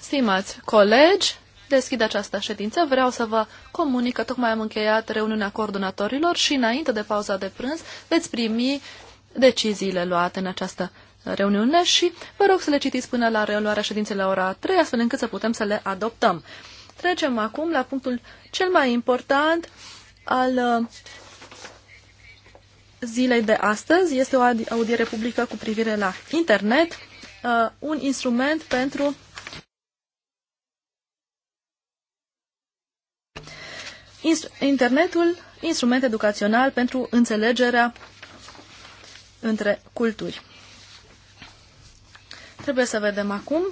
Stimați colegi, deschid această ședință. Vreau să vă comunic că tocmai am încheiat reuniunea coordonatorilor și înainte de pauza de prânz veți primi deciziile luate în această reuniune și vă rog să le citiți până la reluarea ședinței la ora 3, astfel încât să putem să le adoptăm. Trecem acum la punctul cel mai important al zilei de astăzi este o audiere publică cu privire la internet, uh, un instrument pentru internetul, instrument educațional pentru înțelegerea între culturi. Trebuie să vedem acum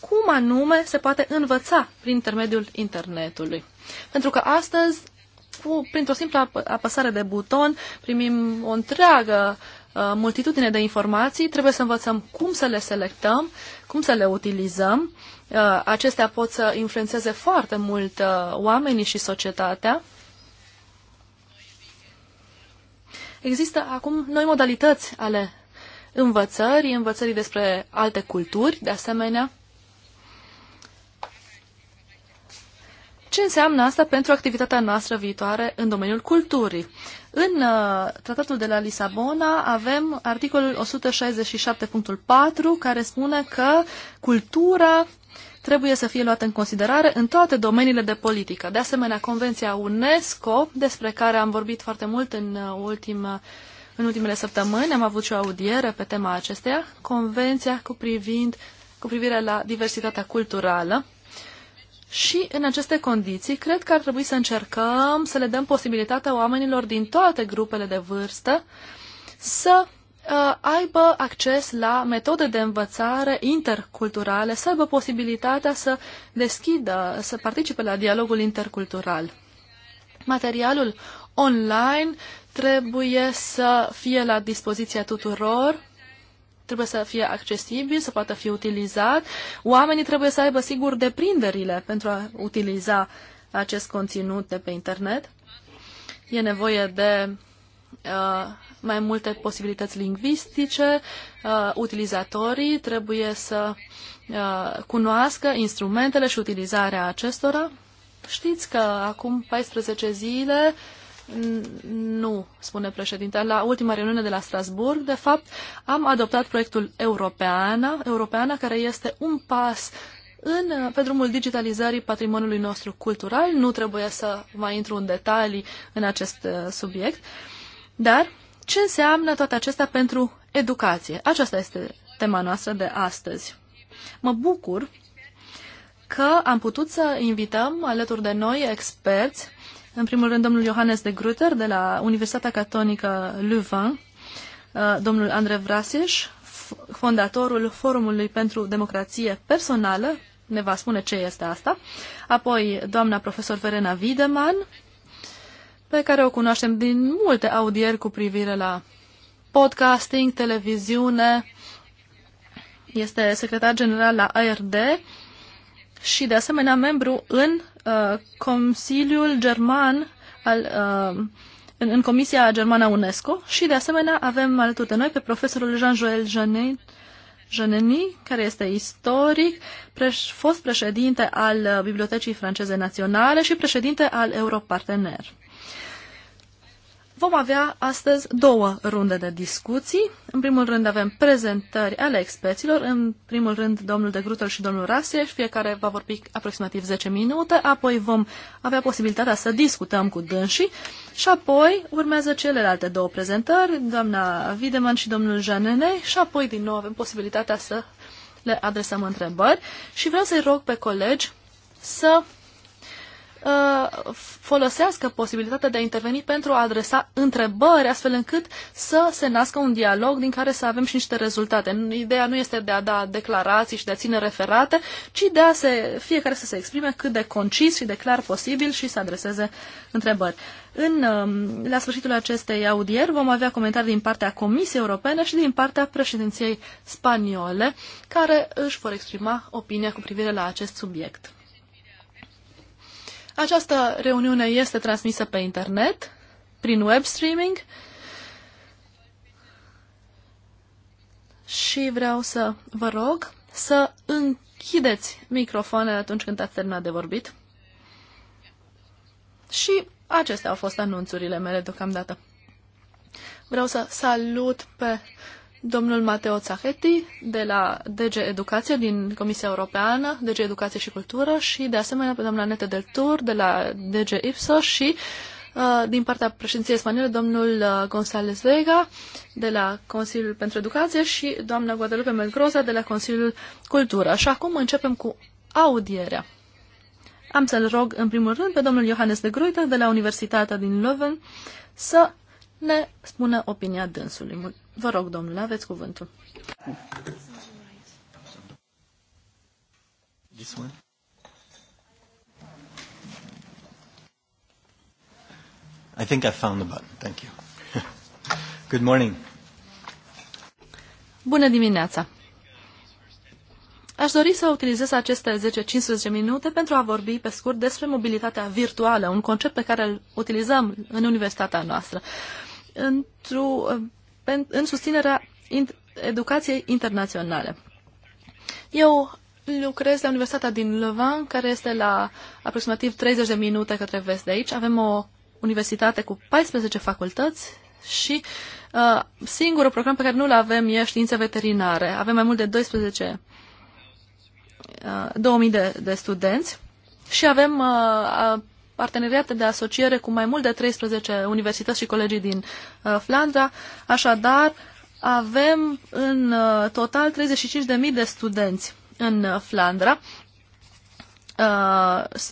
cum anume se poate învăța prin intermediul internetului. Pentru că astăzi cu, printr-o simplă apăsare de buton primim o întreagă uh, multitudine de informații, trebuie să învățăm cum să le selectăm, cum să le utilizăm. Uh, acestea pot să influențeze foarte mult uh, oamenii și societatea. Există acum noi modalități ale învățării, învățării despre alte culturi, de asemenea. Ce înseamnă asta pentru activitatea noastră viitoare în domeniul culturii? În uh, tratatul de la Lisabona avem articolul 167.4 care spune că cultura trebuie să fie luată în considerare în toate domeniile de politică. De asemenea, Convenția UNESCO, despre care am vorbit foarte mult în, uh, ultim, uh, în ultimele săptămâni, am avut și o audiere pe tema acesteia, Convenția cu, privind, cu privire la diversitatea culturală, și în aceste condiții, cred că ar trebui să încercăm să le dăm posibilitatea oamenilor din toate grupele de vârstă să uh, aibă acces la metode de învățare interculturale, să aibă posibilitatea să deschidă, să participe la dialogul intercultural. Materialul online trebuie să fie la dispoziția tuturor trebuie să fie accesibil, să poată fi utilizat. Oamenii trebuie să aibă, sigur, deprinderile pentru a utiliza acest conținut de pe internet. E nevoie de uh, mai multe posibilități lingvistice. Uh, utilizatorii trebuie să uh, cunoască instrumentele și utilizarea acestora. Știți că acum 14 zile uh, nu, spune președintele. La ultima reuniune de la Strasburg, de fapt, am adoptat proiectul Europeana, Europeana care este un pas în, pe drumul digitalizării patrimoniului nostru cultural. Nu trebuie să mai intru în detalii în acest uh, subiect, dar ce înseamnă toate acestea pentru educație? Aceasta este tema noastră de astăzi. Mă bucur că am putut să invităm alături de noi experți în primul rând, domnul Johannes de Gruter de la Universitatea Catonică Leuven, uh, domnul Andre Vrasieș, fondatorul Forumului pentru Democrație Personală, ne va spune ce este asta, apoi doamna profesor Verena Wiedemann, pe care o cunoaștem din multe audieri cu privire la podcasting, televiziune, este secretar general la ARD și de asemenea membru în Uh, Consiliul German al, uh, în, în Comisia Germană UNESCO și de asemenea avem alături de noi pe profesorul Jean-Joël Jeanet, Jeneni, care este istoric, preș, fost președinte al Bibliotecii Franceze Naționale și președinte al Europartener. Vom avea astăzi două runde de discuții. În primul rând avem prezentări ale experților, în primul rând domnul de Grutel și domnul Raseș, fiecare va vorbi aproximativ 10 minute, apoi vom avea posibilitatea să discutăm cu dânsii și apoi urmează celelalte două prezentări, doamna Videman și domnul Janene și apoi din nou avem posibilitatea să le adresăm întrebări și vreau să-i rog pe colegi să Uh, folosească posibilitatea de a interveni pentru a adresa întrebări, astfel încât să se nască un dialog din care să avem și niște rezultate. Ideea nu este de a da declarații și de a ține referate, ci de a se, fiecare să se exprime cât de concis și de clar posibil și să adreseze întrebări. În, um, la sfârșitul acestei audieri vom avea comentarii din partea Comisiei Europene și din partea președinției spaniole, care își vor exprima opinia cu privire la acest subiect. Această reuniune este transmisă pe internet, prin web streaming și vreau să vă rog să închideți microfoanele atunci când ați terminat de vorbit. Și acestea au fost anunțurile mele deocamdată. Vreau să salut pe domnul Mateo Zachetti de la DG Educație din Comisia Europeană, DG Educație și Cultură și de asemenea pe doamna Nete del Tur de la DG Ipso și uh, din partea președinției spaniole domnul uh, González Vega de la Consiliul pentru Educație și doamna Guadalupe Melgroza de la Consiliul Cultură. Și acum începem cu audierea. Am să-l rog în primul rând pe domnul Johannes de Gruyter de la Universitatea din Leuven să ne spună opinia dânsului. Vă rog, domnule, aveți cuvântul. This one? I think I found the button. Thank you. Good morning. Bună dimineața! Aș dori să utilizez aceste 10-15 minute pentru a vorbi pe scurt despre mobilitatea virtuală, un concept pe care îl utilizăm în universitatea noastră. Într-o în susținerea educației internaționale. Eu lucrez la Universitatea din Lovan, care este la aproximativ 30 de minute către vest de aici. Avem o universitate cu 14 facultăți și uh, singurul program pe care nu-l avem e științe veterinare. Avem mai mult de 12 uh, 2000 de, de studenți și avem uh, parteneriate de asociere cu mai mult de 13 universități și colegii din uh, Flandra. Așadar, avem în uh, total 35.000 de studenți în uh, Flandra.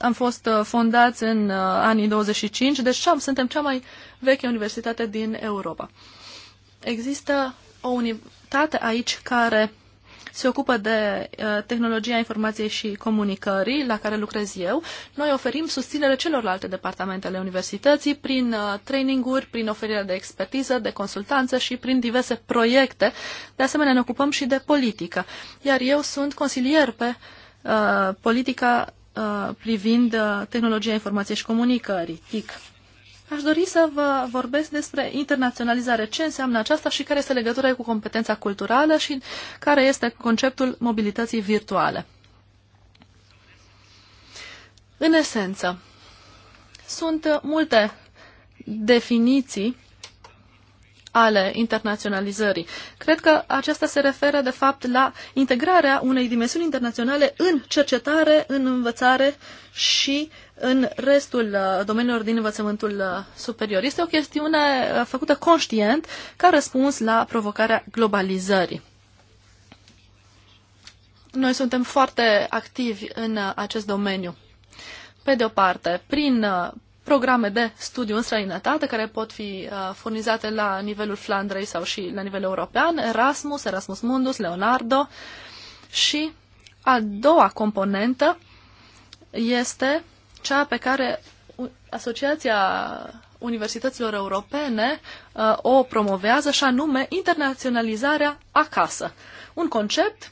Am fost fondați în anii 25, deci suntem cea mai veche universitate din Europa. Există o unitate aici care se ocupă de uh, tehnologia informației și comunicării, la care lucrez eu. Noi oferim susținere celorlalte departamente ale universității prin uh, traininguri, prin oferirea de expertiză, de consultanță și prin diverse proiecte. De asemenea, ne ocupăm și de politică. Iar eu sunt consilier pe uh, politica uh, privind uh, tehnologia informației și comunicării, TIC. Aș dori să vă vorbesc despre internaționalizare, ce înseamnă aceasta și care este legătura cu competența culturală și care este conceptul mobilității virtuale. În esență, sunt multe definiții ale internaționalizării. Cred că aceasta se referă, de fapt, la integrarea unei dimensiuni internaționale în cercetare, în învățare și în restul uh, domeniilor din învățământul uh, superior. Este o chestiune uh, făcută conștient ca răspuns la provocarea globalizării. Noi suntem foarte activi în acest domeniu. Pe de o parte, prin programe de studiu în străinătate care pot fi uh, furnizate la nivelul Flandrei sau și la nivel european, Erasmus, Erasmus Mundus, Leonardo și a doua componentă este cea pe care Asociația Universităților Europene uh, o promovează și anume internaționalizarea acasă. Un concept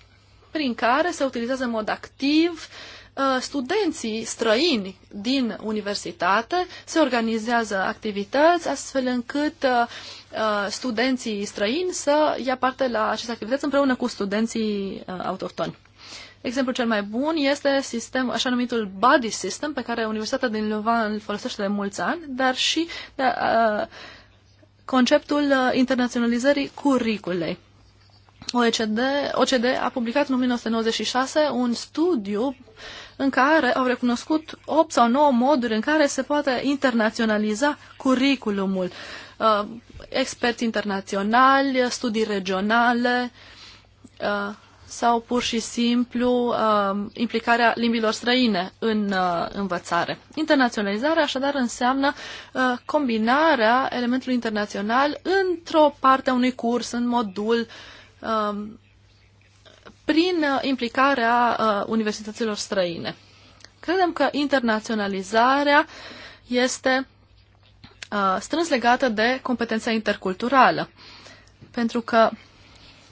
prin care se utilizează în mod activ uh, Uh, studenții străini din universitate se organizează activități astfel încât uh, uh, studenții străini să ia parte la aceste activități împreună cu studenții autohtoni. Exemplul cel mai bun este sistem, așa numitul body system, pe care Universitatea din Louvain îl folosește de mulți ani, dar și de, da, uh, conceptul internaționalizării curriculei. OECD, OCD a publicat în 1996 un studiu în care au recunoscut 8 sau 9 moduri în care se poate internaționaliza curriculumul. Uh, experți internaționali, studii regionale uh, sau pur și simplu uh, implicarea limbilor străine în învățare. Internaționalizarea așadar înseamnă combinarea elementului internațional într-o parte a unui curs, în modul uh, Um, prin uh, implicarea uh, universităților străine. Credem că internaționalizarea este uh, strâns legată de competența interculturală. Pentru că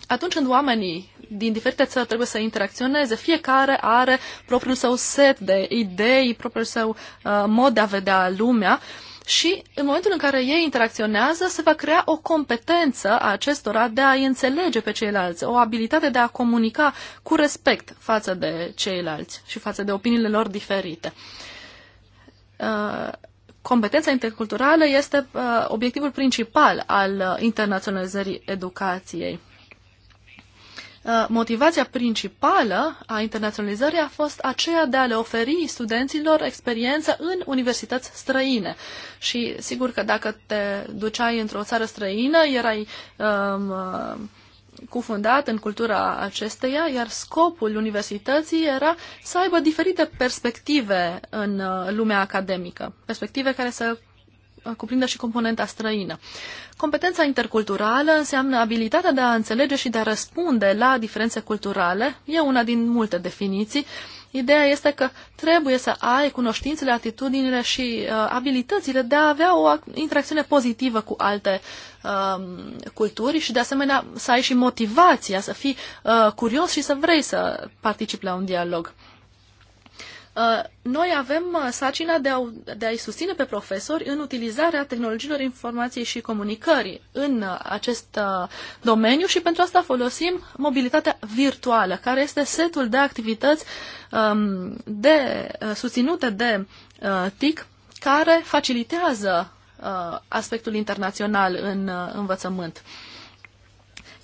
atunci când oamenii din diferite țări trebuie să interacționeze, fiecare are propriul său set de idei, propriul său uh, mod de a vedea lumea, uh, și în momentul în care ei interacționează, se va crea o competență a acestora de a înțelege pe ceilalți, o abilitate de a comunica cu respect față de ceilalți și față de opiniile lor diferite. Uh, competența interculturală este uh, obiectivul principal al uh, internaționalizării educației. Uh, motivația principală a internaționalizării a fost aceea de a le oferi studenților experiență în universități străine. Și sigur că dacă te duceai într-o țară străină, erai um, uh, cufundat în cultura acesteia, iar scopul universității era să aibă diferite perspective în uh, lumea academică, perspective care să cuprindă și componenta străină. Competența interculturală înseamnă abilitatea de a înțelege și de a răspunde la diferențe culturale. E una din multe definiții. Ideea este că trebuie să ai cunoștințele, atitudinile și uh, abilitățile de a avea o interacțiune pozitivă cu alte uh, culturi și de asemenea să ai și motivația, să fii uh, curios și să vrei să participi la un dialog. Uh, Uh, noi avem uh, sarcina de, a, de a-i susține pe profesori în utilizarea tehnologiilor informației și comunicării în uh, acest domeniu și pentru asta folosim mobilitatea virtuală, care este setul de activități um, de, susținute de TIC care facilitează aspectul internațional în învățământ.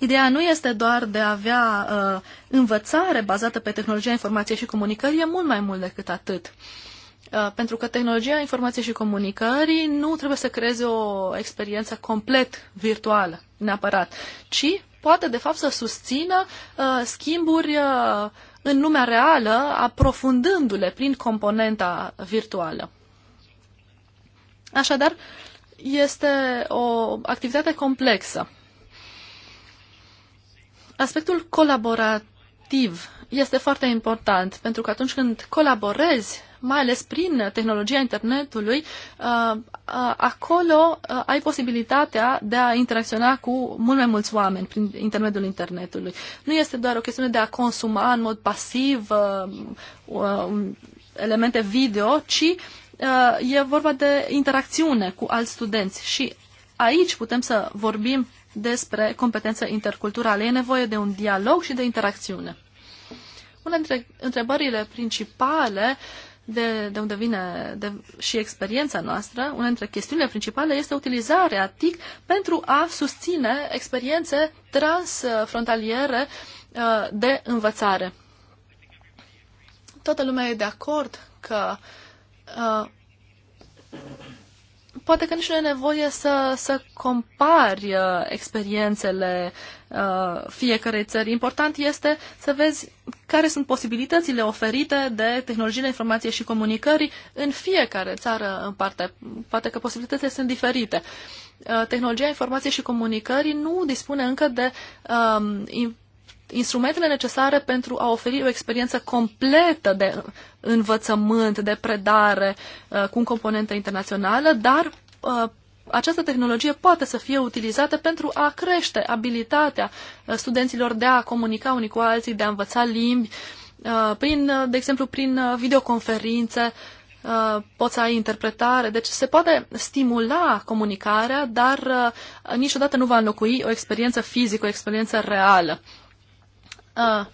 Ideea nu este doar de a avea uh, învățare bazată pe tehnologia informației și comunicării, e mult mai mult decât atât. Uh, pentru că tehnologia informației și comunicării nu trebuie să creeze o experiență complet virtuală, neapărat, ci poate, de fapt, să susțină uh, schimburi uh, în lumea reală, aprofundându-le prin componenta virtuală. Așadar, este o activitate complexă. Aspectul colaborativ este foarte important, pentru că atunci când colaborezi, mai ales prin tehnologia internetului, uh, uh, acolo uh, ai posibilitatea de a interacționa cu mult mai mulți oameni prin intermediul internetului. Nu este doar o chestiune de a consuma în mod pasiv elemente video, ci e vorba de interacțiune cu alți studenți și aici putem să vorbim despre competențe interculturale. E nevoie de un dialog și de interacțiune. Una dintre întrebările principale de, de unde vine de, și experiența noastră, una dintre chestiunile principale este utilizarea TIC pentru a susține experiențe transfrontaliere uh, de învățare. Toată lumea e de acord că uh, poate că nici nu e nevoie să, să compari uh, experiențele uh, fiecarei țări. Important este să vezi care sunt posibilitățile oferite de tehnologiile informației și comunicării în fiecare țară în parte. Poate că posibilitățile sunt diferite. Uh, tehnologia informației și comunicării nu dispune încă de um, instrumentele necesare pentru a oferi o experiență completă de învățământ, de predare uh, cu un componentă internațională, dar uh, această tehnologie poate să fie utilizată pentru a crește abilitatea uh, studenților de a comunica unii cu alții, de a învăța limbi, prin, de exemplu, prin videoconferințe, poți să ai interpretare, deci se poate stimula comunicarea, dar niciodată nu va înlocui o experiență fizică, o experiență reală. A, ah.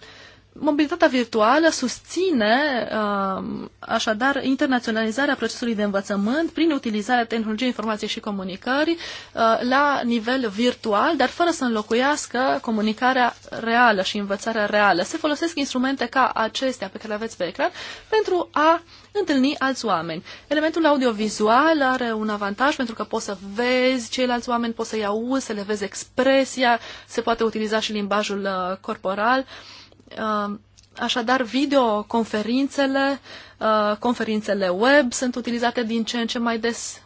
Mobilitatea virtuală susține um, așadar internaționalizarea procesului de învățământ prin utilizarea tehnologiei informației și comunicării uh, la nivel virtual, dar fără să înlocuiască comunicarea reală și învățarea reală. Se folosesc instrumente ca acestea pe care le aveți pe ecran pentru a întâlni alți oameni. Elementul audiovizual are un avantaj pentru că poți să vezi ceilalți oameni, poți să-i auzi, să le vezi expresia, se poate utiliza și limbajul uh, corporal. Uh, Uh, așadar, videoconferințele, uh, conferințele web sunt utilizate din ce în ce mai des.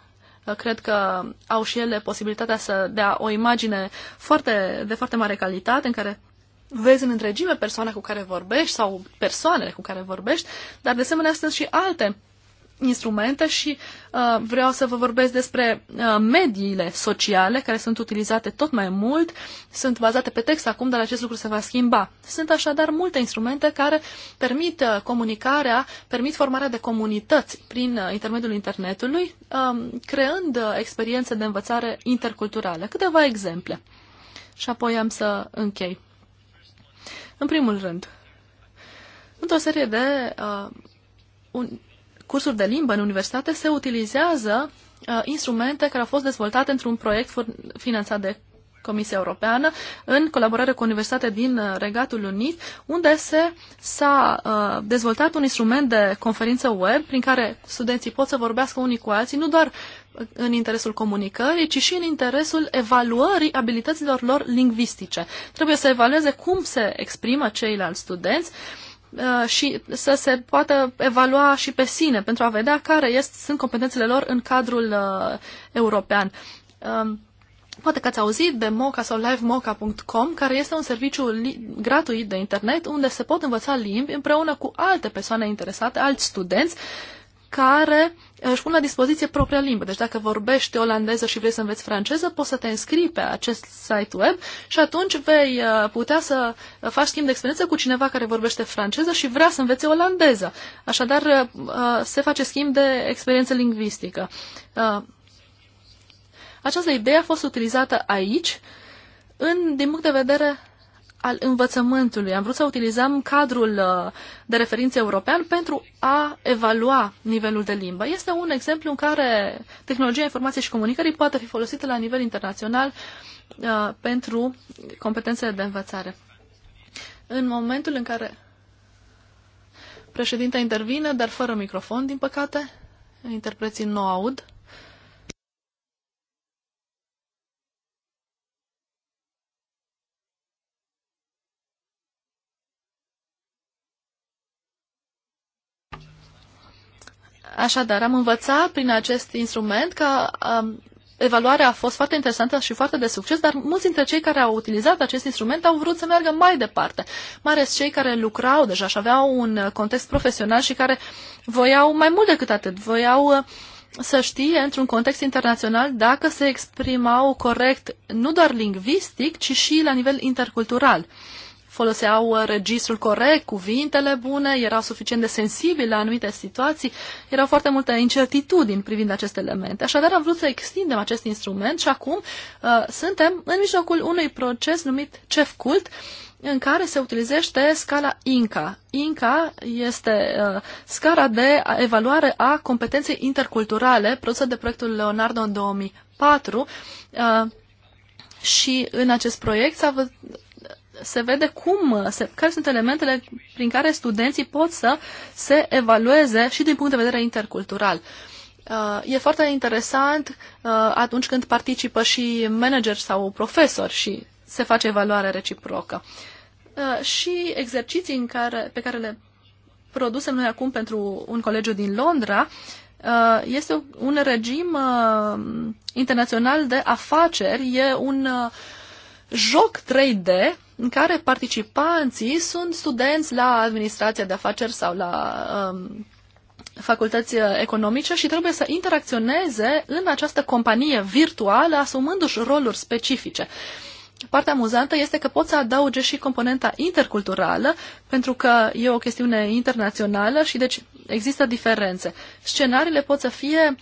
Uh, cred că au și ele posibilitatea să dea o imagine foarte, de foarte mare calitate în care vezi în întregime persoana cu care vorbești sau persoanele cu care vorbești, dar de asemenea sunt și alte uh, instrumente și uh, vreau să vă vorbesc despre uh, mediile sociale care sunt utilizate tot mai mult, sunt bazate pe text acum, dar acest lucru se va schimba. Sunt așadar multe instrumente care permit uh, comunicarea, permit formarea de comunități prin uh, intermediul internetului, uh, creând uh, experiențe de învățare interculturale. Câteva exemple. Și apoi am să închei. În primul rând, într-o serie de uh, un, cursuri de limbă în universitate se utilizează uh, instrumente care au fost dezvoltate într-un proiect finanțat de Comisia Europeană, în colaborare cu Universitatea din uh, Regatul Unit, unde se s-a uh, dezvoltat un instrument de conferință web prin care studenții pot să vorbească unii cu alții, nu doar uh, în interesul comunicării, ci și în interesul evaluării abilităților lor lingvistice. Trebuie să evalueze cum se exprimă ceilalți studenți uh, Uh, și să se poată evalua și pe sine pentru a vedea care este, sunt competențele lor în cadrul uh, european. Um, poate că ați auzit de moca sau livemoca.com, care este un serviciu gratuit de internet unde se pot învăța limbi împreună cu alte persoane interesate, alți studenți care își pun la dispoziție propria limbă. Deci dacă vorbești olandeză și vrei să înveți franceză, poți să te înscrii pe acest site web și atunci vei uh, putea să faci schimb de experiență cu cineva care vorbește franceză și vrea să învețe olandeză. Așadar, uh, se face schimb de experiență lingvistică. Uh, această idee a fost utilizată aici în, din punct de vedere al învățământului. Am vrut să utilizăm cadrul uh, de referință european pentru a evalua nivelul de limbă. Este un exemplu în care tehnologia informației și comunicării poate fi folosită la nivel internațional uh, pentru competențele de învățare. În momentul în care președinta intervine, dar fără microfon, din păcate, interpreții nu aud. Așadar, am învățat prin acest instrument că um, evaluarea a fost foarte interesantă și foarte de succes, dar mulți dintre cei care au utilizat acest instrument au vrut să meargă mai departe, mai ales cei care lucrau deja și aveau un context profesional și care voiau mai mult decât atât, voiau uh, să știe într-un context internațional dacă se exprimau corect nu doar lingvistic, ci și la nivel intercultural foloseau uh, registrul corect, cuvintele bune, erau suficient de sensibili la anumite situații, erau foarte multe incertitudini privind aceste elemente. Așadar am vrut să extindem acest instrument și acum uh, suntem în mijlocul unui proces numit Cult, în care se utilizește scala INCA. INCA este uh, scara de evaluare a competenței interculturale produsă de proiectul Leonardo în 2004 uh, și în acest proiect s-a se vede cum, uh, se, care sunt elementele prin care studenții pot să se evalueze și din punct de vedere intercultural. Uh, e foarte interesant uh, atunci când participă și manager sau profesori și se face evaluare reciprocă. Și exerciții în care, pe care le produsem noi acum pentru un colegiu din Londra este un regim internațional de afaceri, e un joc 3D în care participanții sunt studenți la administrația de afaceri sau la um, facultăți uh, economice și trebuie să interacționeze în această companie virtuală, asumându-și roluri specifice. Partea amuzantă este că pot să adauge și componenta interculturală, pentru că e o chestiune internațională și deci există diferențe. Scenariile pot să fie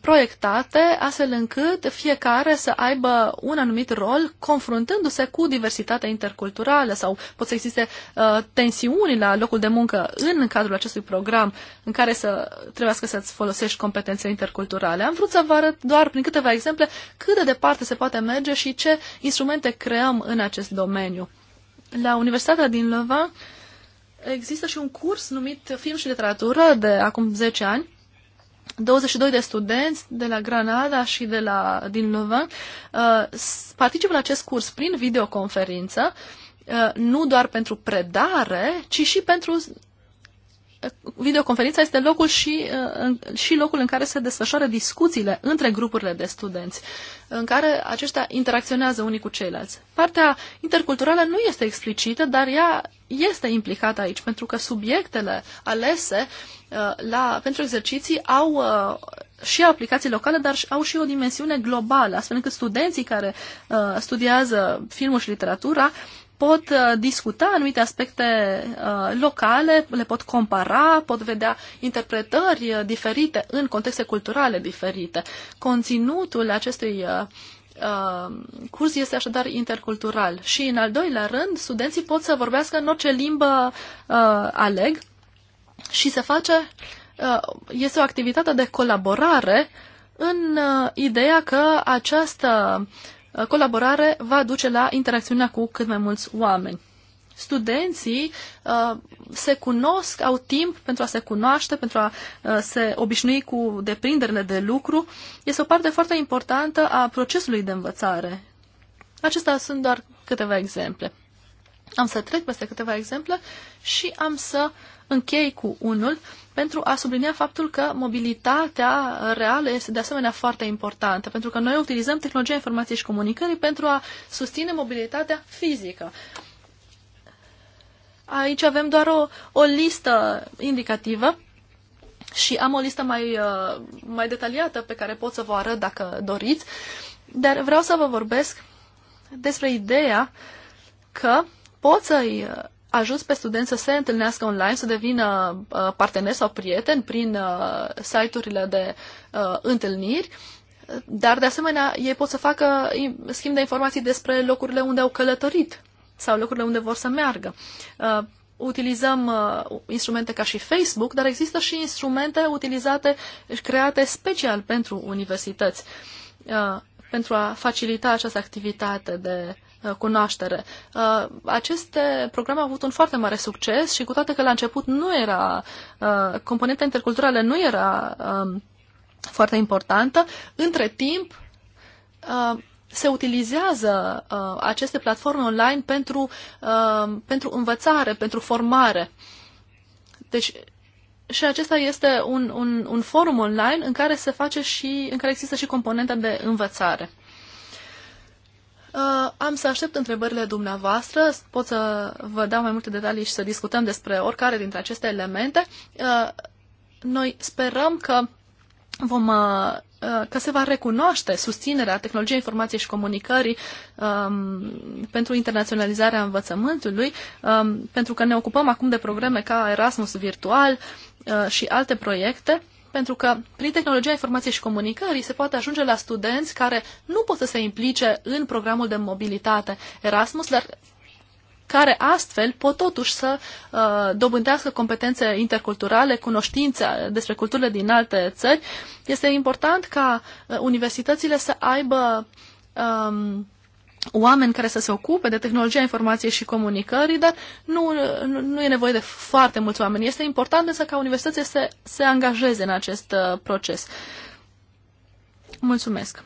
proiectate astfel încât fiecare să aibă un anumit rol confruntându-se cu diversitatea interculturală sau pot să existe uh, tensiuni la locul de muncă în cadrul acestui program în care să trebuiască să-ți folosești competențe interculturale. Am vrut să vă arăt doar prin câteva exemple cât de departe se poate merge și ce instrumente creăm în acest domeniu. La Universitatea din Leuven există și un curs numit Film și Literatură de acum 10 ani 22 de studenți de la Granada și de la, din Louvain uh, participă la acest curs prin videoconferință, uh, nu doar pentru predare, ci și pentru videoconferința este locul și, uh, și locul în care se desfășoară discuțiile între grupurile de studenți, în care aceștia interacționează unii cu ceilalți. Partea interculturală nu este explicită, dar ea este implicată aici, pentru că subiectele alese uh, la, pentru exerciții au uh, și aplicații locale, dar au și o dimensiune globală, astfel încât studenții care studiază filmul și literatura pot uh, discuta anumite aspecte uh, locale, le pot compara, pot vedea interpretări uh, diferite în contexte culturale diferite. Conținutul acestui curs este așadar intercultural. Și în al doilea rând, studenții pot să vorbească în orice limbă aleg și se face, este o activitate de colaborare în ideea că această Uh, colaborare va duce la interacțiunea cu cât mai mulți oameni. Studenții uh, se cunosc, au timp pentru a se cunoaște, pentru a uh, se obișnui cu deprinderile de lucru. Este o parte foarte importantă a procesului de învățare. Acestea sunt doar câteva exemple. Am să trec peste câteva exemple și am să închei cu unul. Uh, pentru a sublinia faptul că mobilitatea reală este de asemenea foarte importantă, pentru că noi utilizăm tehnologia informației și comunicării pentru a susține mobilitatea fizică. Aici avem doar o, o listă indicativă și am o listă mai, uh, mai detaliată pe care pot să vă arăt dacă doriți, dar vreau să vă vorbesc despre ideea că poți să-i ajuți pe studenți să se întâlnească online, să devină uh, parteneri sau prieteni prin uh, site-urile de uh, întâlniri, dar de asemenea ei pot să facă schimb de informații despre locurile unde au călătorit sau locurile unde vor să meargă. utilizăm instrumente ca și Facebook, dar există și instrumente utilizate, și create special pentru universități, pentru a facilita această activitate de Uh, cunoaștere. Uh, aceste programe au avut un foarte mare succes și cu toate că la început nu era, uh, componenta interculturală nu era um, foarte importantă, între timp se utilizează aceste platforme online pentru, pentru învățare, pentru formare. Deci și acesta este un, un, un forum online în care se face și, în care există și componenta de învățare. Uh, am să aștept întrebările dumneavoastră, pot să vă dau mai multe detalii și să discutăm despre oricare dintre aceste elemente. Uh, noi sperăm că vom uh, uh, că se va recunoaște susținerea tehnologiei informației și comunicării um, pentru internaționalizarea învățământului, um, pentru că ne ocupăm acum de programe ca Erasmus virtual uh, și alte proiecte pentru că prin tehnologia informației și comunicării se poate ajunge la studenți care nu pot să se implice în programul de mobilitate Erasmus, dar care astfel pot totuși să uh, dobândească competențe interculturale, cunoștințe despre culturile din alte țări. Este important ca uh, universitățile să aibă um, oameni care să se ocupe de tehnologia informației și comunicării, dar nu, nu, nu e nevoie de foarte mulți oameni. Este important însă ca universitățile să se angajeze în acest uh, proces. Mulțumesc!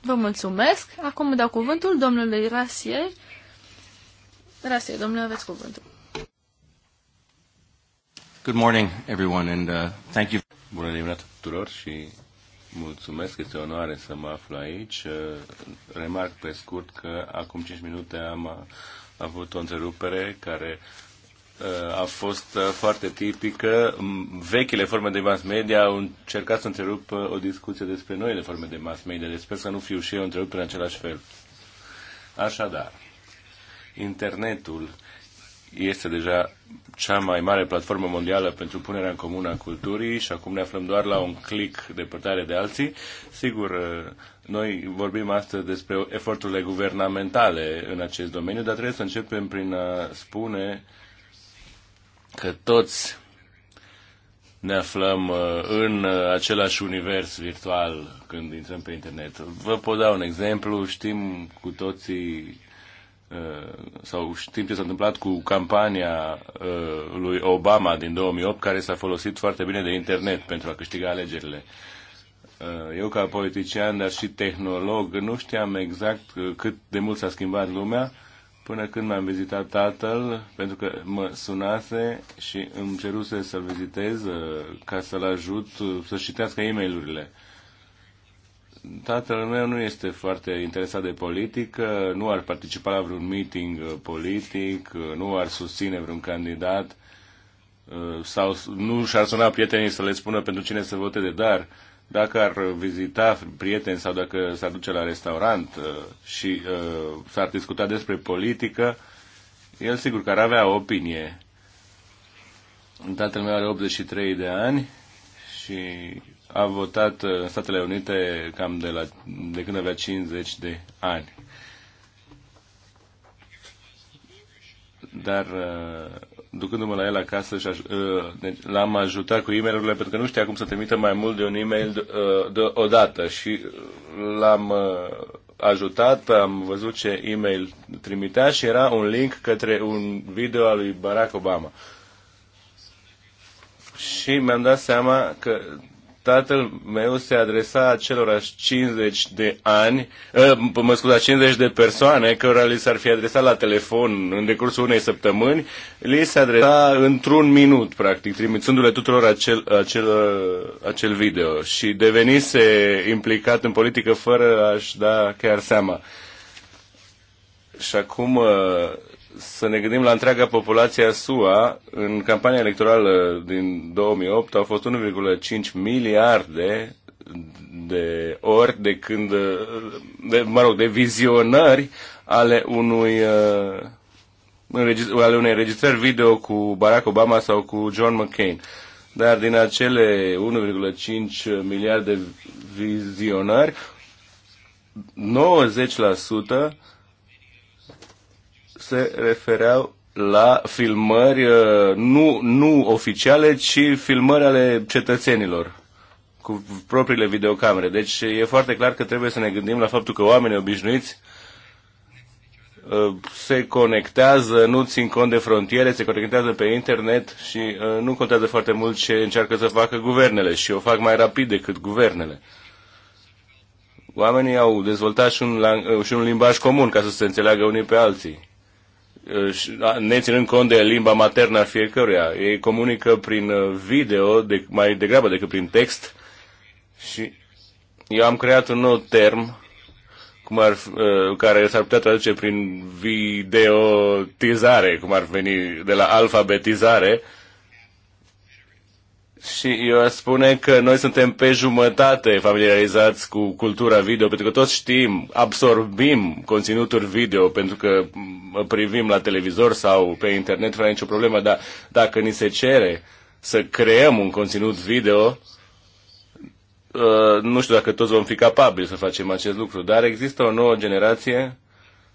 Vă mulțumesc! Acum îmi dau cuvântul domnului Rasie. Rasie, domnule, aveți cuvântul. Good morning, everyone, and uh, thank you. Bună dimineața tuturor și Mulțumesc, este o onoare să mă aflu aici. Remarc pe scurt că acum 5 minute am avut o întrerupere care uh, a fost uh, foarte tipică. Vechile forme de mass media au încercat să întrerup uh, o discuție despre noile forme de mass media. Deci sper să nu fiu și eu întrerupt în același fel. Așadar, internetul este deja cea mai mare platformă mondială pentru punerea în comun a culturii și acum ne aflăm doar la un clic depărtare de alții. Sigur, noi vorbim astăzi despre eforturile guvernamentale în acest domeniu, dar trebuie să începem prin a spune că toți ne aflăm uh, în uh, același univers virtual când intrăm pe internet. Vă pot da un exemplu, știm cu toții Uh, sau știm ce s-a întâmplat cu campania uh, lui Obama din 2008, care s-a folosit foarte bine de internet pentru a câștiga alegerile. Uh, eu, ca politician, dar și tehnolog, nu știam exact cât de mult s-a schimbat lumea până când m-am vizitat tatăl, pentru că mă sunase și îmi ceruse să-l vizitez ca să-l ajut să-și citească e-mail-urile tatăl meu nu este foarte interesat de politică, nu ar participa la vreun meeting uh, politic, uh, nu ar susține vreun candidat uh, sau nu și-ar suna prietenii să le spună pentru cine să voteze, dar dacă ar vizita prieteni sau dacă s-ar duce la restaurant și s-ar discuta despre politică, el sigur că ar avea o opinie. Tatăl meu are 83 de ani și a votat în uh, Statele Unite cam de, la, de când avea 50 de ani. Dar uh, ducându-mă la el acasă, uh, deci l-am ajutat cu e mail pentru că nu știa cum să trimită mai mult de un e-mail odată și l-am ajutat, am văzut ce e-mail trimitea și era un link către un video al lui Barack Obama. Și mi-am dat seama că tatăl meu se adresa acelorași 50 de ani, eh, mă scuza, 50 de persoane cărora li s-ar fi adresat la telefon în decursul unei săptămâni, li se adresa într-un minut, practic, trimițându-le tuturor acel, acel, eh, acel video și devenise implicat în politică fără a-și da chiar seama. Și acum eh, să ne gândim la întreaga populație a SUA, în campania electorală din 2008 au fost 1,5 miliarde de ori de când, de, mă rog, de vizionări ale unui uh, ale unei registrări video cu Barack Obama sau cu John McCain. Dar din acele 1,5 miliarde de vizionări, 90% se refereau la filmări uh, nu, nu oficiale, ci filmări ale cetățenilor cu propriile videocamere. Deci e foarte clar că trebuie să ne gândim la faptul că oamenii obișnuiți uh, se conectează, nu țin cont de frontiere, se conectează pe internet și uh, nu contează foarte mult ce încearcă să facă guvernele și o fac mai rapid decât guvernele. Oamenii au dezvoltat și un, și un limbaj comun ca să se înțeleagă unii pe alții. Uh, da, neținând cont de limba maternă a fiecăruia. Ei comunică prin uh, video de, mai degrabă decât prin text și eu am creat un nou term cum ar, uh, care s-ar putea traduce prin videotizare, cum ar veni de la alfabetizare, uh, și eu aș spune că noi suntem pe jumătate familiarizați cu cultura video, pentru că toți știm, absorbim conținuturi video, pentru că privim la televizor sau pe internet fără nicio problemă, dar dacă ni se cere să creăm un conținut video, ă, nu știu dacă toți vom fi capabili să facem acest lucru, dar există o nouă generație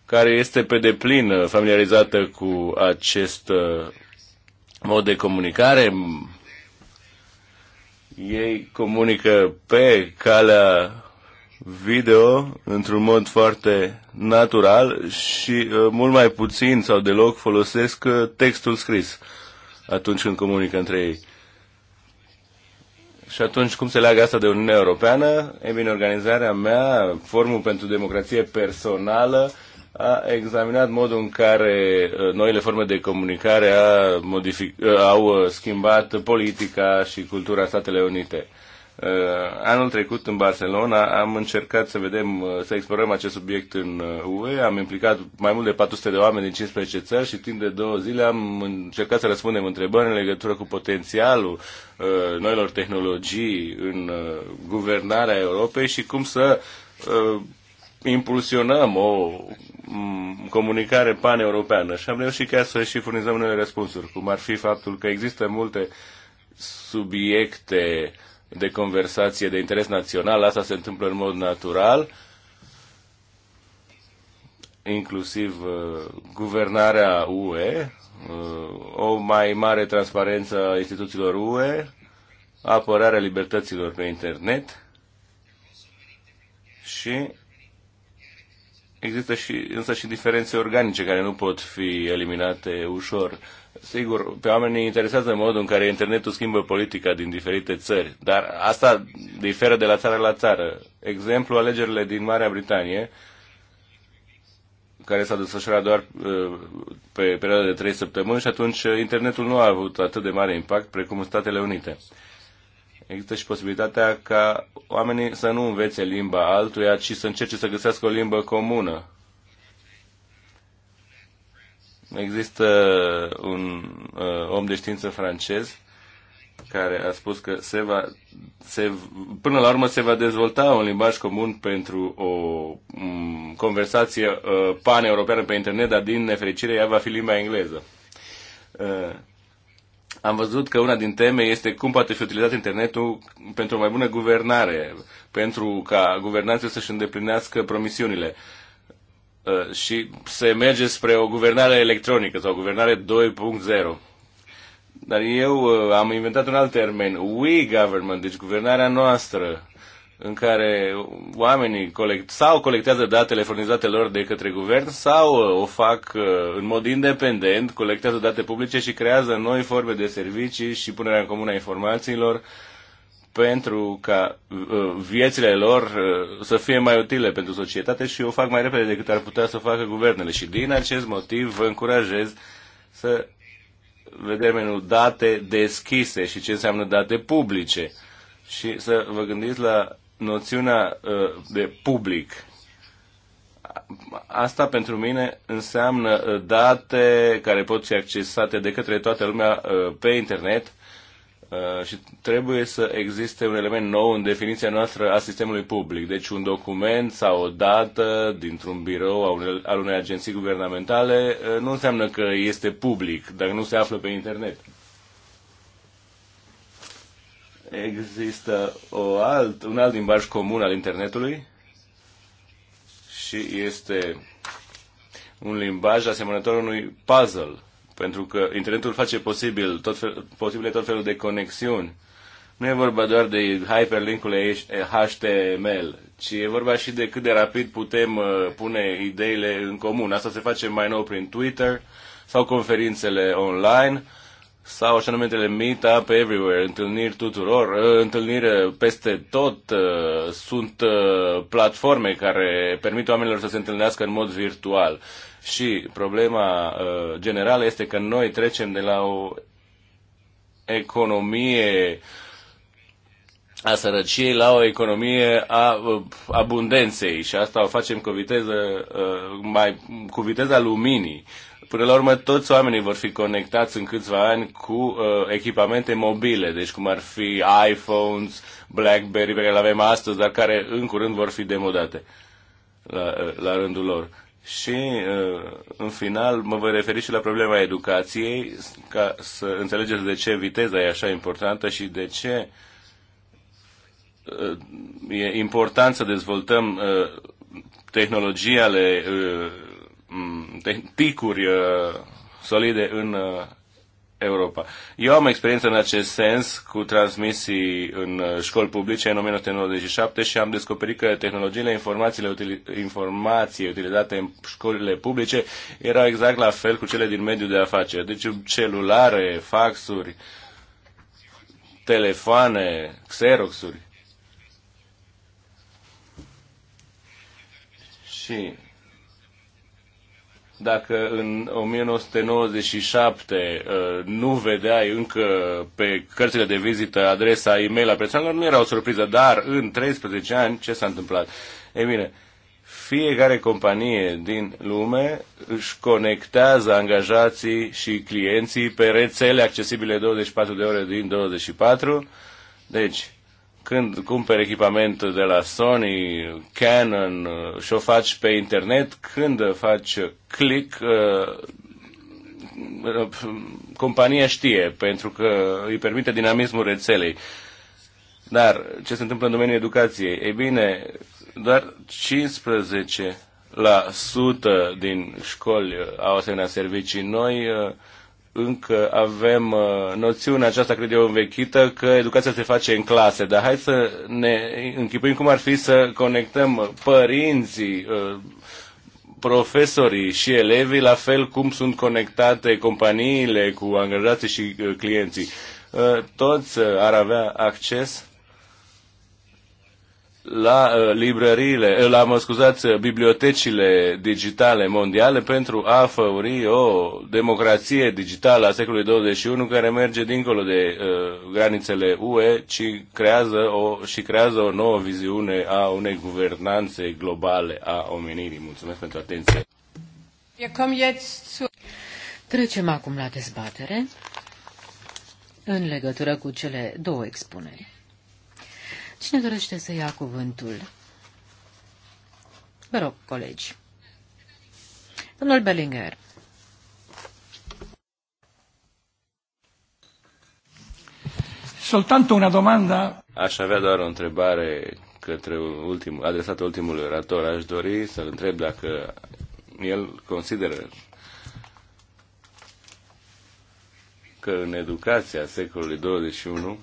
care este pe deplin familiarizată cu acest ă, mod de comunicare, ei comunică pe calea video într-un mod foarte natural și uh, mult mai puțin sau deloc folosesc uh, textul scris atunci când comunică între ei. Și atunci, cum se leagă asta de Uniunea Europeană? E bine, organizarea mea, Formul pentru Democrație Personală, uh, a examinat modul în care uh, noile forme de comunicare a modific- uh, au uh, schimbat politica și cultura Statele Unite. Anul trecut în Barcelona am încercat să vedem, să explorăm acest subiect în UE, am implicat mai mult de 400 de oameni din 15 țări și timp de două zile am încercat să răspundem întrebări în legătură cu potențialul noilor tehnologii în guvernarea Europei și cum să impulsionăm o comunicare paneuropeană și am reușit chiar să și furnizăm unele răspunsuri, cum ar fi faptul că există multe subiecte de conversație de interes național, asta se întâmplă în mod natural, inclusiv uh, guvernarea UE, uh, o mai mare transparență a instituțiilor UE, apărarea libertăților pe internet și Există și, însă și diferențe organice care nu pot fi eliminate ușor. Sigur, pe oamenii interesează modul în care internetul schimbă politica din diferite țări, dar asta diferă de la țară la țară. Exemplu, alegerile din Marea Britanie, care s au desfășurat doar uh, pe perioada de trei săptămâni și atunci internetul nu a avut atât de mare impact precum în Statele Unite există și posibilitatea ca oamenii să nu învețe limba altuia, ci să încerce să găsească o limbă comună. Există un uh, om de știință francez care a spus că se va, se, până la urmă se va dezvolta un limbaj comun pentru o um, conversație uh, pan-europeană pe internet, dar din nefericire ea va fi limba engleză. Uh, am văzut că una din teme este cum poate fi utilizat internetul pentru o mai bună guvernare, pentru ca guvernanții să-și îndeplinească promisiunile uh, și se merge spre o guvernare electronică sau o guvernare 2.0. Dar eu uh, am inventat un alt termen, we government, deci guvernarea noastră în care oamenii colect, sau colectează datele furnizate lor de către guvern sau uh, o fac uh, în mod independent, colectează date publice și creează noi forme de servicii și punerea în comună a informațiilor pentru ca uh, viețile lor să fie mai utile pentru societate și o fac mai repede decât ar putea să o facă guvernele. Și din acest motiv vă încurajez să vedem menul date deschise și ce înseamnă date publice și să vă gândiți la noțiunea uh, de public. Asta pentru mine înseamnă uh, date care pot fi accesate de către toată lumea uh, pe internet și trebuie să existe un element nou în definiția noastră a sistemului public. Deci un document sau o dată dintr-un birou al unei agenții guvernamentale nu înseamnă că este public dacă nu se află pe internet. Există o alt, un alt limbaj comun al internetului și este un limbaj asemănător unui puzzle, pentru că internetul face posibil tot fel, posibile tot felul de conexiuni. Nu e vorba doar de hyperlink ul HTML, ci e vorba și de cât de rapid putem uh, pune ideile în comun. Asta se face mai nou prin Twitter sau conferințele online sau așa numitele Meet Up Everywhere, întâlniri tuturor, uh, întâlniri peste tot. Uh, sunt uh, platforme care permit oamenilor să se întâlnească în mod virtual. Și problema generală este că noi trecem de la o economie a sărăciei la o economie a abundenței și asta o facem cu viteză mai cu viteza luminii Până la urmă, toți oamenii vor fi conectați în câțiva ani cu uh, echipamente mobile, deci cum ar fi iPhones, BlackBerry pe care le avem astăzi, dar care în curând vor fi demodate la, uh, la rândul lor. Și, uh, în final, mă voi referi și la problema educației, ca să înțelegeți de ce viteza e așa importantă și de ce uh, e important să dezvoltăm tehnologia ale de mm, picuri uh, solide în uh, Europa. Eu am experiență în acest sens cu transmisii în uh, școli publice în 1997 și am descoperit că tehnologiile informațiile, util, informației utilizate în școlile publice erau exact la fel cu cele din mediul de afaceri. Deci celulare, faxuri, telefoane, xeroxuri. Și dacă în 1997 uh, nu vedeai încă pe cărțile de vizită adresa e-mail a persoanelor, nu era o surpriză, dar în 13 ani ce s-a întâmplat? Ei bine, fiecare companie din lume își conectează angajații și clienții pe rețele accesibile 24 de ore din 24, deci când cumperi echipament de la Sony, Canon uh, și o faci pe internet, când faci click, uh, uh, compania știe, pentru că îi permite dinamismul rețelei. Dar ce se întâmplă în domeniul educației? Ei bine, doar 15% din școli au asemenea servicii. Noi uh, încă avem uh, noțiunea aceasta, cred eu, învechită, că educația se face în clase, dar hai să ne închipuim cum ar fi să conectăm părinții, uh, profesorii și elevii, la fel cum sunt conectate companiile cu angajații și uh, clienții. Toți ar avea acces la uh, librăriile, uh, la, mă scuzați, uh, bibliotecile digitale mondiale pentru a făuri o democrație digitală a secolului 21 care merge dincolo de uh, granițele UE și creează, o, și creează o nouă viziune a unei guvernanțe globale a omenirii. Mulțumesc pentru atenție. Trecem acum la dezbatere în legătură cu cele două expuneri. Cine dorește să ia cuvântul? Vă rog, colegi. Domnul Bellinger. Soltanto una domanda. Aș avea doar o întrebare către ultimul, adresată ultimului orator. Aș dori să-l întreb dacă el consideră că în educația secolului 21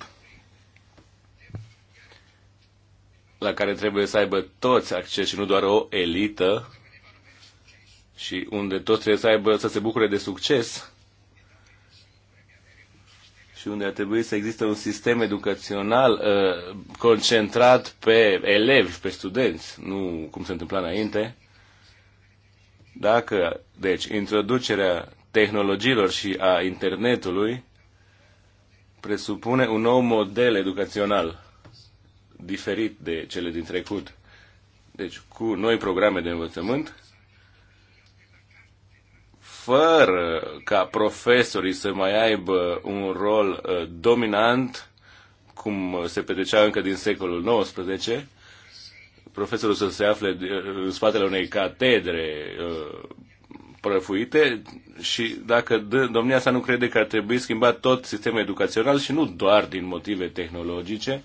la care trebuie să aibă toți acces și nu doar o elită și unde toți trebuie să aibă să se bucure de succes și unde ar trebui să existe un sistem educațional uh, concentrat pe elevi, pe studenți, nu cum se întâmpla înainte. Dacă, deci, introducerea tehnologiilor și a internetului presupune un nou model educațional diferit de cele din trecut. Deci, cu noi programe de învățământ, fără ca profesorii să mai aibă un rol uh, dominant, cum uh, se petrecea încă din secolul XIX, profesorul să se afle uh, în spatele unei catedre prăfuite și dacă domnia sa nu crede că ar trebui schimbat tot sistemul educațional și nu doar din motive tehnologice,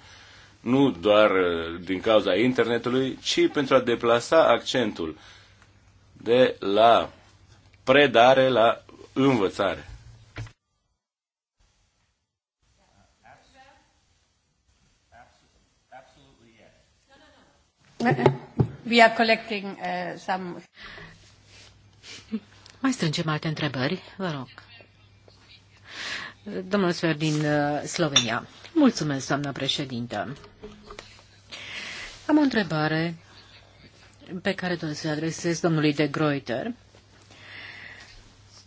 nu doar uh, din cauza internetului, ci pentru a deplasa accentul de la predare la învățare. We are collecting uh, some... Mai strângem alte întrebări, vă rog. Domnul Sfer din uh, Slovenia. Mulțumesc, doamna președintă. Am o întrebare pe care doresc să adresez domnului de Greuter.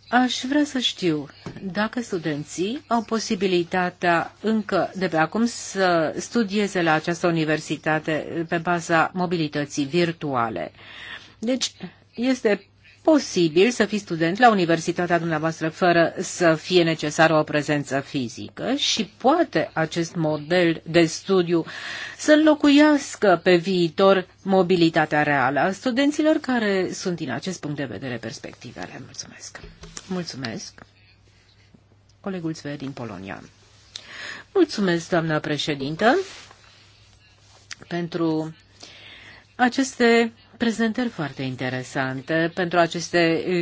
Aș vrea să știu dacă studenții au posibilitatea încă de pe acum să studieze la această universitate pe baza mobilității virtuale. Deci, este posibil să fii student la universitatea dumneavoastră fără să fie necesară o prezență fizică și poate acest model de studiu să înlocuiască pe viitor mobilitatea reală a studenților care sunt din acest punct de vedere perspectivele. Mulțumesc! Mulțumesc! Colegul Sve din Polonia. Mulțumesc, doamna președintă, pentru aceste prezentări foarte interesante pentru aceste uh,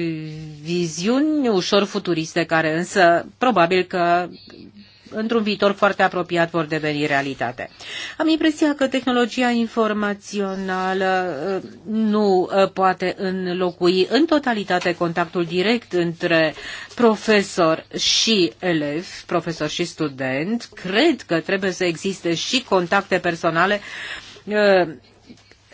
viziuni ușor futuriste, care însă probabil că într-un viitor foarte apropiat vor deveni realitate. Am impresia că tehnologia informațională uh, nu uh, poate înlocui în totalitate contactul direct între profesor și elev, profesor și student. Cred că trebuie să existe și contacte personale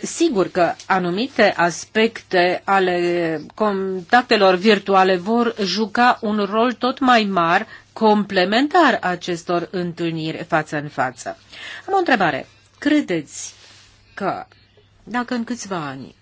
Sigur că anumite aspecte ale contactelor virtuale vor juca un rol tot mai mare complementar acestor întâlniri față în față. Am o întrebare. Credeți că dacă în câțiva ani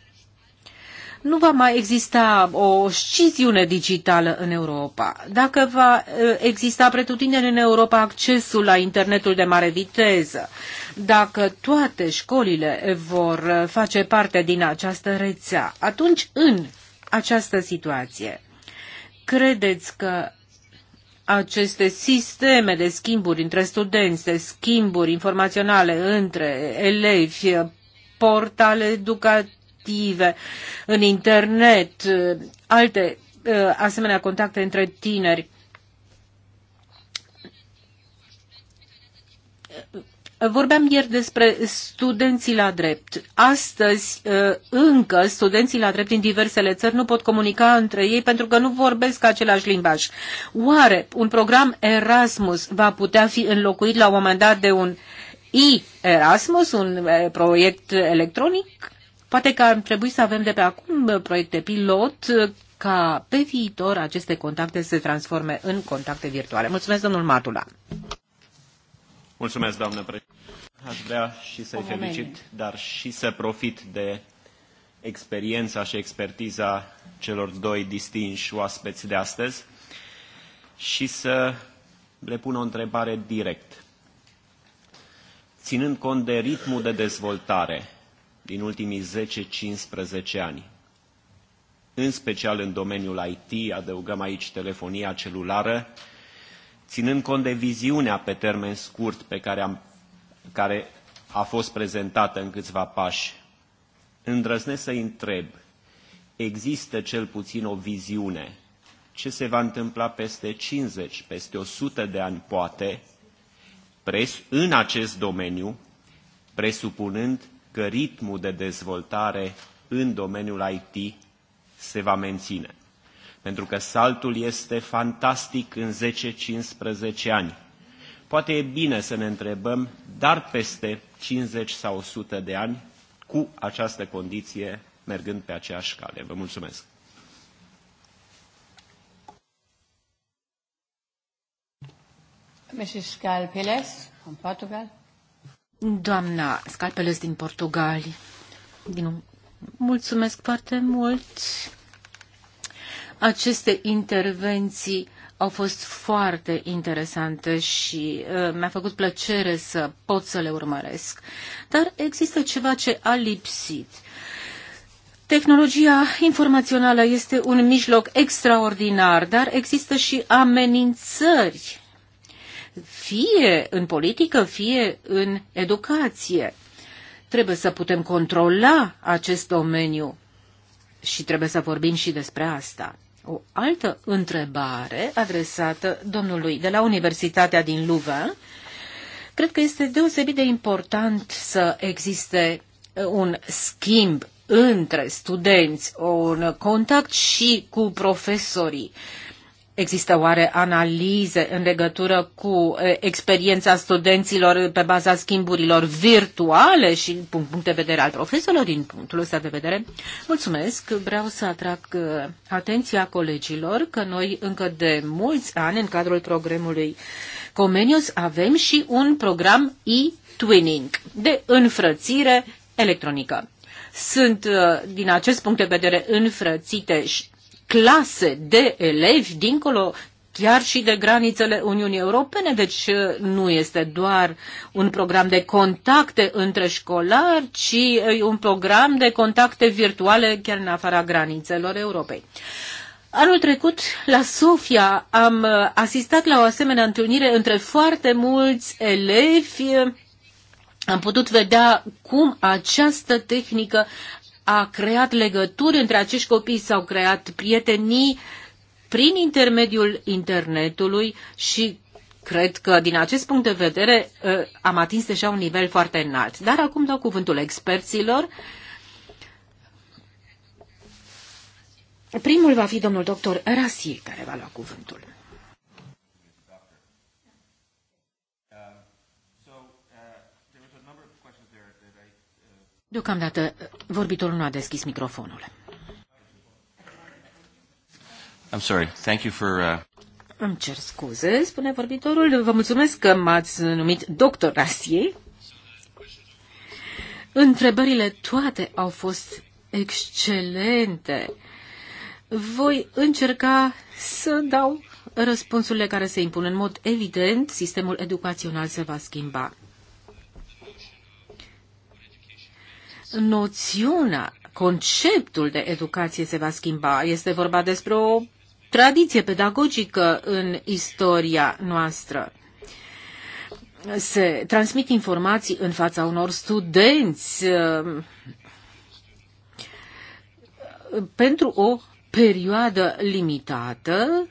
nu va mai exista o sciziune digitală în Europa. Dacă va uh, exista pretutindeni în Europa accesul la internetul de mare viteză, dacă toate școlile vor uh, face parte din această rețea, atunci în această situație, credeți că aceste sisteme de schimburi între studenți, de schimburi informaționale între elevi, portale educative, active în internet, alte uh, asemenea contacte între tineri. Vorbeam ieri despre studenții la drept. Astăzi, uh, încă, studenții la drept din diversele țări nu pot comunica între ei pentru că nu vorbesc același limbaj. Oare un program Erasmus va putea fi înlocuit la un moment dat de un i-Erasmus, un eh, proiect electronic? Poate că ar trebui să avem de pe acum proiecte pilot ca pe viitor aceste contacte să se transforme în contacte virtuale. Mulțumesc, domnul Matula. Mulțumesc, doamnă președinte. Aș vrea și să-i felicit, dar și să profit de experiența și expertiza celor doi distinși oaspeți de astăzi și să le pun o întrebare direct. Ținând cont de ritmul de dezvoltare din ultimii 10-15 ani. În special în domeniul IT, adăugăm aici telefonia celulară, ținând cont de viziunea pe termen scurt pe care, am, care a fost prezentată în câțiva pași. Îndrăznesc să întreb, există cel puțin o viziune ce se va întâmpla peste 50, peste 100 de ani poate, pres, în acest domeniu, presupunând că ritmul de dezvoltare în domeniul IT se va menține. Pentru că saltul este fantastic în 10-15 ani. Poate e bine să ne întrebăm, dar peste 50 sau 100 de ani, cu această condiție, mergând pe aceeași cale. Vă mulțumesc! Mrs. Gal from Portugal. Doamna Scalpeles din Portugalia. Din... Mulțumesc foarte mult. Aceste intervenții au fost foarte interesante și uh, mi-a făcut plăcere să pot să le urmăresc. Dar există ceva ce a lipsit. Tehnologia informațională este un mijloc extraordinar, dar există și amenințări fie în politică, fie în educație. Trebuie să putem controla acest domeniu și trebuie să vorbim și despre asta. O altă întrebare adresată domnului de la Universitatea din Louvain. Cred că este deosebit de important să existe uh, un schimb între studenți, un contact și cu profesorii. Există oare analize în legătură cu experiența studenților pe baza schimburilor virtuale și din punct de vedere al profesorilor, din punctul ăsta de vedere? Mulțumesc! Vreau să atrag atenția colegilor că noi încă de mulți ani, în cadrul programului Comenius, avem și un program e-twinning de înfrățire electronică. Sunt, din acest punct de vedere, înfrățite și clase de elevi dincolo chiar și de granițele Uniunii Europene, deci uh, nu este doar un program de contacte între școlari, ci uh, un program de contacte virtuale chiar în afara granițelor Europei. Anul trecut, la Sofia, am uh, asistat la o asemenea întâlnire între foarte mulți elevi. Am putut vedea cum această tehnică a creat legături între acești copii, s-au creat prietenii prin intermediul internetului și cred că din acest punct de vedere ă, am atins deja un nivel foarte înalt. Dar acum dau cuvântul experților. Primul va fi domnul doctor Rasie, care va lua cuvântul. Deocamdată, vorbitorul nu a deschis microfonul. I'm sorry. Thank you for, uh... Îmi cer scuze, spune vorbitorul. Vă mulțumesc că m-ați numit doctor Rasie. Întrebările toate au fost excelente. Voi încerca să dau răspunsurile care se impun. În mod evident, sistemul educațional se va schimba. noțiunea, conceptul de educație se va schimba. Este vorba despre o tradiție pedagogică în istoria noastră. Se transmit informații în fața unor studenți uh, pentru o perioadă limitată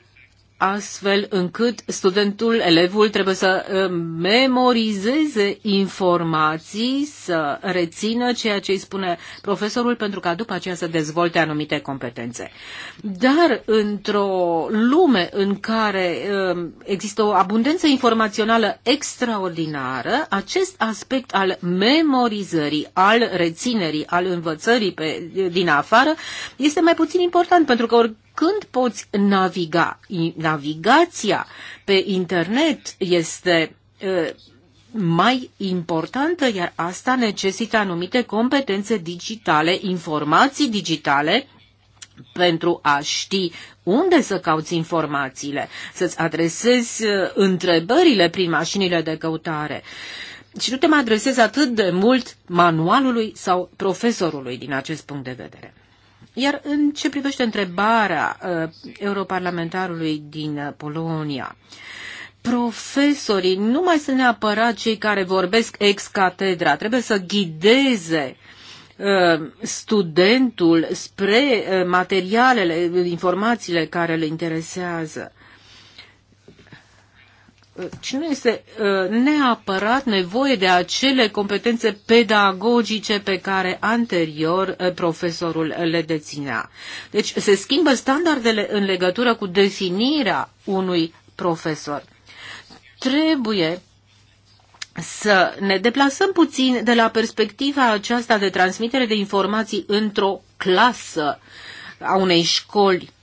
astfel încât studentul, elevul trebuie să uh, memorizeze informații, să rețină ceea ce îi spune profesorul pentru ca după aceea să dezvolte anumite competențe. Dar într-o lume în care uh, există o abundență informațională extraordinară, acest aspect al memorizării, al reținerii, al învățării pe, din afară este mai puțin important pentru că când poți naviga. Navigația pe internet este mai importantă, iar asta necesită anumite competențe digitale, informații digitale, pentru a ști unde să cauți informațiile, să-ți adresezi întrebările prin mașinile de căutare. Și nu te mai adresezi atât de mult manualului sau profesorului din acest punct de vedere. Iar în ce privește întrebarea uh, europarlamentarului din uh, Polonia, profesorii nu mai sunt neapărat cei care vorbesc ex catedra, trebuie să ghideze uh, studentul spre materialele, informațiile care le interesează și nu este uh, neapărat nevoie de acele competențe pedagogice pe care anterior uh, profesorul le deținea. Deci se schimbă standardele în legătură cu definirea unui profesor. Trebuie să ne deplasăm puțin de la perspectiva aceasta de transmitere de informații într-o clasă a unei școli.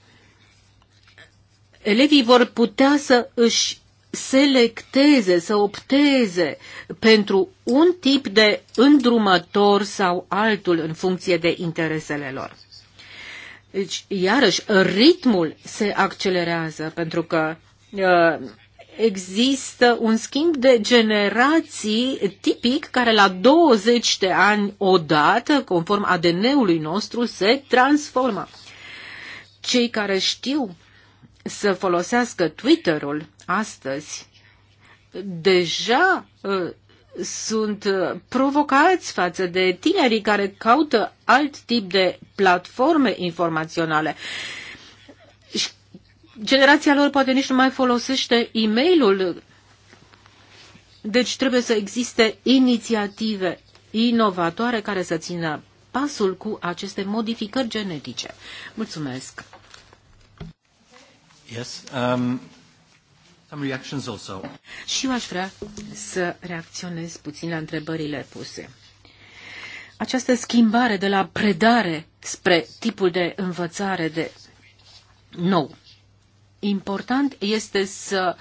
Elevii vor putea să își selecteze, să opteze pentru un tip de îndrumător sau altul în funcție de interesele lor. Deci, iarăși, ritmul se accelerează pentru că uh, există un schimb de generații tipic care la 20 de ani odată, conform ADN-ului nostru, se transformă. Cei care știu să folosească Twitter-ul astăzi, deja uh, sunt uh, provocați față de tinerii care caută alt tip de platforme informaționale. Și generația lor poate nici nu mai folosește e-mail-ul. Deci trebuie să existe inițiative inovatoare care să țină pasul cu aceste modificări genetice. Mulțumesc! Yes, um, some reactions also. Și eu aș vrea să reacționez puțin la întrebările puse. Această schimbare de la predare spre tipul de învățare de nou. Important este să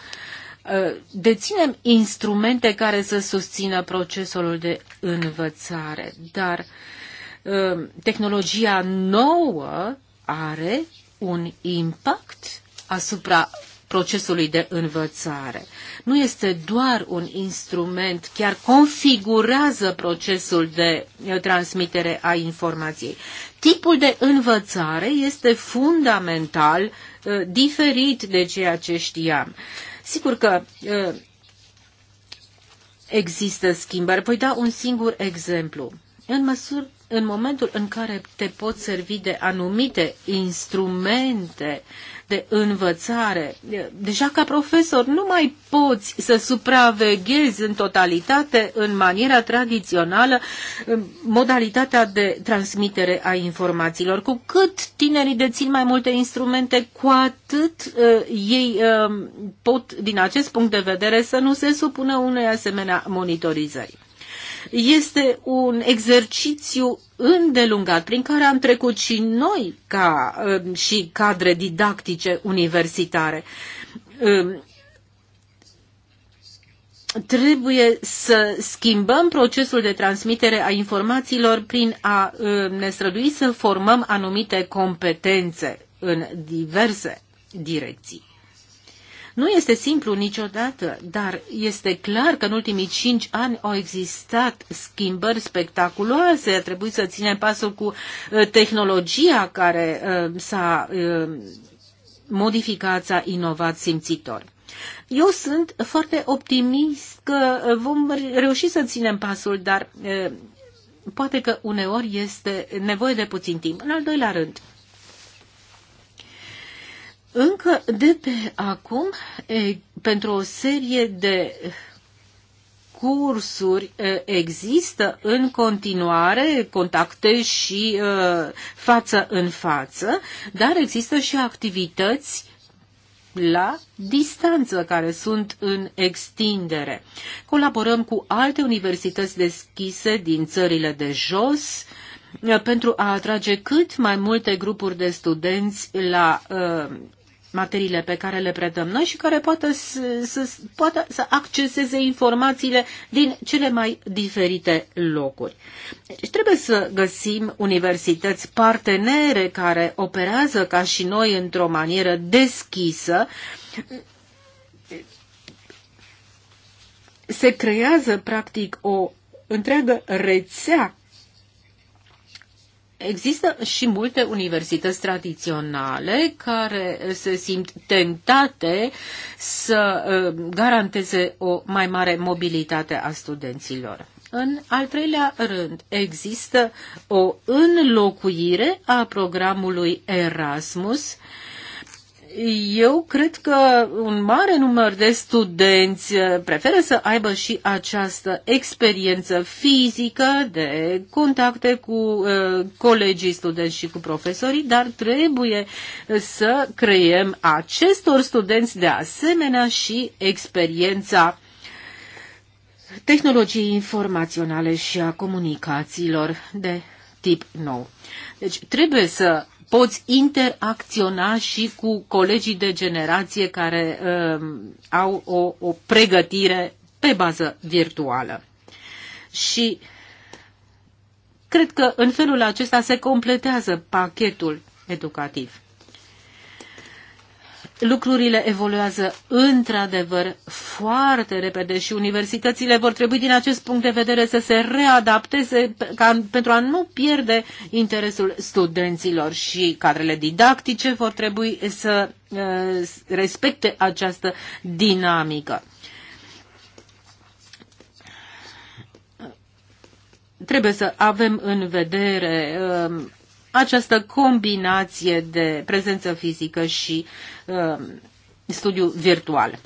uh, deținem instrumente care să susțină procesul de învățare, dar uh, tehnologia nouă are un impact asupra procesului de învățare. Nu este doar un instrument, chiar configurează procesul de transmitere a informației. Tipul de învățare este fundamental uh, diferit de ceea ce știam. Sigur că uh, există schimbări. Voi da un singur exemplu. În măsură în momentul în care te poți servi de anumite instrumente de învățare, deja ca profesor nu mai poți să supraveghezi în totalitate, în maniera tradițională, modalitatea de transmitere a informațiilor. Cu cât tinerii dețin mai multe instrumente, cu atât uh, ei uh, pot, din acest punct de vedere, să nu se supună unei asemenea monitorizări. Este un exercițiu îndelungat prin care am trecut și noi ca um, și cadre didactice universitare um, trebuie să schimbăm procesul de transmitere a informațiilor prin a um, ne strădui să formăm anumite competențe în diverse direcții. Nu este simplu niciodată, dar este clar că în ultimii cinci ani au existat schimbări spectaculoase. A trebuit să ținem pasul cu uh, tehnologia care uh, s-a uh, modificat, s-a inovat simțitor. Eu sunt foarte optimist că vom reuși să ținem pasul, dar poate că uneori este nevoie de puțin timp. În al doilea rând, încă de pe acum, pentru o serie de cursuri există în continuare contacte și față în față, dar există și activități la distanță care sunt în extindere. Colaborăm cu alte universități deschise din țările de jos pentru a atrage cât mai multe grupuri de studenți la uh, materiile pe care le predăm noi și care poate să, să, poate să acceseze informațiile din cele mai diferite locuri. Deci trebuie să găsim universități partenere care operează ca și noi într-o manieră deschisă. Se creează practic o întreagă rețea Există și multe universități tradiționale care se simt tentate să uh, garanteze o mai mare mobilitate a studenților. În al treilea rând, există o înlocuire a programului Erasmus uh, eu cred că un mare număr de studenți eh, preferă să aibă și această experiență fizică de contacte cu uh, colegii studenți și cu profesorii, dar trebuie eh, să creiem acestor studenți de asemenea și experiența tehnologiei informaționale și a comunicațiilor de tip nou. Deci trebuie să poți interacționa și cu colegii de generație care uh, au o, o pregătire pe bază virtuală. Și cred că în felul acesta se completează pachetul educativ lucrurile evoluează într-adevăr foarte repede și universitățile vor trebui din acest punct de vedere să se readapteze ca, pentru a nu pierde interesul studenților și cadrele didactice vor trebui să uh, respecte această dinamică. Trebuie să avem în vedere uh, această combinație de prezență fizică și uh, studiu virtual.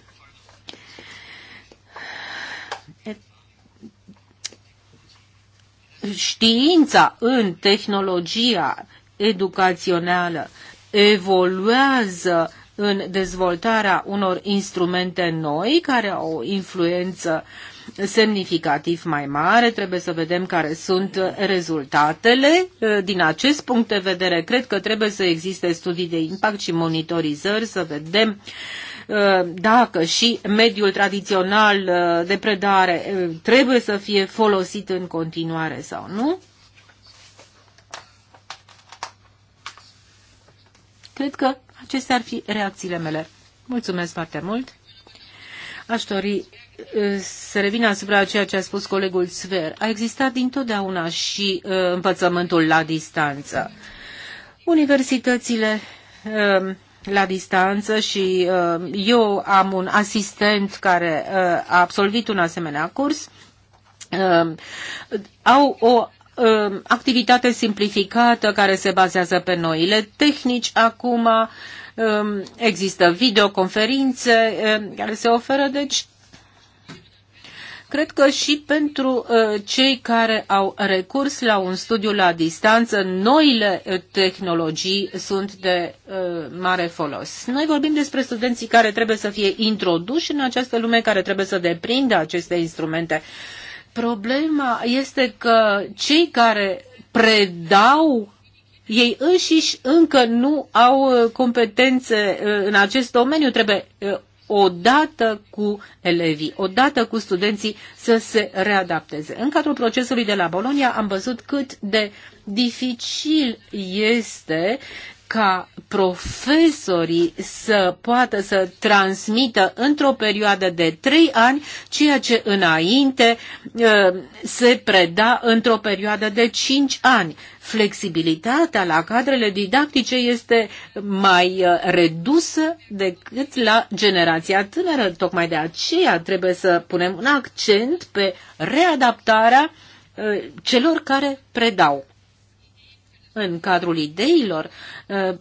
Știința în tehnologia educațională evoluează în dezvoltarea unor instrumente noi care au o influență uh, semnificativ mai mare. Trebuie să vedem care sunt rezultatele. Din acest punct de vedere, cred că trebuie să existe studii de impact și monitorizări, să vedem uh, dacă și mediul tradițional uh, de predare uh, trebuie să fie folosit în continuare sau nu. Cred că acestea ar fi reacțiile mele. Mulțumesc foarte mult! Aș dori să revin asupra ceea ce a spus colegul Sver. A existat dintotdeauna și uh, învățământul la distanță. Universitățile uh, la distanță și uh, eu am un asistent care uh, a absolvit un asemenea curs, uh, au o uh, activitate simplificată care se bazează pe noile tehnici acum, există videoconferințe care se oferă, deci Cred că și pentru uh, cei care au recurs la un studiu la distanță, noile uh, tehnologii sunt de uh, mare folos. Noi vorbim despre studenții care trebuie să fie introduși în această lume, care trebuie să deprindă aceste instrumente. Problema este că cei care predau ei înșiși încă nu au competențe în acest domeniu. Trebuie odată cu elevii, odată cu studenții să se readapteze. În cadrul procesului de la Bolonia am văzut cât de dificil este ca profesorii să poată să transmită într-o perioadă de trei ani ceea ce înainte uh, se preda într-o perioadă de cinci ani flexibilitatea la cadrele didactice este mai uh, redusă decât la generația tânără. Tocmai de aceea trebuie să punem un accent pe readaptarea uh, celor care predau. În cadrul ideilor uh,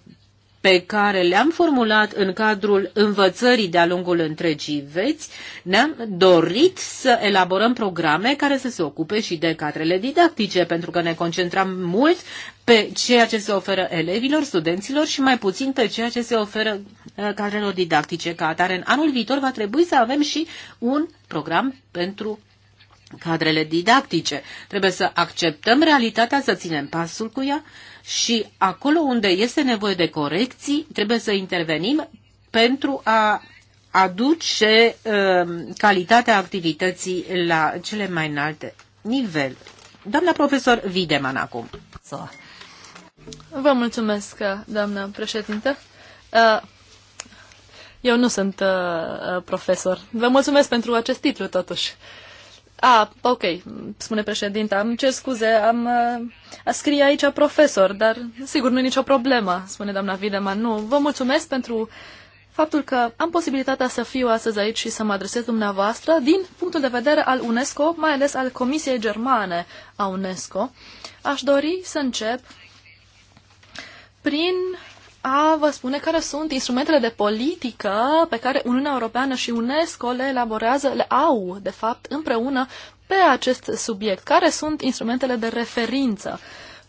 pe care le-am formulat în cadrul învățării de-a lungul întregii veți, ne-am dorit să elaborăm programe care să se ocupe și de cadrele didactice, pentru că ne concentram mult pe ceea ce se oferă elevilor, studenților și mai puțin pe ceea ce se oferă uh, cadrelor didactice ca atare. În anul viitor va trebui să avem și un program pentru cadrele didactice. Trebuie să acceptăm realitatea, să ținem pasul cu ea și acolo unde este nevoie de corecții, trebuie să intervenim pentru a aduce uh, calitatea activității la cele mai înalte niveluri. Doamna profesor Videman acum. Vă mulțumesc, uh, doamna președintă. Uh, eu nu sunt uh, uh, profesor. Vă mulțumesc pentru acest titlu, totuși. Uh, a, ok, spune președinta, am cer scuze, am a scrie aici profesor, dar sigur nu e nicio problemă, spune doamna Videman. Nu, vă mulțumesc pentru faptul că am posibilitatea să fiu astăzi aici și să mă adresez dumneavoastră din punctul de vedere al UNESCO, mai ales al Comisiei Germane a UNESCO. Aș dori să încep prin a vă spune care sunt instrumentele de politică pe care Uniunea Europeană și UNESCO le elaborează, le au, de fapt, împreună pe acest subiect. Care sunt instrumentele de referință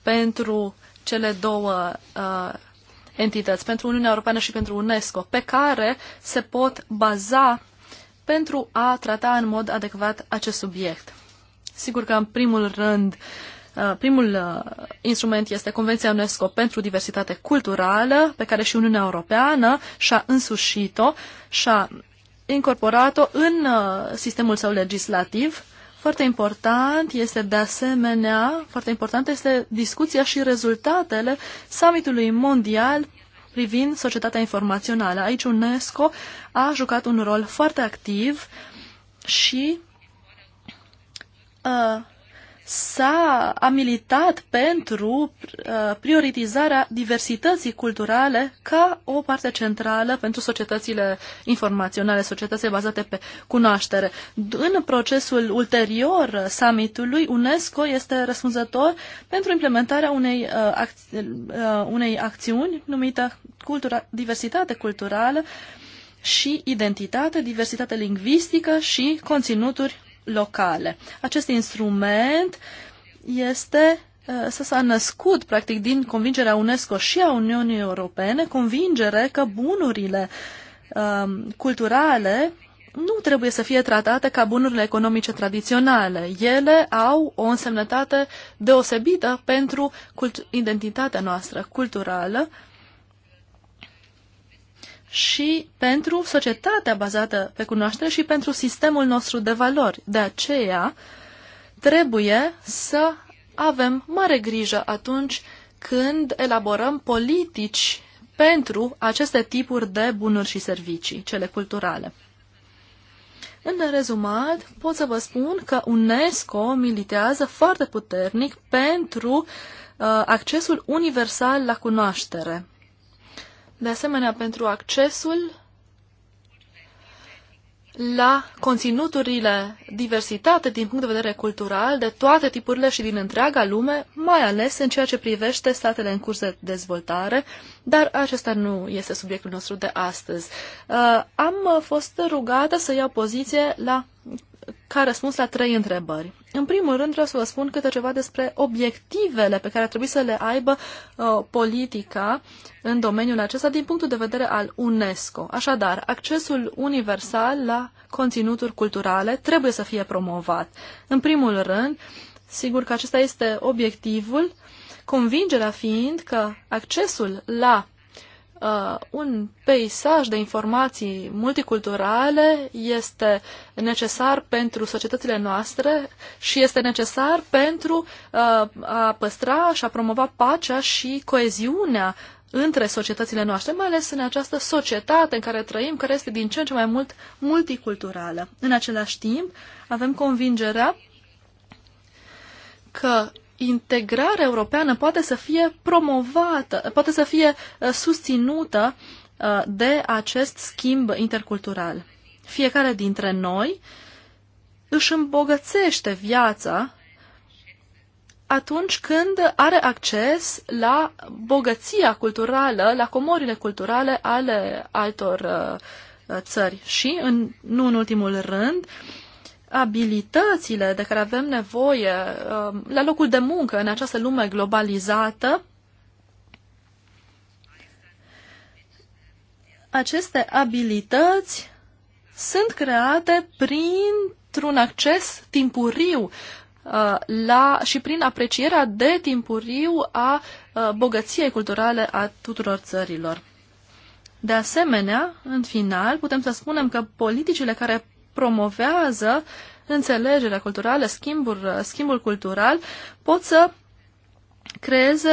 pentru cele două uh, entități, pentru Uniunea Europeană și pentru UNESCO, pe care se pot baza pentru a trata în mod adecvat acest subiect. Sigur că, în primul rând, uh, Uh, primul uh, instrument este Convenția UNESCO pentru diversitate culturală, pe care și Uniunea Europeană și-a însușit-o și-a incorporat-o în uh, sistemul său legislativ. Foarte important este de asemenea, foarte important este discuția și rezultatele summitului mondial privind societatea informațională. Aici UNESCO a jucat un rol foarte activ și uh, s-a a militat pentru uh, prioritizarea diversității culturale ca o parte centrală pentru societățile informaționale, societățile bazate pe cunoaștere. În procesul ulterior summitului, UNESCO este răspunzător pentru implementarea unei, uh, acți- uh, unei acțiuni numită cultura, diversitate culturală și identitate, diversitate lingvistică și conținuturi locale. Acest instrument este uh, să s-a născut, practic, din convingerea UNESCO și a Uniunii Europene, convingere că bunurile um, culturale nu trebuie să fie tratate ca bunurile economice tradiționale. Ele au o însemnătate deosebită pentru identitatea noastră culturală și pentru societatea bazată pe cunoaștere și pentru sistemul nostru de valori. De aceea, trebuie să avem mare grijă atunci când elaborăm politici pentru aceste tipuri de bunuri și servicii, cele culturale. În rezumat, pot să vă spun că UNESCO militează foarte puternic pentru uh, accesul universal la cunoaștere de asemenea pentru accesul la conținuturile diversitate din punct de vedere cultural de toate tipurile și din întreaga lume, mai ales în ceea ce privește statele în curs de dezvoltare, dar acesta nu este subiectul nostru de astăzi. Uh, am fost rugată să iau poziție la, ca răspuns la trei întrebări. În primul rând vreau să vă spun câte ceva despre obiectivele pe care trebuie să le aibă uh, politica în domeniul acesta din punctul de vedere al UNESCO. Așadar, accesul universal la conținuturi culturale trebuie să fie promovat. În primul rând, sigur că acesta este obiectivul, convingerea fiind că accesul la uh, un peisaj de informații multiculturale este necesar pentru societățile noastre și este necesar pentru uh, a păstra și a promova pacea și coeziunea între societățile noastre, mai ales în această societate în care trăim, care este din ce în ce mai mult multiculturală. În același timp, avem convingerea că integrarea europeană poate să fie promovată, poate să fie uh, susținută uh, de acest schimb intercultural. Fiecare dintre noi își îmbogățește viața atunci când are acces la bogăția culturală, la comorile culturale ale altor uh, țări. Și, în, nu în ultimul rând, uh, abilitățile de care avem nevoie um, la locul de muncă în această lume globalizată, aceste abilități sunt create printr-un acces timpuriu uh, la, și prin aprecierea de timpuriu a uh, bogăției culturale a tuturor țărilor. De asemenea, în final, putem să spunem că politicile care promovează înțelegerea culturală, schimbul, schimbul cultural, pot să creeze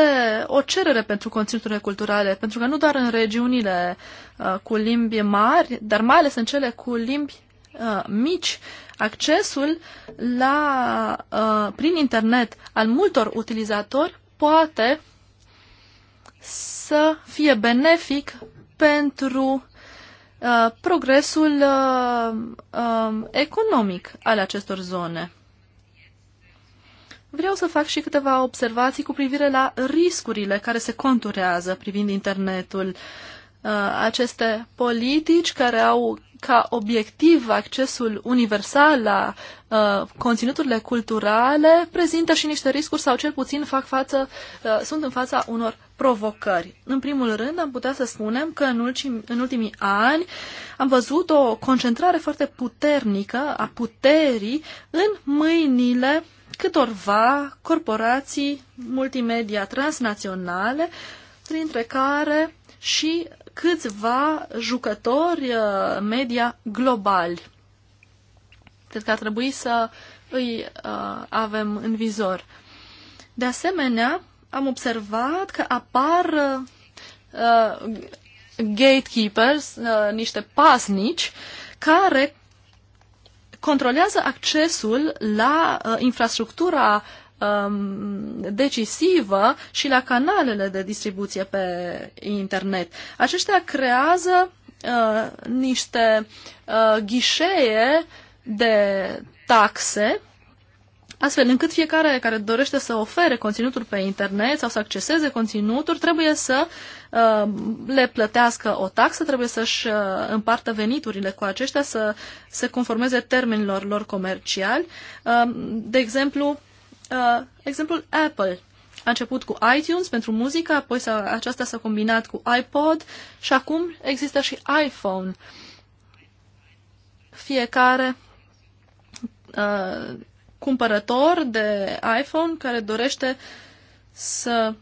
o cerere pentru conținuturile culturale, pentru că nu doar în regiunile uh, cu limbi mari, dar mai ales în cele cu limbi uh, mici, accesul la, uh, prin internet al multor utilizatori poate să fie benefic pentru Uh, progresul uh, uh, economic al acestor zone. Vreau să fac și câteva observații cu privire la riscurile care se conturează privind internetul. Uh, aceste politici care au ca obiectiv accesul universal la uh, conținuturile culturale prezintă și niște riscuri sau cel puțin fac față, sunt în fața unor provocări. În primul rând, am putea să spunem că în, ultim, în ultimii ani am văzut o concentrare foarte puternică a puterii în mâinile câtorva corporații multimedia transnaționale, printre care și câțiva jucători uh, media globali. Cred că ar trebui să îi uh, avem în vizor. De asemenea, am observat că apar uh, gatekeepers, uh, niște pasnici, care controlează accesul la uh, infrastructura um, decisivă și la canalele de distribuție pe internet. Aceștia creează uh, niște uh, ghișee de taxe astfel încât fiecare care dorește să ofere conținuturi pe internet sau să acceseze conținuturi trebuie să uh, le plătească o taxă, trebuie să-și uh, împartă veniturile cu aceștia, să se conformeze termenilor lor comerciali. Uh, de exemplu, uh, exemplul Apple a început cu iTunes pentru muzică, apoi s aceasta s-a combinat cu iPod și acum există și iPhone. Fiecare uh, cumpărător de iPhone care dorește să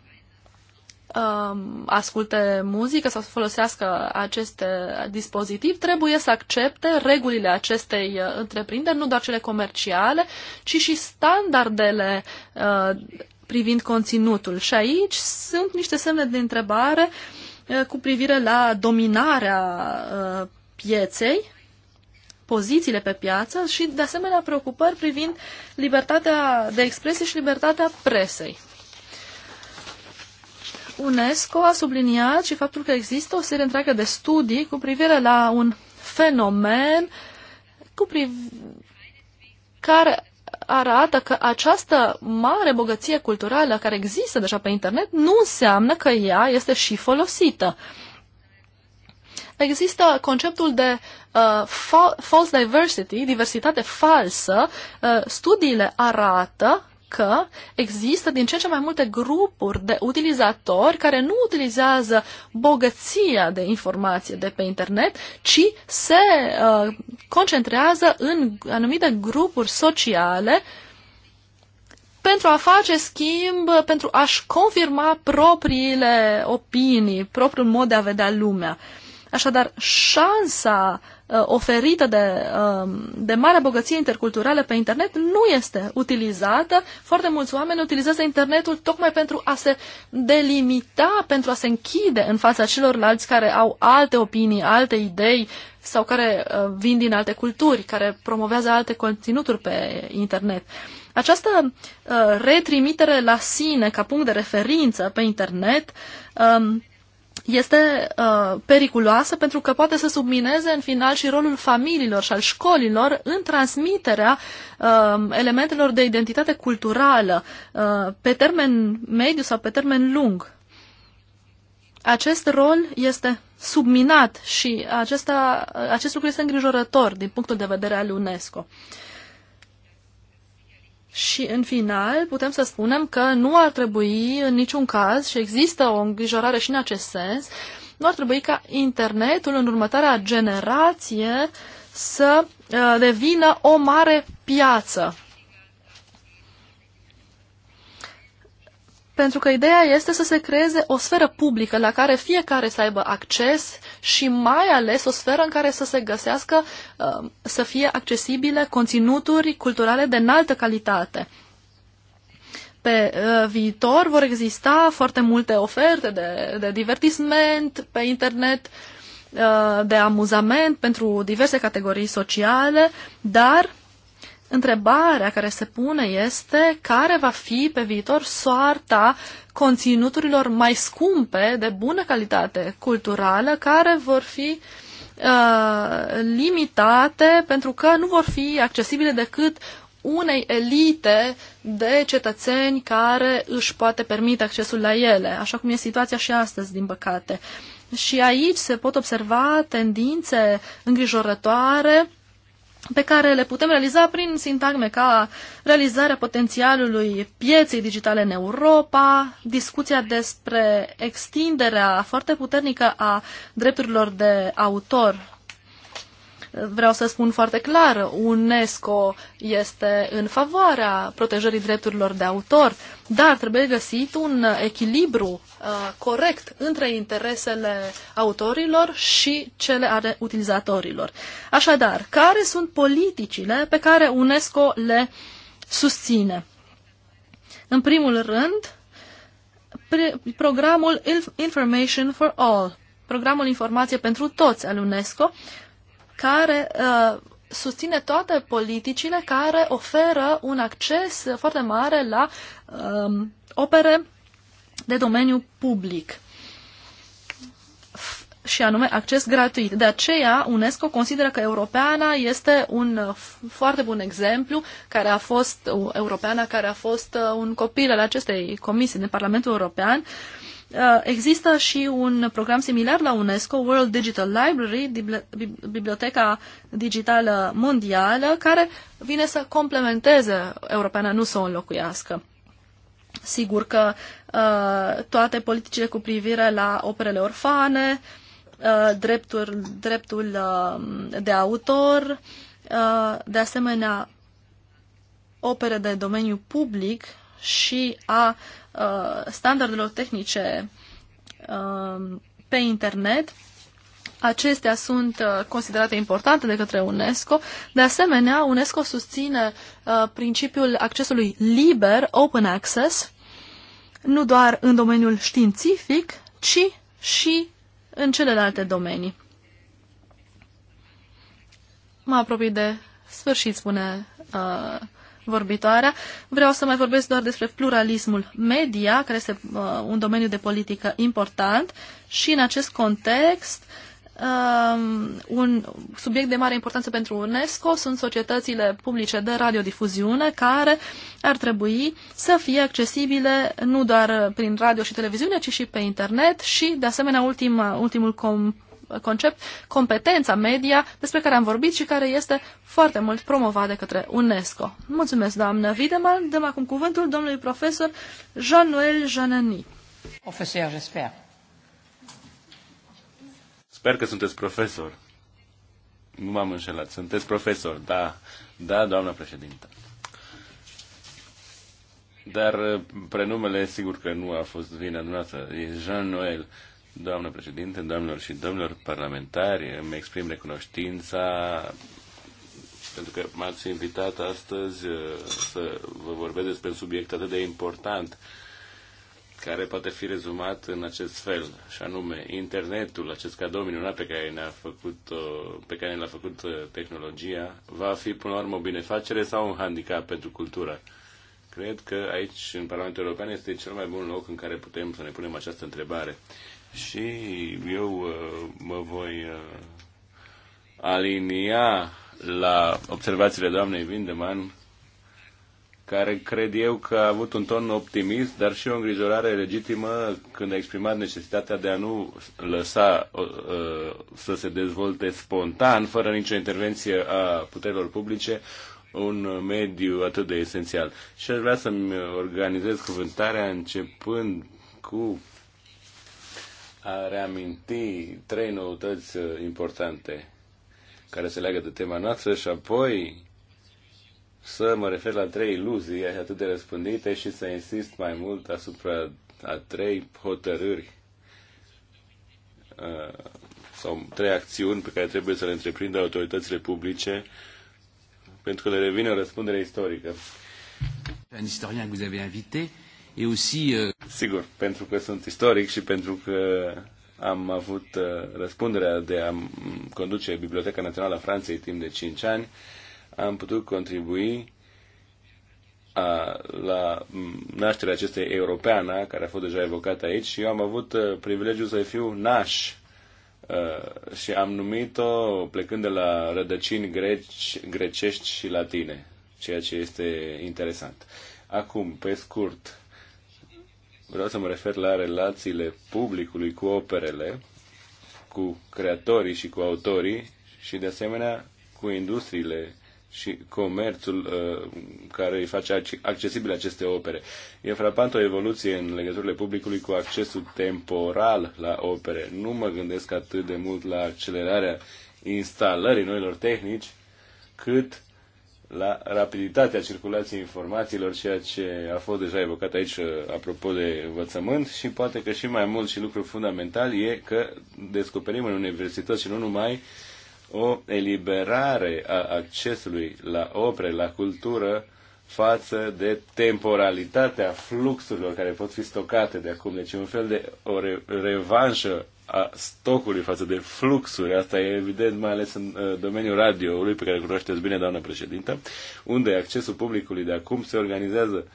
um, asculte muzică sau să folosească acest dispozitiv, trebuie să accepte regulile acestei uh, întreprinderi, nu doar cele comerciale, ci și standardele uh, privind conținutul. Și aici sunt niște semne de întrebare uh, cu privire la dominarea uh, pieței pozițiile pe piață și, de asemenea, preocupări privind libertatea de expresie și libertatea presei. UNESCO a subliniat și faptul că există o serie întreagă de studii cu privire la un fenomen cu priv, care arată că această mare bogăție culturală care există deja pe internet nu înseamnă că ea este și folosită. Uh, există conceptul de uh, false diversity, diversitate falsă. Uh, studiile arată că există din ce în ce mai multe grupuri de utilizatori care nu utilizează bogăția de informație de pe internet, ci se uh, concentrează în anumite grupuri sociale pentru a face schimb, pentru a-și confirma propriile opinii, propriul mod de a vedea lumea. Uh, Așadar, șansa uh, oferită de, uh, de marea bogăție interculturală pe internet nu este utilizată. Foarte mulți oameni utilizează internetul tocmai pentru a se delimita, pentru a se închide în fața celorlalți care au alte opinii, alte idei sau care uh, vin din alte culturi, care promovează alte conținuturi pe internet. Această uh, retrimitere la sine ca punct de referință pe internet um, este uh, periculoasă pentru că poate să submineze în final și rolul familiilor și al școlilor în transmiterea uh, elementelor de identitate culturală uh, pe termen mediu sau pe termen lung. Acest rol este subminat și acesta, uh, acest lucru este îngrijorător din punctul de vedere al UNESCO. Uh, și în final putem să spunem că nu ar trebui în niciun caz, și există o îngrijorare și în acest sens, nu ar trebui ca internetul în următoarea generație să uh, devină o mare piață Pentru că ideea este să se creeze o sferă publică la care fiecare să aibă acces și mai ales o sferă în care să se găsească, uh, să fie accesibile conținuturi culturale de înaltă calitate pe uh, viitor vor exista foarte multe oferte de, de divertisment pe internet, uh, de amuzament pentru diverse categorii sociale, dar întrebarea care se pune este care va fi pe viitor soarta conținuturilor mai scumpe, de bună calitate culturală, care vor fi uh, limitate pentru că nu vor fi accesibile decât unei elite de cetățeni care își poate permite accesul la ele, așa cum e situația și astăzi, din păcate. Și aici se pot observa tendințe îngrijorătoare pe care le putem realiza prin sintagme ca realizarea potențialului pieței digitale în Europa, discuția despre extinderea foarte puternică a drepturilor de autor Vreau să spun foarte clar, UNESCO este în favoarea protejării drepturilor de autor, dar trebuie găsit un echilibru uh, corect între interesele autorilor și cele ale utilizatorilor. Așadar, care sunt politicile pe care UNESCO le susține? În primul rând, programul Information for All, programul Informație pentru Toți al UNESCO, care uh, susține toate politicile care oferă un acces foarte mare la um, opere de domeniu public și anume acces gratuit. De aceea, UNESCO consideră că Europeana este un foarte bun exemplu, care a fost, Europeana care a fost uh, un copil al acestei comisii din Parlamentul European, uh, Uh, există și un program similar la UNESCO, World Digital Library, Biblioteca Digitală Mondială, care vine să complementeze europeană, nu să o înlocuiască. Sigur că uh, toate politicile cu privire la operele orfane, uh, dreptul, dreptul de autor, de asemenea opere de domeniu public și a uh, Uh, standardelor tehnice uh, pe internet. Acestea sunt uh, considerate importante de către UNESCO. De asemenea, UNESCO susține principiul accesului liber, open access, nu doar în domeniul științific, ci și în celelalte domenii. Mă apropii de sfârșit, spune uh, vorbitoarea. Vreau să mai vorbesc doar despre pluralismul media, care este uh, un domeniu de politică important și în acest context um, un subiect de mare importanță pentru UNESCO sunt societățile publice de radiodifuziune care ar trebui să fie accesibile nu doar prin radio și televiziune, ci și pe internet și, de asemenea, ultima, ultimul com concept, competența media, despre care am vorbit și care este foarte mult promovat de către UNESCO. Mulțumesc, doamnă Videman. Dăm acum cuvântul domnului profesor Jean-Noël Janani. Profesor, sper. Sper că sunteți profesor. Nu m-am înșelat. Sunteți profesor, da. Da, doamna președintă. Dar eh, prenumele, sigur că nu a fost vina noastră, e Jean noël Doamnă președinte, domnilor și domnilor parlamentari, îmi exprim recunoștința pentru că m-ați invitat astăzi uh, să vă vorbesc despre un subiect atât de important care poate fi rezumat în acest fel, și anume internetul, acest cadou minunat pe care ne-a făcut, uh, pe care ne-l-a făcut uh, tehnologia, va fi până la urmă o binefacere sau un handicap pentru cultură. Cred că aici, în Parlamentul European, este cel mai bun loc în care putem să ne punem această întrebare și eu uh, mă voi uh, alinia la observațiile doamnei Vindeman, care cred eu că a avut un ton optimist, dar și o îngrijorare legitimă când a exprimat necesitatea de a nu lăsa uh, uh să se dezvolte spontan, fără nicio intervenție a puterilor publice, un mediu atât de esențial. Și aș vrea să-mi organizez cuvântarea începând cu a reaminti trei noutăți uh, importante care se leagă de tema noastră și apoi să mă refer la trei iluzii atât de răspândite și să insist mai mult asupra a trei hotărâri uh, sau trei acțiuni pe care trebuie să le întreprindă autoritățile publice pentru că le revine o răspundere istorică. Un istorian que vous avez invité et aussi... Uh, Sigur, pentru că sunt istoric și pentru că am avut uh, răspunderea de a conduce Biblioteca Națională a Franței timp de 5 ani, am putut contribui a, la nașterea acestei europeana, care a fost deja evocată aici, și eu am avut uh, privilegiul să fiu naș și am numit-o plecând de la rădăcini greci, grecești și latine, ceea ce este interesant. Acum, pe scurt, Vreau să mă refer la relațiile publicului cu operele, cu creatorii și cu autorii și, de asemenea, cu industriile și comerțul uh, care îi face accesibile aceste opere. E frapant o evoluție în legăturile publicului cu accesul temporal la opere. Nu mă gândesc atât de mult la accelerarea instalării noilor tehnici, cât la rapiditatea circulației informațiilor, ceea ce a fost deja evocat aici uh, apropo de învățământ și poate că și mai mult și lucru fundamental e că descoperim în universități și nu numai o eliberare a accesului la opere, la cultură, față de temporalitatea fluxurilor care pot fi stocate de acum. Deci un fel de o re- revanșă a stocului, față de fluxuri. Asta e evident, mai ales în uh, domeniul radioului, pe care îl cunoașteți bine, doamnă președintă, unde accesul publicului de acum se organizează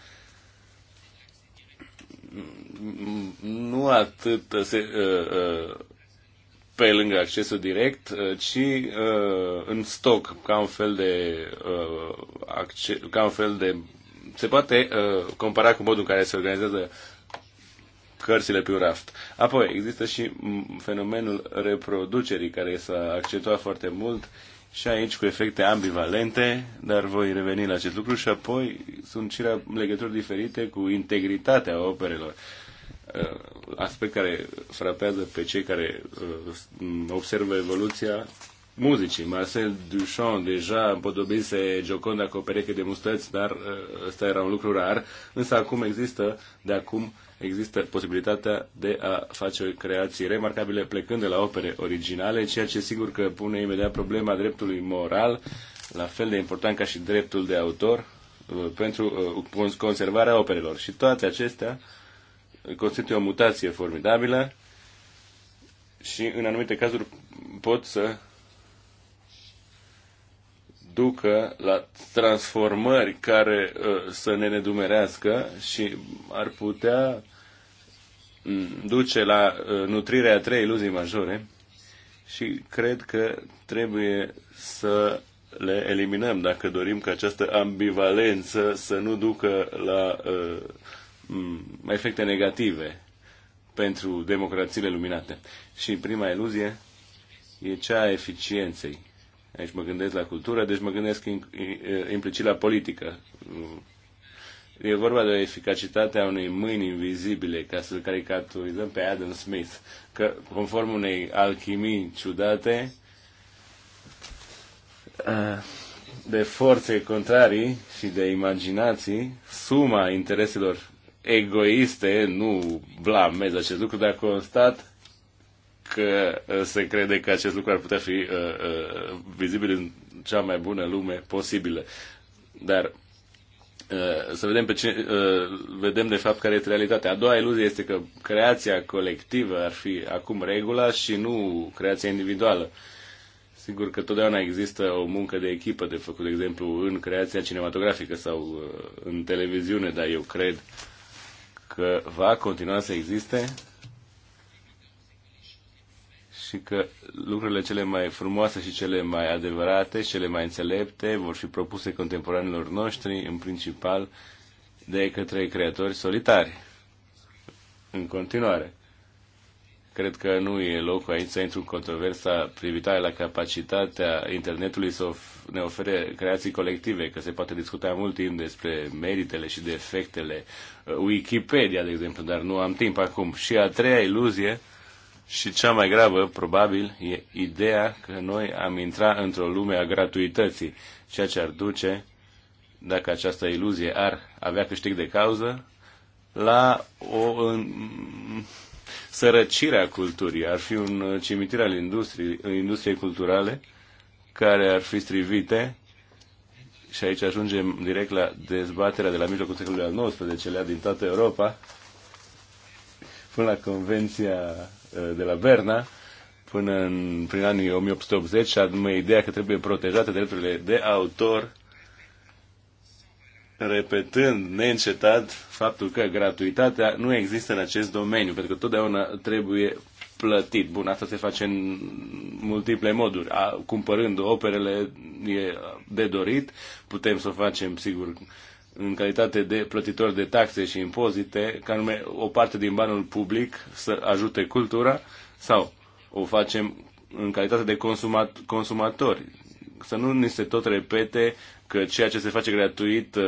nu atât uh, se, uh, pe lângă accesul direct, ci în stoc, ca un fel de, acces, ca un fel de se poate uh, compara cu modul în care se organizează cărțile pe raft. Apoi, există și fenomenul reproducerii, care s-a accentuat foarte mult și aici cu efecte ambivalente, dar voi reveni la acest lucru și apoi sunt și legături diferite cu integritatea operelor. Uh, aspect care frapează pe cei care uh, observă evoluția muzicii. Marcel Duchamp deja împodobise Gioconda cu o pereche de mustăți, dar uh, ăsta era un lucru rar. Însă acum există de acum există posibilitatea de a face creații remarcabile plecând de la opere originale, ceea ce sigur că pune imediat problema dreptului moral, la fel de important ca și dreptul de autor, uh, pentru uh, conservarea operelor. Și toate acestea constituie o mutație formidabilă și în anumite cazuri pot să ducă la transformări care uh, să ne nedumerească și ar putea mm, duce la uh, nutrirea a trei iluzii majore și cred că trebuie să le eliminăm dacă dorim ca această ambivalență să nu ducă la uh, mm, efecte negative pentru democrațiile luminate. Și prima iluzie e cea a eficienței. Aici mă gândesc la cultură, deci mă gândesc eh, implicit la politică. E vorba de eficacitatea unei mâini invizibile, ca să caricaturizăm pe Adam Smith, că conform unei alchimii ciudate, eh, de forțe contrarii și de imaginații, suma intereselor egoiste, nu blamez acest lucru, dar constat că uh, se crede că acest lucru ar putea fi uh, uh, vizibil în cea mai bună lume posibilă. Dar uh, să vedem, pe cine, uh, vedem de fapt care este realitatea. A doua iluzie este că creația colectivă ar fi acum regula și nu creația individuală. Sigur că totdeauna există o muncă de echipă de făcut, de exemplu, în creația cinematografică sau în televiziune, dar eu cred că va continua să existe și că lucrurile cele mai frumoase și cele mai adevărate și cele mai înțelepte vor fi propuse contemporanilor noștri, în principal de către creatori solitari. În continuare, cred că nu e locul aici să intru în controversa privitoare la capacitatea internetului să ne ofere creații colective, că se poate discuta mult timp despre meritele și defectele uh, Wikipedia, de exemplu, dar nu am timp acum. Și a treia iluzie, și cea mai gravă, probabil, e ideea că noi am intrat într-o lume a gratuității, ceea ce ar duce, dacă această iluzie ar avea câștig de cauză, la o în, sărăcire a culturii. Ar fi un cimitir al industriei, industriei culturale care ar fi strivite și aici ajungem direct la dezbaterea de la mijlocul secolului al XIX-lea din toată Europa până la Convenția Eh, de la Berna până în, prin anii 1880 și anume ideea că trebuie protejate drepturile de autor repetând neîncetat faptul că gratuitatea nu există în acest domeniu, pentru că totdeauna trebuie plătit. Bun, asta se face în multiple moduri. A, cumpărând operele e de dorit, putem să o facem, sigur, în calitate de plătitori de taxe și impozite, ca nume o parte din banul public să ajute cultura sau o facem în calitate de consumat, consumatori. Să nu ni se tot repete că ceea ce se face gratuit uh,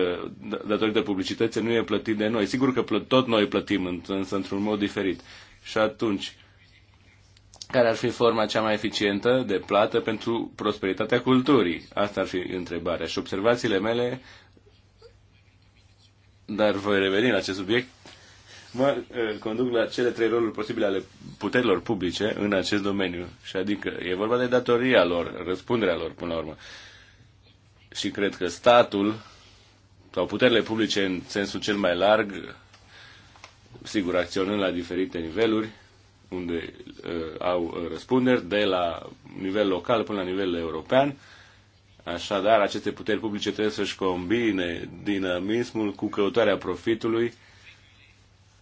da- datorită publicității nu e plătit de noi. Sigur că tot noi plătim, însă într-un mod diferit. Și atunci, care ar fi forma cea mai eficientă de plată pentru prosperitatea culturii? Asta ar fi întrebarea. Și observațiile mele dar voi reveni la acest subiect, mă eh, conduc la cele trei roluri posibile ale puterilor publice în acest domeniu. Și adică e vorba de datoria lor, răspunderea lor până la urmă. Și cred că statul sau puterile publice în sensul cel mai larg, sigur, acționând la diferite niveluri, unde uh, au eh, răspunderi, de la nivel local până la nivel european, uh, Așadar, aceste puteri publice trebuie să-și combine dinamismul cu căutarea profitului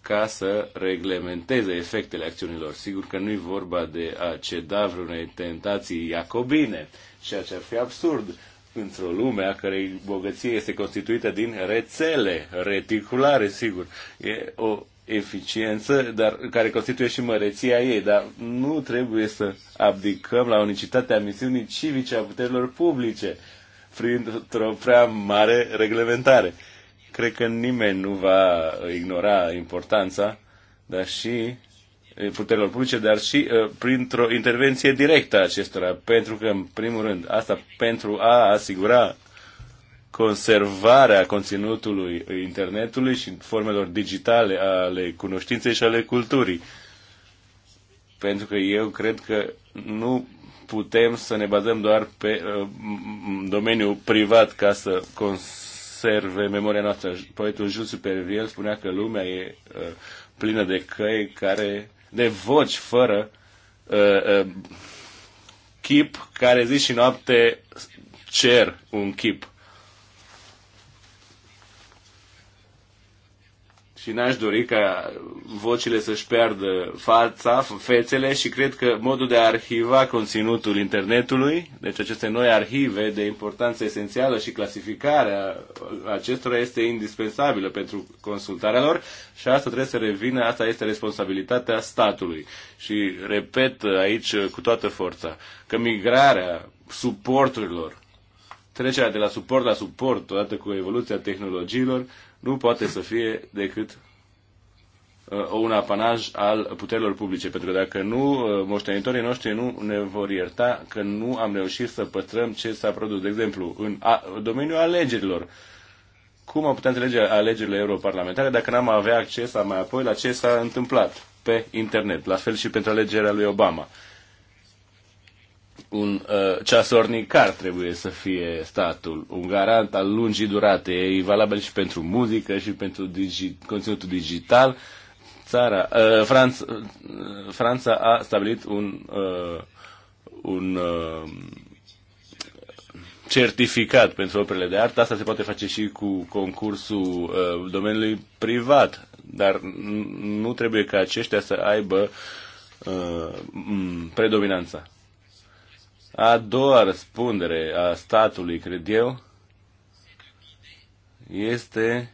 ca să reglementeze efectele acțiunilor. Sigur că nu i vorba de a ceda vreunei tentații iacobine, ceea ce ar fi absurd într-o lume a cărei bogăție este constituită din rețele reticulare, sigur. E o eficiență, dar care constituie și măreția ei, dar nu trebuie să abdicăm la unicitatea misiunii civice a puterilor publice printr-o prea mare reglementare. Cred că nimeni nu va ignora importanța, dar și eh, puterilor publice, dar și uh, printr-o intervenție directă a acestora, pentru că, în primul rând, asta pentru a asigura conservarea conținutului internetului și formelor digitale ale cunoștinței și ale culturii. Pentru că eu cred că nu putem să ne bazăm doar pe uh, domeniul privat ca să conserve memoria noastră. Poetul Jules Superviel spunea că lumea e uh, plină de căi care, de voci fără uh, uh, chip, care zi și noapte cer un chip. și n-aș dori ca vocile să-și piardă fața, fețele și cred că modul de a arhiva conținutul internetului, deci aceste noi arhive de importanță esențială și clasificarea acestora este indispensabilă pentru consultarea lor și asta trebuie să revină, asta este responsabilitatea statului. Și repet aici cu toată forța că migrarea suporturilor, trecerea de la suport la suport, odată cu evoluția tehnologiilor, nu poate să fie decât uh, un apanaj al puterilor publice, pentru că dacă nu, uh, moștenitorii noștri nu ne vor ierta că nu am reușit să păstrăm ce s-a produs. De exemplu, în a, domeniul alegerilor, cum am putea înțelege alegerile europarlamentare dacă n-am avea acces mai apoi la ce s-a întâmplat pe internet, la fel și pentru alegerea lui Obama un uh, ceasornicar trebuie să fie statul, un garant al lungii durate, e valabil și pentru muzică și pentru digi- conținutul digital. Țara, uh, Franța, uh, Franța a stabilit un, uh, un uh, certificat pentru operele de artă. Asta se poate face și cu concursul uh, domeniului privat, dar nu trebuie ca aceștia să aibă uh, predominanța. A doua răspundere a statului, cred eu, este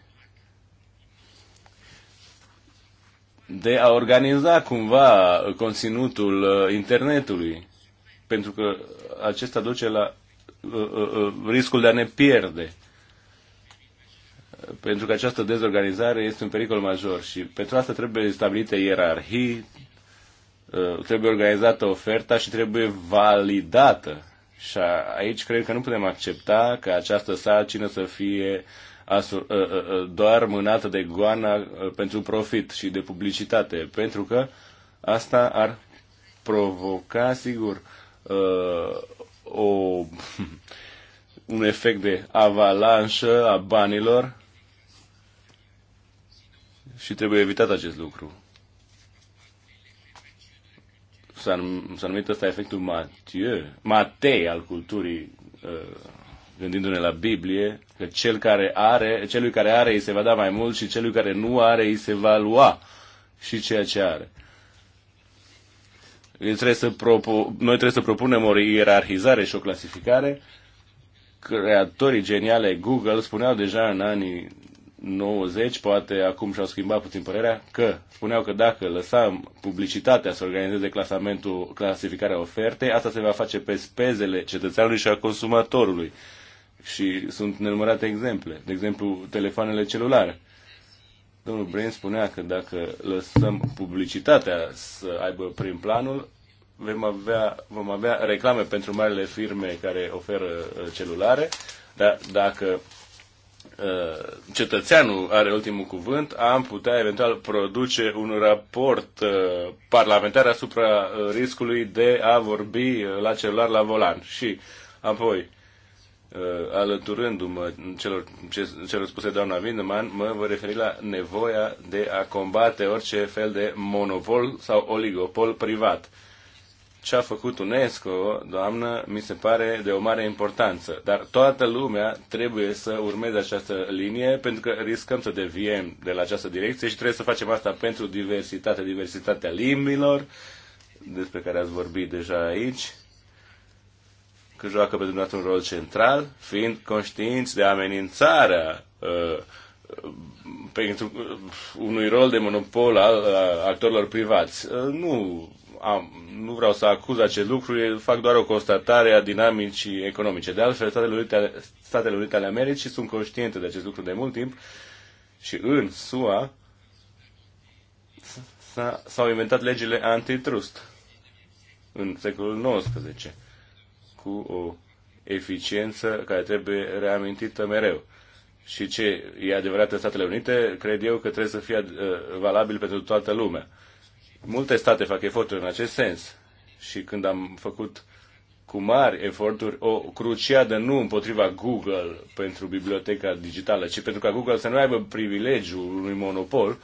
de a organiza cumva conținutul uh, internetului, pentru că acesta duce la uh, uh, riscul de a ne pierde. Pentru că această dezorganizare este un pericol major și pentru asta trebuie stabilite ierarhii, Uh, trebuie organizată oferta și trebuie validată. Și aici cred că nu putem accepta că această sarcină să fie asur, uh, uh, doar mânată de goana pentru profit și de publicitate, pentru că asta ar provoca, sigur, o, un efect de avalanșă a banilor și trebuie evitat acest lucru s-a, num, numit ăsta efectul Mathieu, Matei al culturii, uh, gândindu-ne la Biblie, că cel care are, celui care are îi se va da mai mult și celui care nu are îi se va lua și ceea ce are. Noi trebuie să, propo- noi trebuie să propunem o ierarhizare și o clasificare. Creatorii geniale Google spuneau deja în anii 90, poate acum și-au schimbat puțin părerea, că spuneau că dacă lăsam publicitatea să organizeze clasamentul, clasificarea ofertei, asta se va face pe spezele cetățeanului și a consumatorului. Și sunt nenumărate exemple, de exemplu telefoanele celulare. Domnul Brin spunea că dacă lăsăm publicitatea să aibă prim planul, vom avea, vom avea reclame pentru marile firme care oferă uh, celulare, dar dacă Uh, cetățeanul are ultimul cuvânt, am putea eventual produce un raport uh, parlamentar asupra uh, riscului de a vorbi la celular la volan. Și apoi, alăturându-mă celor, celor spuse doamna Windeman, mă voi referi la nevoia de a combate orice fel de monopol sau oligopol privat ce a făcut UNESCO, doamnă, mi se pare de o mare importanță. Dar toată lumea trebuie să urmeze această linie pentru că riscăm să deviem de la această direcție și trebuie să facem asta pentru diversitate, diversitatea limbilor, despre care ați vorbit deja aici, că joacă pe dumneavoastră un rol central, fiind conștiinți de amenințarea uh, pentru uh, unui rol de monopol al, al uh, actorilor privați. Uh, nu am, nu vreau să acuz acest lucru, fac doar o constatare a dinamicii economice. De altfel, Statele Unite, Statele Unite ale Americii sunt conștiente de acest lucru de mult timp și în SUA s-au inventat legile antitrust în secolul XIX cu o eficiență care trebuie reamintită mereu. Și ce e adevărat în Statele Unite, cred eu că trebuie să fie uh, valabil pentru toată lumea. Multe state fac eforturi în acest sens și când am făcut cu mari eforturi o cruciadă nu împotriva Google pentru biblioteca digitală, ci pentru ca Google să nu aibă privilegiul unui monopol.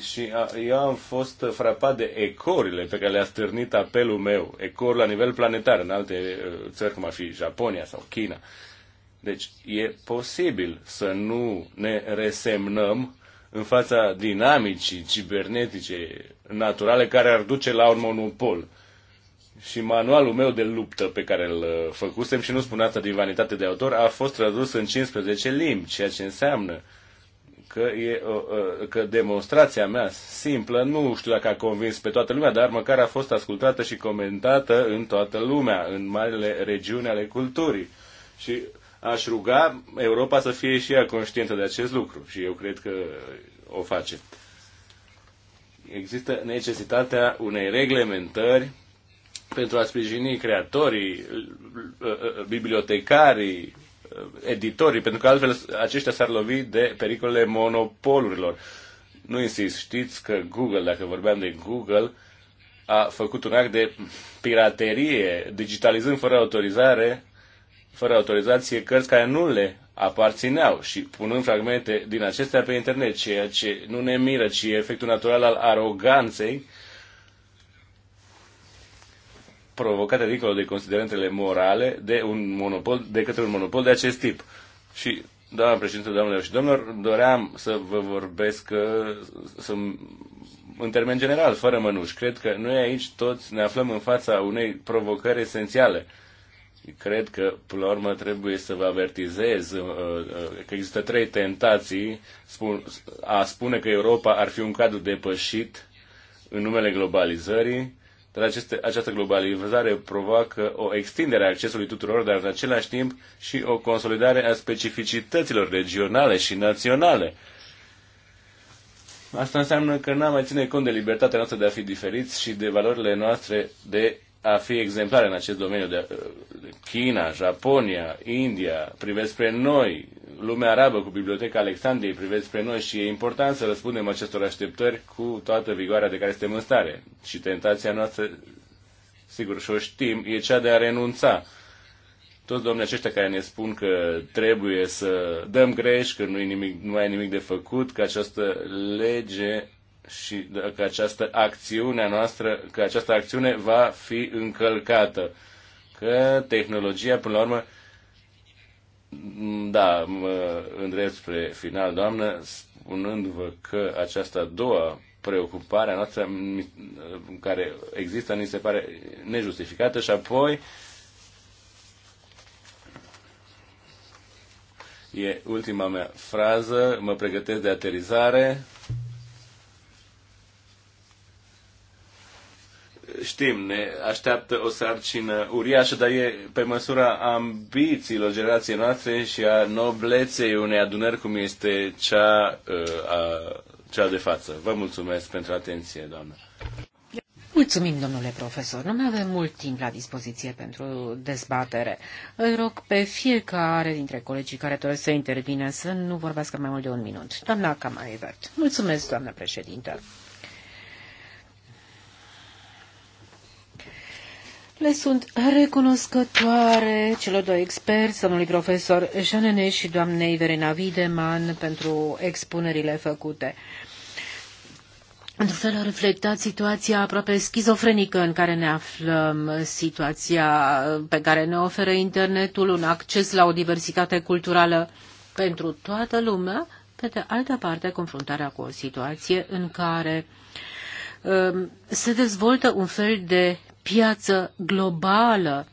Și a, eu am fost frapat de ecorile pe care le-a stârnit apelul meu, ecor la nivel planetar, în alte uh, țări cum ar fi Japonia sau China. Deci e posibil să nu ne resemnăm în fața dinamicii cibernetice naturale care ar duce la un monopol. Și manualul meu de luptă pe care îl uh, făcusem și nu spun asta din vanitate de autor a fost tradus în 15 limbi, ceea ce înseamnă că, e, uh, uh, că demonstrația mea simplă, nu știu dacă a convins pe toată lumea, dar măcar a fost ascultată și comentată în toată lumea, în marile regiuni ale culturii. Și aș ruga Europa să fie și ea conștientă de acest lucru și eu cred că o face. Există necesitatea unei reglementări pentru a sprijini creatorii, bibliotecarii, editorii, pentru că altfel aceștia s-ar lovi de pericolele monopolurilor. Nu insist, știți că Google, dacă vorbeam de Google, a făcut un act de piraterie, digitalizând fără autorizare fără autorizație cărți care nu le aparțineau și punând fragmente din acestea pe internet, ceea ce nu ne miră, ci e efectul natural al aroganței provocate dincolo de considerentele morale de, un monopol, de către un monopol de acest tip. Și, doamna președinte, doamnelor și domnilor, doream să vă vorbesc uh, să, în termen general, fără mănuși. Cred că noi aici toți ne aflăm în fața unei provocări esențiale Cred că, până la urmă, trebuie să vă avertizez uh, uh, că există trei tentații spun, a spune că Europa ar fi un cadru depășit în numele globalizării, dar aceste, această globalizare provoacă o extindere a accesului tuturor, dar în același timp și o consolidare a specificităților regionale și naționale. Asta înseamnă că n-am mai ține cont de libertatea noastră de a fi diferiți și de valorile noastre de a fi exemplare în acest domeniu de China, Japonia, India, privesc spre noi, lumea arabă cu Biblioteca Alexandriei privesc spre noi și e important să răspundem acestor așteptări cu toată vigoarea de care suntem în stare. Și tentația noastră, sigur și o știm, e cea de a renunța. Toți domnii aceștia care ne spun că trebuie să dăm greș, că nu, e nimic, nu mai e nimic de făcut, că această lege și că această acțiune noastră, că această acțiune va fi încălcată. Că tehnologia, până la urmă, da, mă îndrept spre final, doamnă, spunându-vă că această a doua preocupare a noastră care există, ni se pare nejustificată și apoi e ultima mea frază, mă pregătesc de aterizare. știm, ne așteaptă o sarcină uriașă, dar e pe măsura ambițiilor generației noastre și a nobleței unei adunări cum este cea, uh, a, cea de față. Vă mulțumesc pentru atenție, doamnă. Mulțumim, domnule profesor. Nu mai avem mult timp la dispoziție pentru dezbatere. Îl rog pe fiecare dintre colegii care doresc să intervină să nu vorbească mai mult de un minut. Doamna Camaivert. Mulțumesc, doamnă președintă. Le sunt recunoscătoare celor doi experți, domnului profesor Janene și doamnei Verena Videman, pentru expunerile făcute. Într-un fel a reflectat situația aproape schizofrenică în care ne aflăm, situația pe care ne oferă internetul, un acces la o diversitate culturală pentru toată lumea, pe de altă parte confruntarea cu o situație în care um, se dezvoltă un fel de piață globală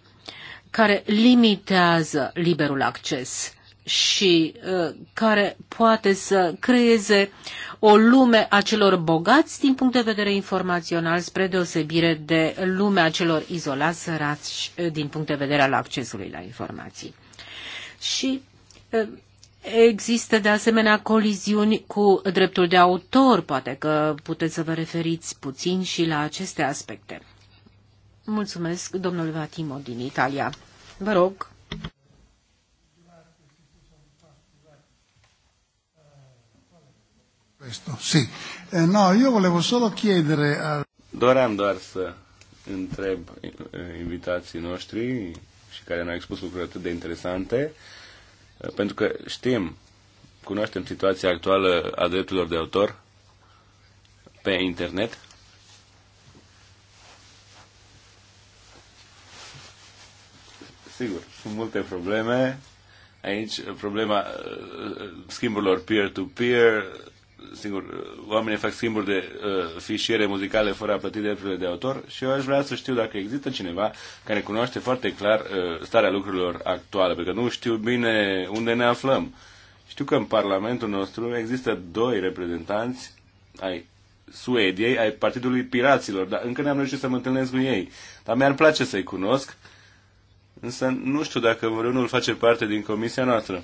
care limitează liberul acces și uh, care poate să creeze o lume a celor bogați din punct de vedere informațional, spre deosebire de lumea celor izolați, sărați uh, din punct de vedere al accesului la informații. Și uh, Există de asemenea coliziuni cu dreptul de autor, poate că puteți să vă referiți puțin și la aceste aspecte. Mulțumesc, domnul Vatimo din Italia. Vă rog. Eh, no, Doream doar să întreb eh, invitații noștri și care ne-au expus lucruri atât de interesante, eh, pentru că știm, cunoaștem situația actuală a drepturilor de autor pe internet Sigur, sunt multe probleme. Aici problema uh, uh, schimburilor peer-to-peer, sigur, uh, oamenii fac schimburi de uh, fișiere muzicale fără a plăti drepturile de autor și eu aș vrea să știu dacă există cineva care cunoaște foarte clar uh, starea lucrurilor actuale, pentru că nu știu bine unde ne aflăm. Știu că în Parlamentul nostru există doi reprezentanți ai Suediei, ai Partidului Piraților, dar încă n-am reușit să mă întâlnesc cu ei. Dar mi-ar place să-i cunosc Însă nu știu dacă vreunul face parte din comisia noastră.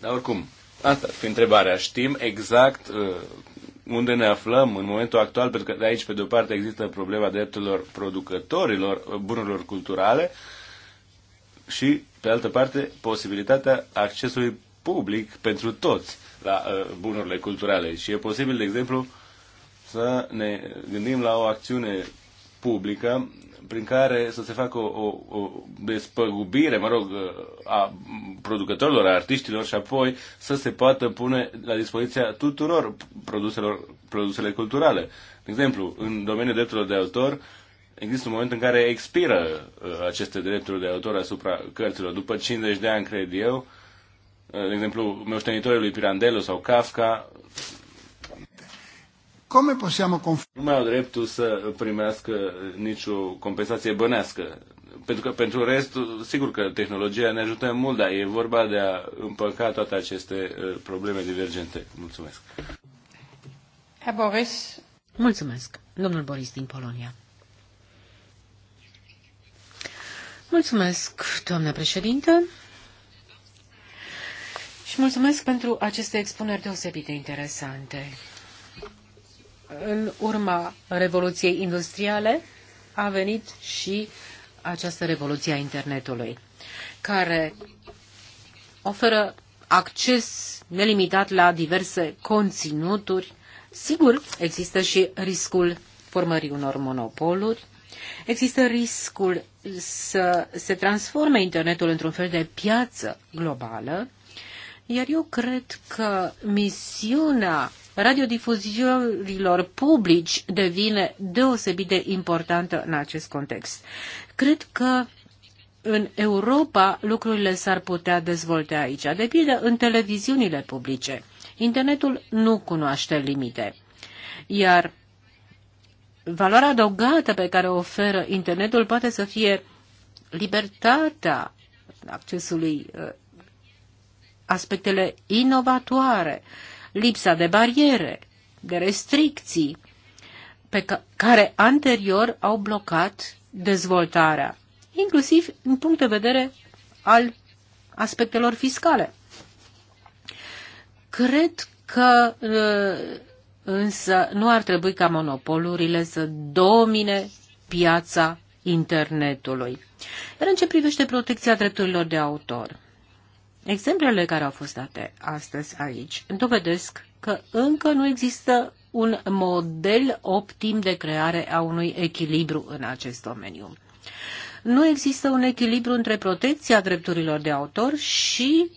Dar oricum, asta ar fi întrebarea. Știm exact uh, unde ne aflăm în momentul actual, pentru că de aici, pe de-o parte, există problema drepturilor producătorilor uh, bunurilor culturale și, pe altă parte, posibilitatea accesului public pentru toți la uh, bunurile culturale. Și e posibil, de exemplu, să ne gândim la o acțiune publică prin care să se facă o, o, o despăgubire, mă rog, a producătorilor, a artiștilor și apoi să se poată pune la dispoziția tuturor produselor, produsele culturale. De exemplu, în domeniul drepturilor de autor, există un moment în care expiră uh, aceste drepturi de autor asupra cărților. După 50 de ani, cred eu, uh, de exemplu, meuștenitorii lui Pirandello sau Kafka Come possiamo Nu mai au dreptul să primească nicio compensație bănească. Pentru că pentru restul, sigur că tehnologia ne ajută mult, dar e vorba de a împăca toate aceste uh, probleme divergente. Mulțumesc. Herr Boris. Mulțumesc. Domnul Boris din Polonia. Mulțumesc, doamnă președintă. Și mulțumesc pentru aceste expuneri deosebit de interesante în urma Revoluției Industriale a venit și această revoluție a internetului, care oferă acces nelimitat la diverse conținuturi. Sigur, există și riscul formării unor monopoluri, există riscul să se transforme internetul într-un fel de piață globală, iar eu cred că misiunea radiodifuziorilor publici devine deosebit de importantă în acest context. Cred că în Europa lucrurile s-ar putea dezvolta aici, de pildă în televiziunile publice. Internetul nu cunoaște limite, iar valoarea adăugată pe care o oferă internetul poate să fie libertatea accesului, uh, aspectele inovatoare, lipsa de bariere, de restricții, pe care anterior au blocat dezvoltarea, inclusiv în punct de vedere al aspectelor fiscale. Cred că uh, însă nu ar trebui ca monopolurile să domine piața internetului. Iar în ce privește protecția drepturilor de autor, Exemplele care au fost date astăzi aici dovedesc că încă nu există un model optim de creare a unui echilibru în acest domeniu. Nu există un echilibru între protecția drepturilor de autor și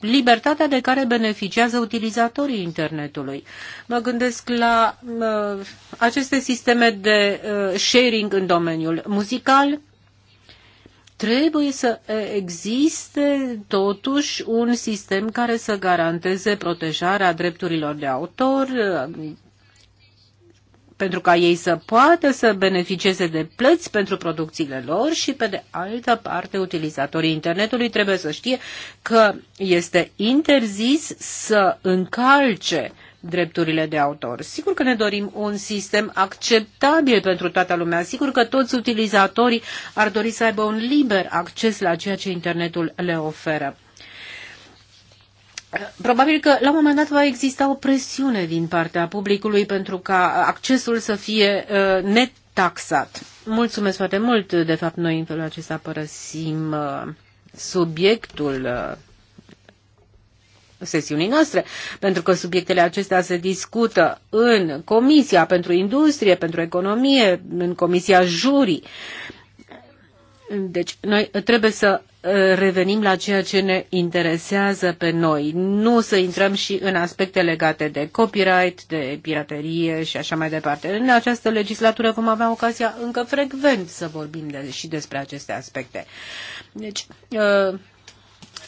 libertatea de care beneficiază utilizatorii internetului. Mă gândesc la uh, aceste sisteme de uh, sharing în domeniul muzical, trebuie să existe totuși un sistem care să garanteze protejarea drepturilor de autor, pentru ca ei să poată să beneficieze de plăți pentru producțiile lor și, pe de altă parte, utilizatorii internetului trebuie să știe că este interzis să încalce drepturile de autor. Sigur că ne dorim un sistem acceptabil pentru toată lumea. Sigur că toți utilizatorii ar dori să aibă un liber acces la ceea ce internetul le oferă. Probabil că la un moment dat va exista o presiune din partea publicului pentru ca accesul să fie uh, netaxat. Mulțumesc foarte mult. De fapt, noi în felul acesta părăsim uh, subiectul uh, sesiunii noastre, pentru că subiectele acestea se discută în Comisia pentru Industrie, pentru Economie, în Comisia Jurii. Deci, noi trebuie să uh, revenim la ceea ce ne interesează pe noi, nu să intrăm și în aspecte legate de copyright, de piraterie și așa mai departe. În această legislatură vom avea ocazia încă frecvent să vorbim de, și despre aceste aspecte. Deci, uh,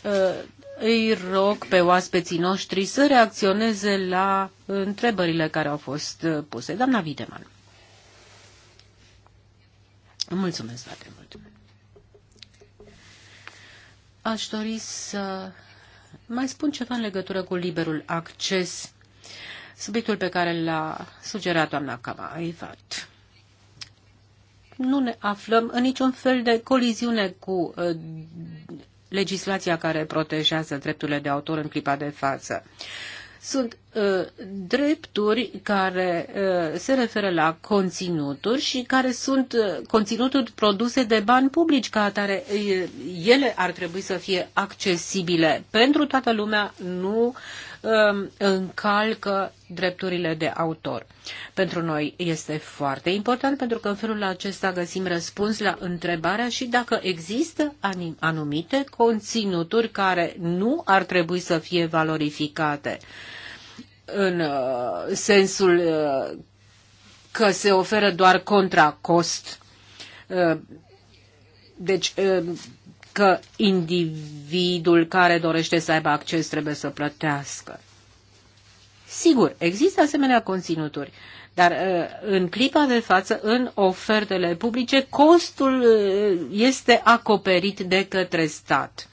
uh, îi rog pe oaspeții noștri să reacționeze la întrebările care au fost uh, puse. Doamna Videman. Mulțumesc foarte mult. Aș dori să mai spun ceva în legătură cu liberul acces, subiectul pe care l-a sugerat doamna Camaivat. Nu ne aflăm în niciun fel de coliziune cu uh, legislația care protejează drepturile de autor în clipa de față. Sunt uh, drepturi care uh, se referă la conținuturi și care sunt uh, conținuturi produse de bani publici, ca atare uh, ele ar trebui să fie accesibile pentru toată lumea, nu uh, Um, încalcă drepturile de autor. Pentru noi este foarte important pentru că în felul acesta găsim răspuns la întrebarea și dacă există anumite conținuturi care nu ar trebui să fie valorificate în uh, sensul uh, că se oferă doar contra cost. Uh, deci că individul care dorește să aibă acces trebuie să plătească. Sigur, există asemenea conținuturi, dar uh, în clipa de față, în ofertele publice, costul uh, este acoperit de către stat.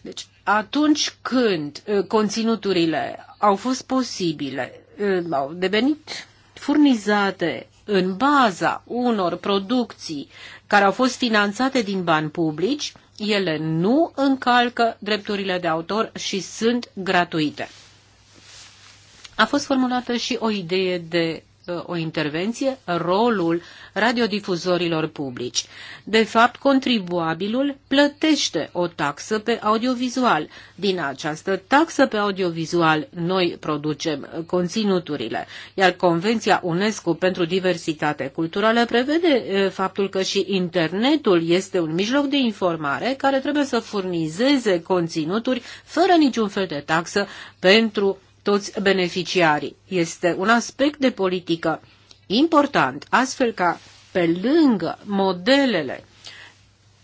Deci, atunci când uh, conținuturile au fost posibile, au devenit furnizate în baza unor producții care au fost finanțate din bani publici, ele nu încalcă drepturile de autor și sunt gratuite. A fost formulată și o idee de Uh, o intervenție, rolul radiodifuzorilor publici. De fapt, contribuabilul plătește o taxă pe audiovizual. Din această taxă pe audiovizual noi producem conținuturile, iar Convenția UNESCO pentru Diversitate Culturală prevede uh, faptul că și internetul este un mijloc de informare care trebuie să furnizeze conținuturi fără niciun fel de taxă pentru toți beneficiarii. Este un aspect de politică important, astfel ca pe lângă modelele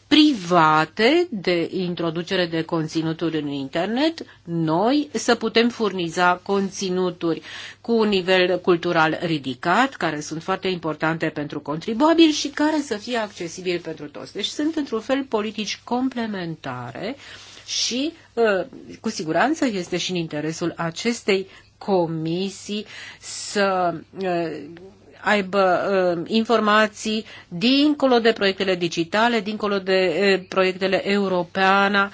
private de introducere de conținuturi în internet, noi să putem furniza conținuturi cu un nivel cultural ridicat, care sunt foarte importante pentru contribuabil și care să fie accesibil pentru toți. Deci sunt într-un fel politici complementare uh, și uh, cu siguranță este și în interesul acestei comisii să uh, aibă uh, informații dincolo de proiectele digitale, dincolo de proiectele europeana,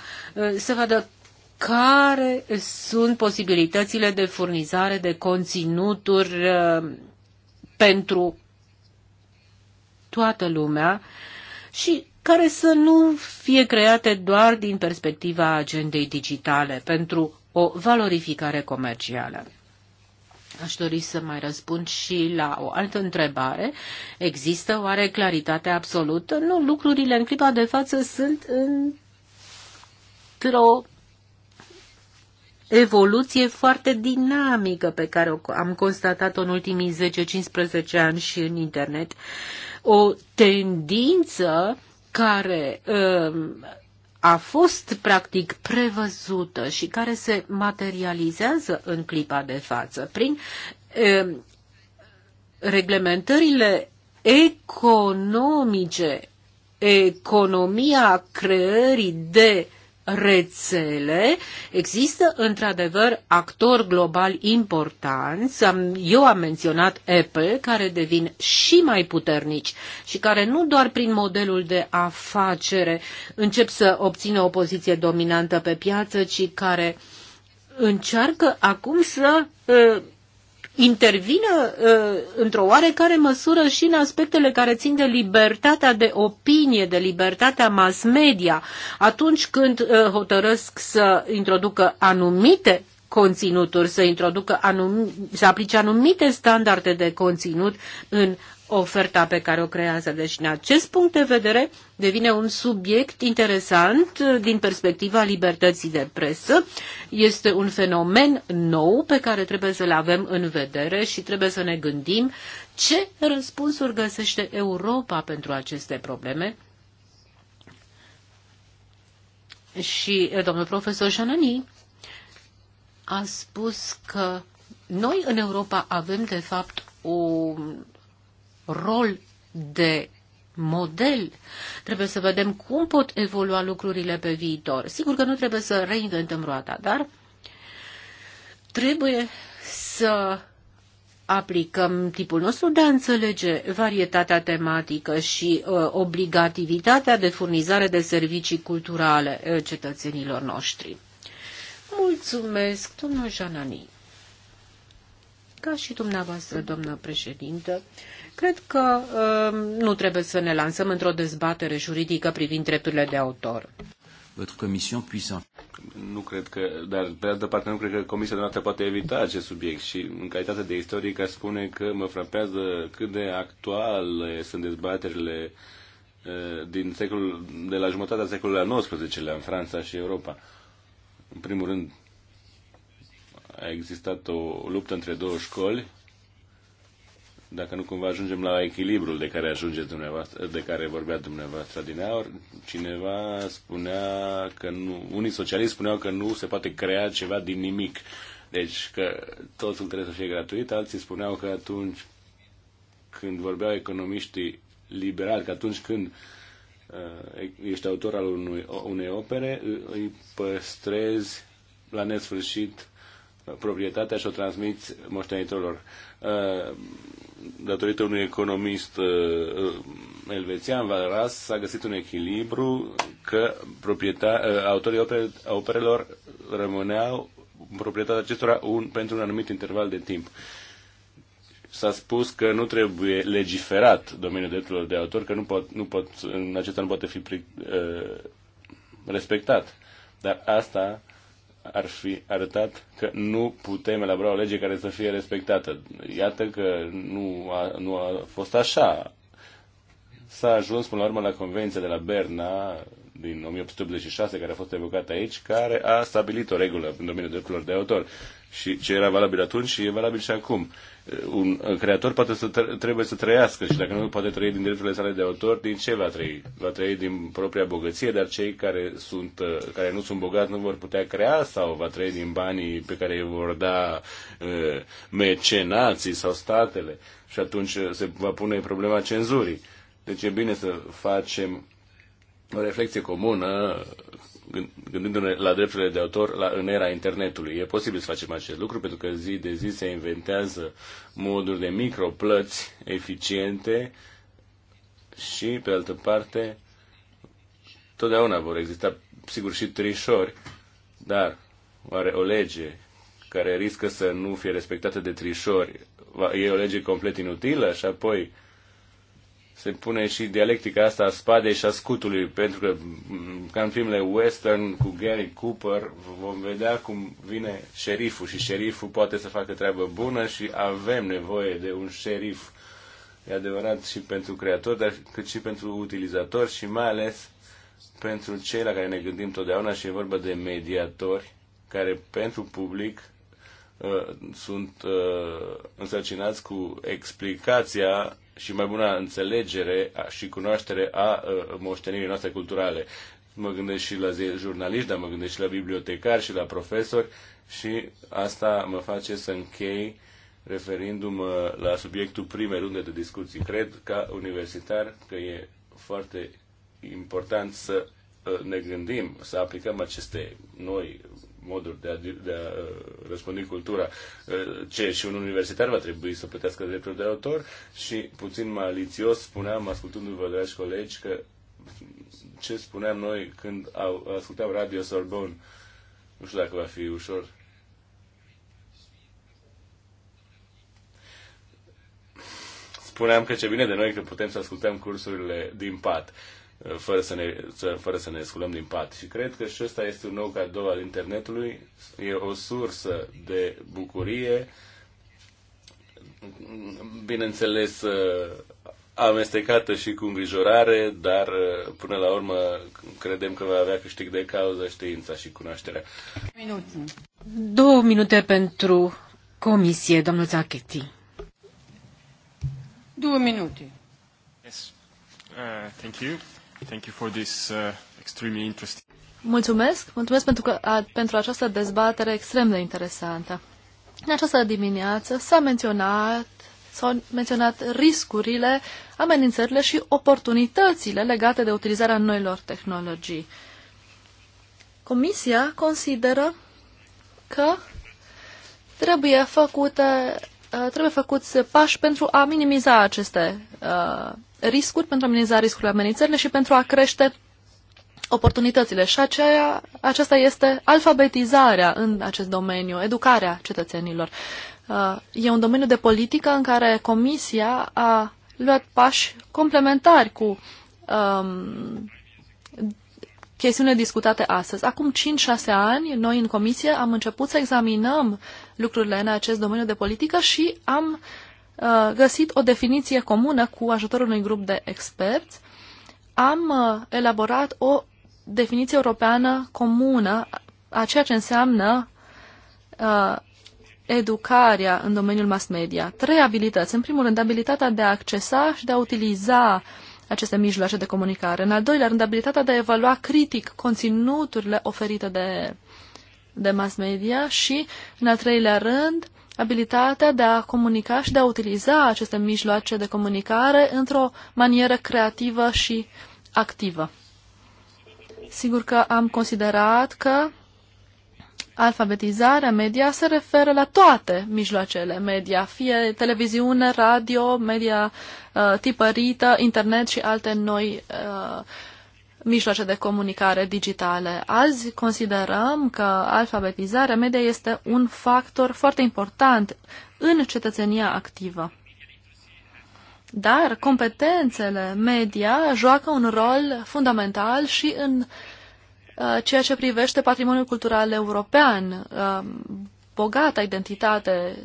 să vadă care sunt posibilitățile de furnizare de conținuturi pentru toată lumea și care să nu fie create doar din perspectiva agendei digitale pentru o valorificare comercială. Aș dori să mai răspund și la o altă întrebare. Există oare claritate absolută? Nu, lucrurile în clipa de față sunt într-o evoluție foarte dinamică pe care am constatat-o în ultimii 10-15 ani și în internet. O tendință care um, a fost practic prevăzută și care se materializează în clipa de față prin um, reglementările economice, economia creării de rețele, există într-adevăr actori globali importanți. Eu am menționat Apple, care devin și mai puternici și care nu doar prin modelul de afacere încep să obțină o poziție dominantă pe piață, ci care încearcă acum să uh, Intervine uh, într-o oarecare măsură și în aspectele care țin de libertatea de opinie, de libertatea mass media, atunci când uh, hotărăsc să introducă anumite conținuturi, să introducă anum- să aplice anumite standarde de conținut în oferta pe care o creează. Deci, din acest punct de vedere, devine un subiect interesant din perspectiva libertății de presă. Este un fenomen nou pe care trebuie să-l avem în vedere și trebuie să ne gândim ce răspunsuri găsește Europa pentru aceste probleme. Și eh, domnul profesor Janani a spus că noi în Europa avem, de fapt, o rol de model. Trebuie să vedem cum pot evolua lucrurile pe viitor. Sigur că nu trebuie să reinventăm roata, dar trebuie să aplicăm tipul nostru de a înțelege varietatea tematică și uh, obligativitatea de furnizare de servicii culturale uh, cetățenilor noștri. Mulțumesc, domnul Janani. Ca și dumneavoastră, doamnă președintă, uh, Cred că uh, nu trebuie să ne lansăm într-o dezbatere juridică privind drepturile de autor. Votre commission puissant. Nu cred că, dar pe altă parte nu cred că comisia noastră poate evita acest subiect și în calitate de istoric spune că mă frapează cât de actuale sunt dezbaterile uh, din secolul, de la jumătatea secolului al XIX-lea în Franța și Europa. În primul rând, a existat o luptă între două școli, dacă nu cumva ajungem la echilibrul de care ajunge dumneavoastră, de care vorbea dumneavoastră din aur, cineva spunea că nu, unii socialiști spuneau că nu se poate crea ceva din nimic, deci că totul trebuie să fie gratuit, alții spuneau că atunci când vorbeau economiștii liberali, că atunci când uh, ești autor al unui, unei opere, îi păstrezi la nesfârșit uh, proprietatea și o transmiți moștenitorilor. Uh, datorită unui economist uh, elvețian, Valras, s-a găsit un echilibru că proprieta, uh, autorii operelor rămâneau în proprietatea acestora un, pentru un anumit interval de timp. S-a spus că nu trebuie legiferat domeniul drepturilor de autor, că nu pot, nu pot, în acesta nu poate fi pri, uh, respectat. Dar asta ar fi arătat că nu putem elabora o lege care să fie respectată. Iată că nu a, nu a fost așa. S-a ajuns până la urmă la Convenția de la Berna din 1886, care a fost evocată aici, care a stabilit o regulă în domeniul drepturilor de autor și ce era valabil atunci și e valabil și acum. Uh, un creator poate să trebuie să trăiască și dacă nu poate trăi din drepturile sale de autor, din ce va trăi? Va trăi din propria bogăție, dar cei care, sunt, uh, care nu sunt bogați nu vor putea crea sau va trăi din banii pe care îi vor da uh, mecenații sau statele și atunci uh, se va pune problema cenzurii. Deci e bine să facem o reflexie comună gândindu-ne la drepturile de autor la, în era internetului. E posibil să facem acest lucru pentru că zi de zi se inventează moduri de microplăți eficiente și, pe altă parte, totdeauna vor exista, sigur, și trișori, dar oare o lege care riscă să nu fie respectată de trișori e o lege complet inutilă și apoi se pune și dialectica asta a spadei și a scutului, pentru că mm, ca în filmele western cu Gary Cooper vom vedea cum vine șeriful și șeriful poate să facă treabă bună și avem nevoie de un șerif. E adevărat și pentru creator, dar cât și pentru utilizator și mai ales pentru cei la care ne gândim totdeauna și e vorba de mediatori care pentru public uh, sunt uh, însărcinați cu explicația și mai bună înțelegere și cunoaștere a moștenirii noastre culturale. Mă gândesc și la jurnaliști, dar mă gândesc și la bibliotecari și la profesori și asta mă face să închei referindu-mă la subiectul primei runde de discuții. Cred ca universitar că e foarte important să ne gândim, să aplicăm aceste noi moduri de a, de a uh, răspândi cultura. Uh, ce și un universitar va trebui să plătească dreptul de autor și puțin malițios spuneam, ascultându-vă, dragi colegi, că ce spuneam noi când au, ascultam Radio Sorbonne, nu știu dacă va fi ușor spuneam că ce bine de noi că putem să ascultăm cursurile din pat fără să, ne, fără să ne sculăm din pat. Și cred că și ăsta este un nou cadou al internetului, e o sursă de bucurie, bineînțeles ă, amestecată și cu îngrijorare, dar ă, până la urmă credem că va avea câștig de cauză știința și cunoașterea. Două minute pentru comisie, domnul Zachetti. Două minute. Yes. Uh, thank you. Thank you for this, uh, extremely interesting... Mulțumesc, mulțumesc pentru, că, a, pentru această dezbatere extrem de interesantă. În această dimineață s-a menționat s-au menționat riscurile, amenințările și oportunitățile legate de utilizarea noilor tehnologii. Comisia consideră că trebuie făcute Uh, trebuie făcuți pași pentru a minimiza aceste uh, riscuri, pentru a minimiza riscurile amenințările și pentru a crește oportunitățile. Și aceea, aceasta este alfabetizarea în acest domeniu, educarea cetățenilor. Uh, e un domeniu de politică în care Comisia a luat pași complementari cu um, chestiune discutate astăzi. Acum 5-6 ani, noi în comisie am început să examinăm lucrurile în acest domeniu de politică și am uh, găsit o definiție comună cu ajutorul unui grup de experți. Am uh, elaborat o definiție europeană comună a ceea ce înseamnă uh, educarea în domeniul mass media. Trei abilități. În primul rând, abilitatea de a accesa și de a utiliza aceste mijloace de comunicare. În al doilea rând, abilitatea de a evalua critic conținuturile oferite de de mass media și, în al treilea rând, abilitatea de a comunica și de a utiliza aceste mijloace de comunicare într-o manieră creativă și activă. Sigur că am considerat că alfabetizarea media se referă la toate mijloacele media, fie televiziune, radio, media uh, tipărită, internet și alte noi uh, mijloace de comunicare digitale. Azi considerăm că alfabetizarea media este un factor foarte important în cetățenia activă. Dar competențele media joacă un rol fundamental și în uh, ceea ce privește patrimoniul cultural european, uh, bogata identitate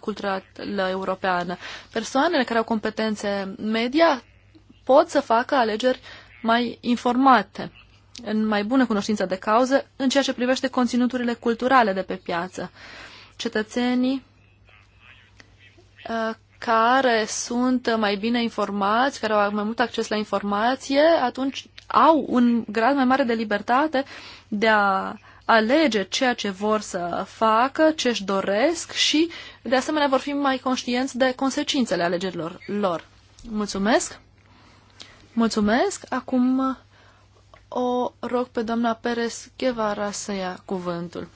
culturală europeană. Persoanele care au competențe media pot să facă alegeri mai informate, în mai bună cunoștință de cauză, în ceea ce privește conținuturile culturale de pe piață. Cetățenii uh, care sunt mai bine informați, care au mai mult acces la informație, atunci au un grad mai mare de libertate de a alege ceea ce vor să facă, ce își doresc și, de asemenea, vor fi mai conștienți de consecințele alegerilor lor. Mulțumesc! Mulțumesc. Acum o rog pe doamna Perez Guevara să ia cuvântul.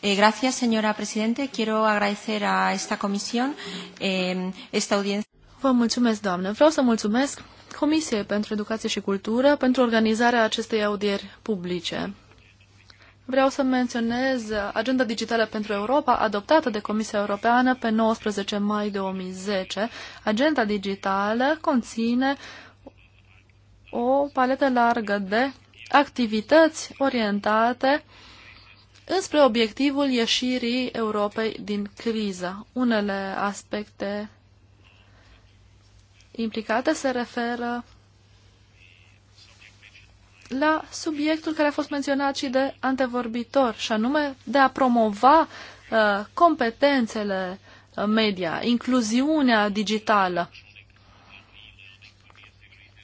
Eh, gracias, señora Presidente. Quiero agradecer a esta comisión eh, esta audiencia. Vă mulțumesc, doamnă. Vreau să mulțumesc Comisiei pentru Educație și Cultură pentru organizarea acestei audieri publice vreau să menționez Agenda Digitală pentru Europa, adoptată de Comisia Europeană pe 19 mai 2010. Agenda digitală conține o paletă largă de activități orientate înspre obiectivul ieșirii Europei din criză. Unele aspecte implicate se referă la subiectul care a fost menționat și de antevorbitor, și anume de a promova uh, competențele uh, media, incluziunea digitală.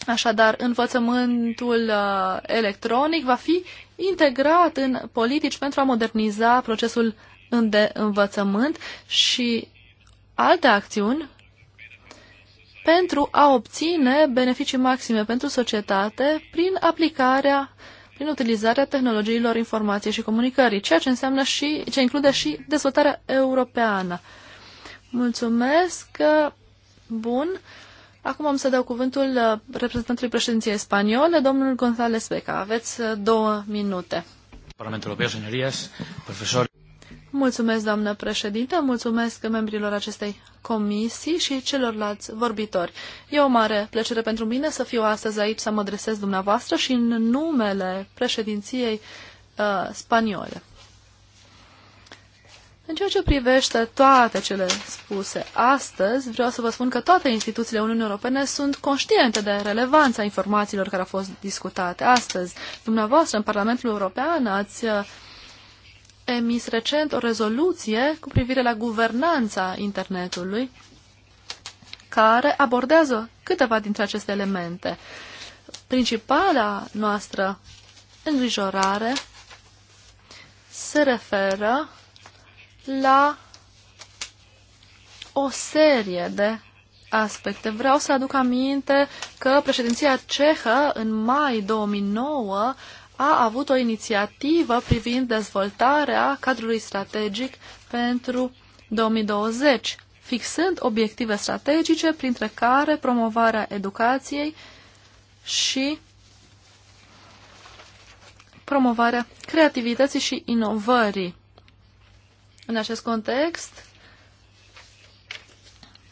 Așadar, învățământul uh, electronic va fi integrat în politici pentru a moderniza procesul de învățământ și alte acțiuni pentru a obține beneficii maxime pentru societate prin aplicarea, prin utilizarea tehnologiilor informației și comunicării, ceea ce înseamnă și, ce include și dezvoltarea europeană. Mulțumesc! Bun! Acum am să dau cuvântul reprezentantului președinției spaniole, domnul González Beca. Aveți două minute. Parlamentul European, profesor. Mulțumesc, doamnă președintă, mulțumesc membrilor acestei comisii și celorlalți vorbitori. E o mare plăcere pentru mine să fiu astăzi aici, să mă adresez dumneavoastră și în numele președinției uh, spaniole. În ceea ce privește toate cele spuse astăzi, vreau să vă spun că toate instituțiile Uniunii Europene sunt conștiente de relevanța informațiilor care au fost discutate astăzi. Dumneavoastră, în Parlamentul European, ați uh, emis recent o rezoluție cu privire la guvernanța internetului, care abordează câteva dintre aceste elemente. Principala noastră îngrijorare se referă la o serie de aspecte. Vreau să aduc aminte că președinția cehă în mai 2009 a avut o inițiativă privind dezvoltarea cadrului strategic pentru 2020, fixând obiective strategice, printre care promovarea educației și promovarea creativității și inovării. În acest context,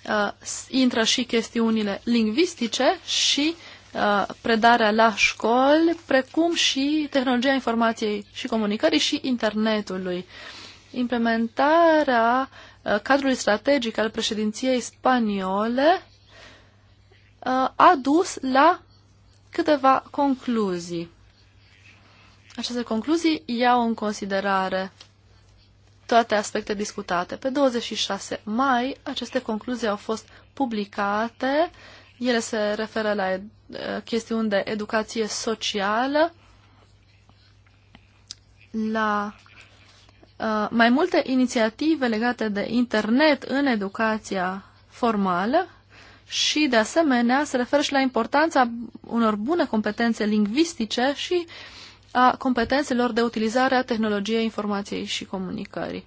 uh, intră și chestiunile lingvistice și Uh, predarea la școli, precum și tehnologia informației și comunicării și internetului. Implementarea uh, cadrului strategic al președinției spaniole uh, a dus la câteva concluzii. Aceste concluzii iau în considerare toate aspecte discutate. Pe 26 mai, aceste concluzii au fost publicate uh, ele se referă la eh, chestiuni de educație socială, la uh, mai multe inițiative legate de internet în educația formală și, de asemenea, se referă și la importanța unor bune competențe lingvistice și a competențelor de utilizare a tehnologiei informației și comunicării.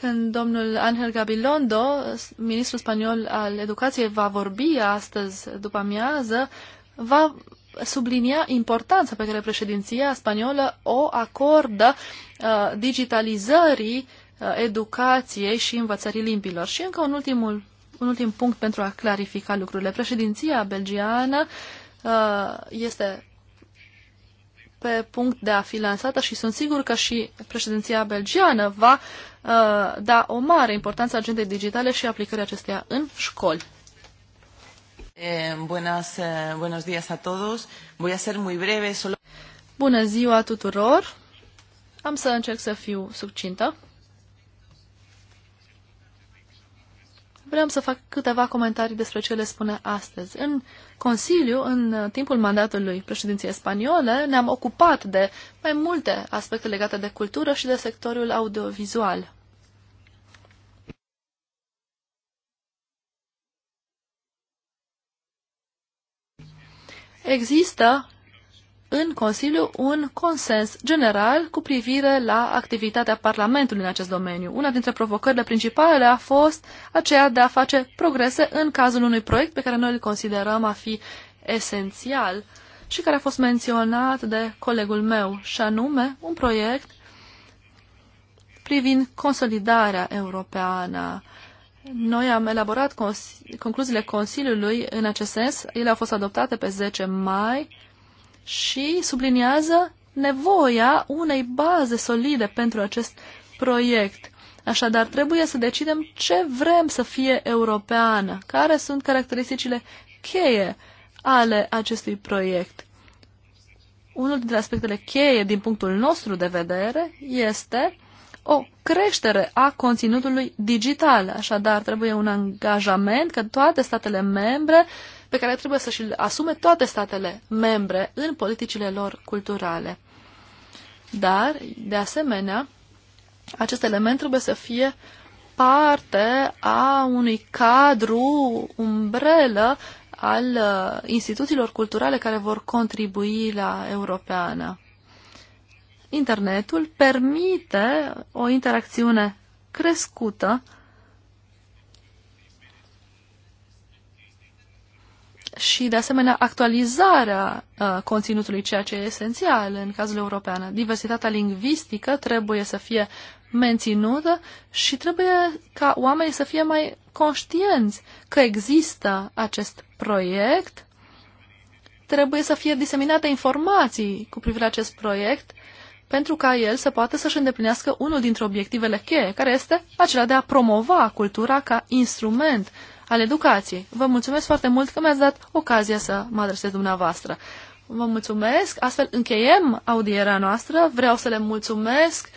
Când domnul Angel Gabilondo, ministrul spaniol al educației, va vorbi astăzi după amiază, va sublinia importanța pe care președinția spaniolă o acordă uh, digitalizării uh, educației și învățării limbilor. Și încă un, ultimul, un ultim punct pentru a clarifica lucrurile. Președinția belgiană uh, este pe punct de a fi lansată și sunt sigur că și președinția belgiană va Uh, da o mare importanță agendei digitale și aplicării acesteia în școli. Eh, eh, buenos días a todos. Voy a ser muy breve. Solo... Bună ziua tuturor! Am să încerc să fiu subcintă. Vreau să fac câteva comentarii despre ce le spune astăzi. În Consiliu, în timpul mandatului președinției spaniole, ne-am ocupat de mai multe aspecte legate de cultură și de sectorul audiovizual. există în Consiliu un consens general cu privire la activitatea Parlamentului în acest domeniu. Una dintre provocările principale a fost aceea de a face progrese în cazul unui proiect pe care noi îl considerăm a fi esențial și care a fost menționat de colegul meu, și anume un proiect privind consolidarea europeană noi am elaborat cons concluziile Consiliului în acest sens. Ele au fost adoptate pe 10 mai și subliniază nevoia unei baze solide pentru acest proiect. Așadar, trebuie să decidem ce vrem să fie europeană, care sunt caracteristicile cheie ale acestui proiect. Unul dintre aspectele cheie din punctul nostru de vedere este o creștere a conținutului digital. Așadar, trebuie un angajament că toate statele membre, pe care trebuie să și asume toate statele membre în politicile lor culturale. Dar, de asemenea, acest element trebuie să fie parte a unui cadru, umbrelă al uh, instituțiilor culturale care vor contribui la europeană internetul permite o interacțiune crescută și, de asemenea, actualizarea uh, conținutului, ceea ce e esențial în cazul european. Diversitatea lingvistică trebuie să fie menținută și trebuie ca oamenii să fie mai conștienți că există acest proiect, trebuie să fie diseminate informații cu privire la acest proiect pentru ca el să poată să-și îndeplinească unul dintre obiectivele cheie, care este acela de a promova cultura ca instrument al educației. Vă mulțumesc foarte mult că mi-ați dat ocazia să mă adresez dumneavoastră. Vă mulțumesc, astfel încheiem audierea noastră. Vreau să le mulțumesc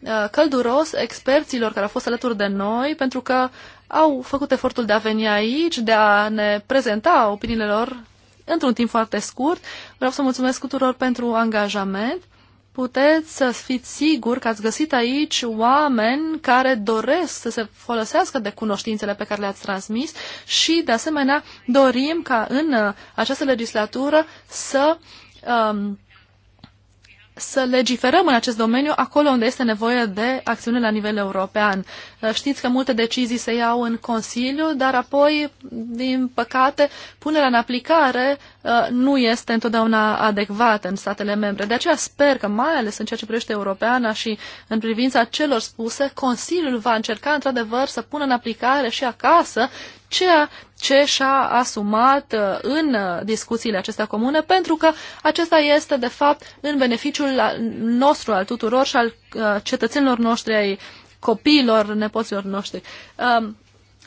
uh, călduros experților care au fost alături de noi, pentru că au făcut efortul de a veni aici, de a ne prezenta opiniile lor într-un timp foarte scurt. Vreau să mulțumesc tuturor pentru angajament puteți să fiți siguri că ați găsit aici oameni care doresc să se folosească de cunoștințele pe care le-ați transmis și, de asemenea, dorim ca în uh, această legislatură să, um, să legiferăm în acest domeniu acolo unde este nevoie de acțiune la nivel european. Știți că multe decizii se iau în Consiliu, dar apoi, din păcate, punerea în aplicare uh, nu este întotdeauna adecvată în statele membre. De aceea sper că, mai ales în ceea ce privește europeana și în privința celor spuse, Consiliul va încerca într-adevăr să pună în aplicare și acasă ceea ce și-a asumat uh, în uh, discuțiile acestea comune, pentru că acesta este, de fapt, în beneficiul nostru al tuturor și al cetățenilor noștri ai copiilor, nepoților noștri. Um,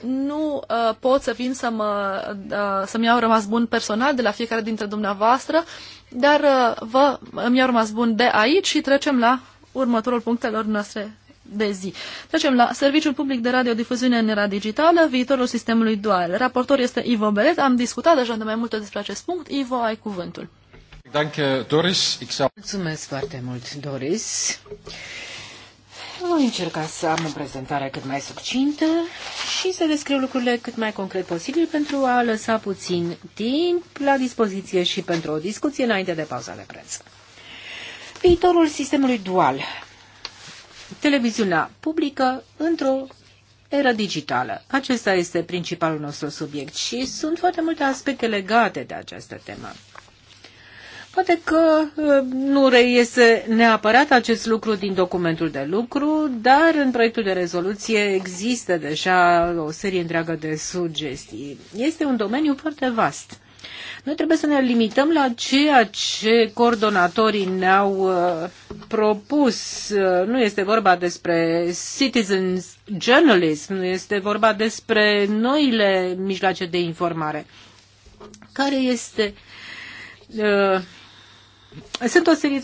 nu uh, pot să vin să mă, uh, să-mi iau rămas bun personal de la fiecare dintre dumneavoastră, dar uh, vă, îmi iau rămas bun de aici și trecem la următorul punctelor noastre de zi. Trecem la Serviciul Public de Radiodifuziune în Era Digitală, viitorul sistemului dual. Raportor este Ivo Beret, am discutat deja de mai multe despre acest punct. Ivo, ai cuvântul. Mulțumesc foarte mult, Doris. Voi încerca să am o prezentare cât mai succintă și să descriu lucrurile cât mai concret posibil pentru a lăsa puțin timp la dispoziție și pentru o discuție înainte de pauza de preț. Viitorul sistemului dual. Televiziunea publică într-o era digitală. Acesta este principalul nostru subiect și sunt foarte multe aspecte legate de această temă. Poate că uh, nu reiese neapărat acest lucru din documentul de lucru, dar în proiectul de rezoluție există deja o serie întreagă de sugestii. Este un domeniu foarte vast. Noi trebuie să ne limităm la ceea ce coordonatorii ne-au uh, propus. Uh, nu este vorba despre citizens journalism, nu este vorba despre noile mijloace de informare. Care este uh, sunt o serie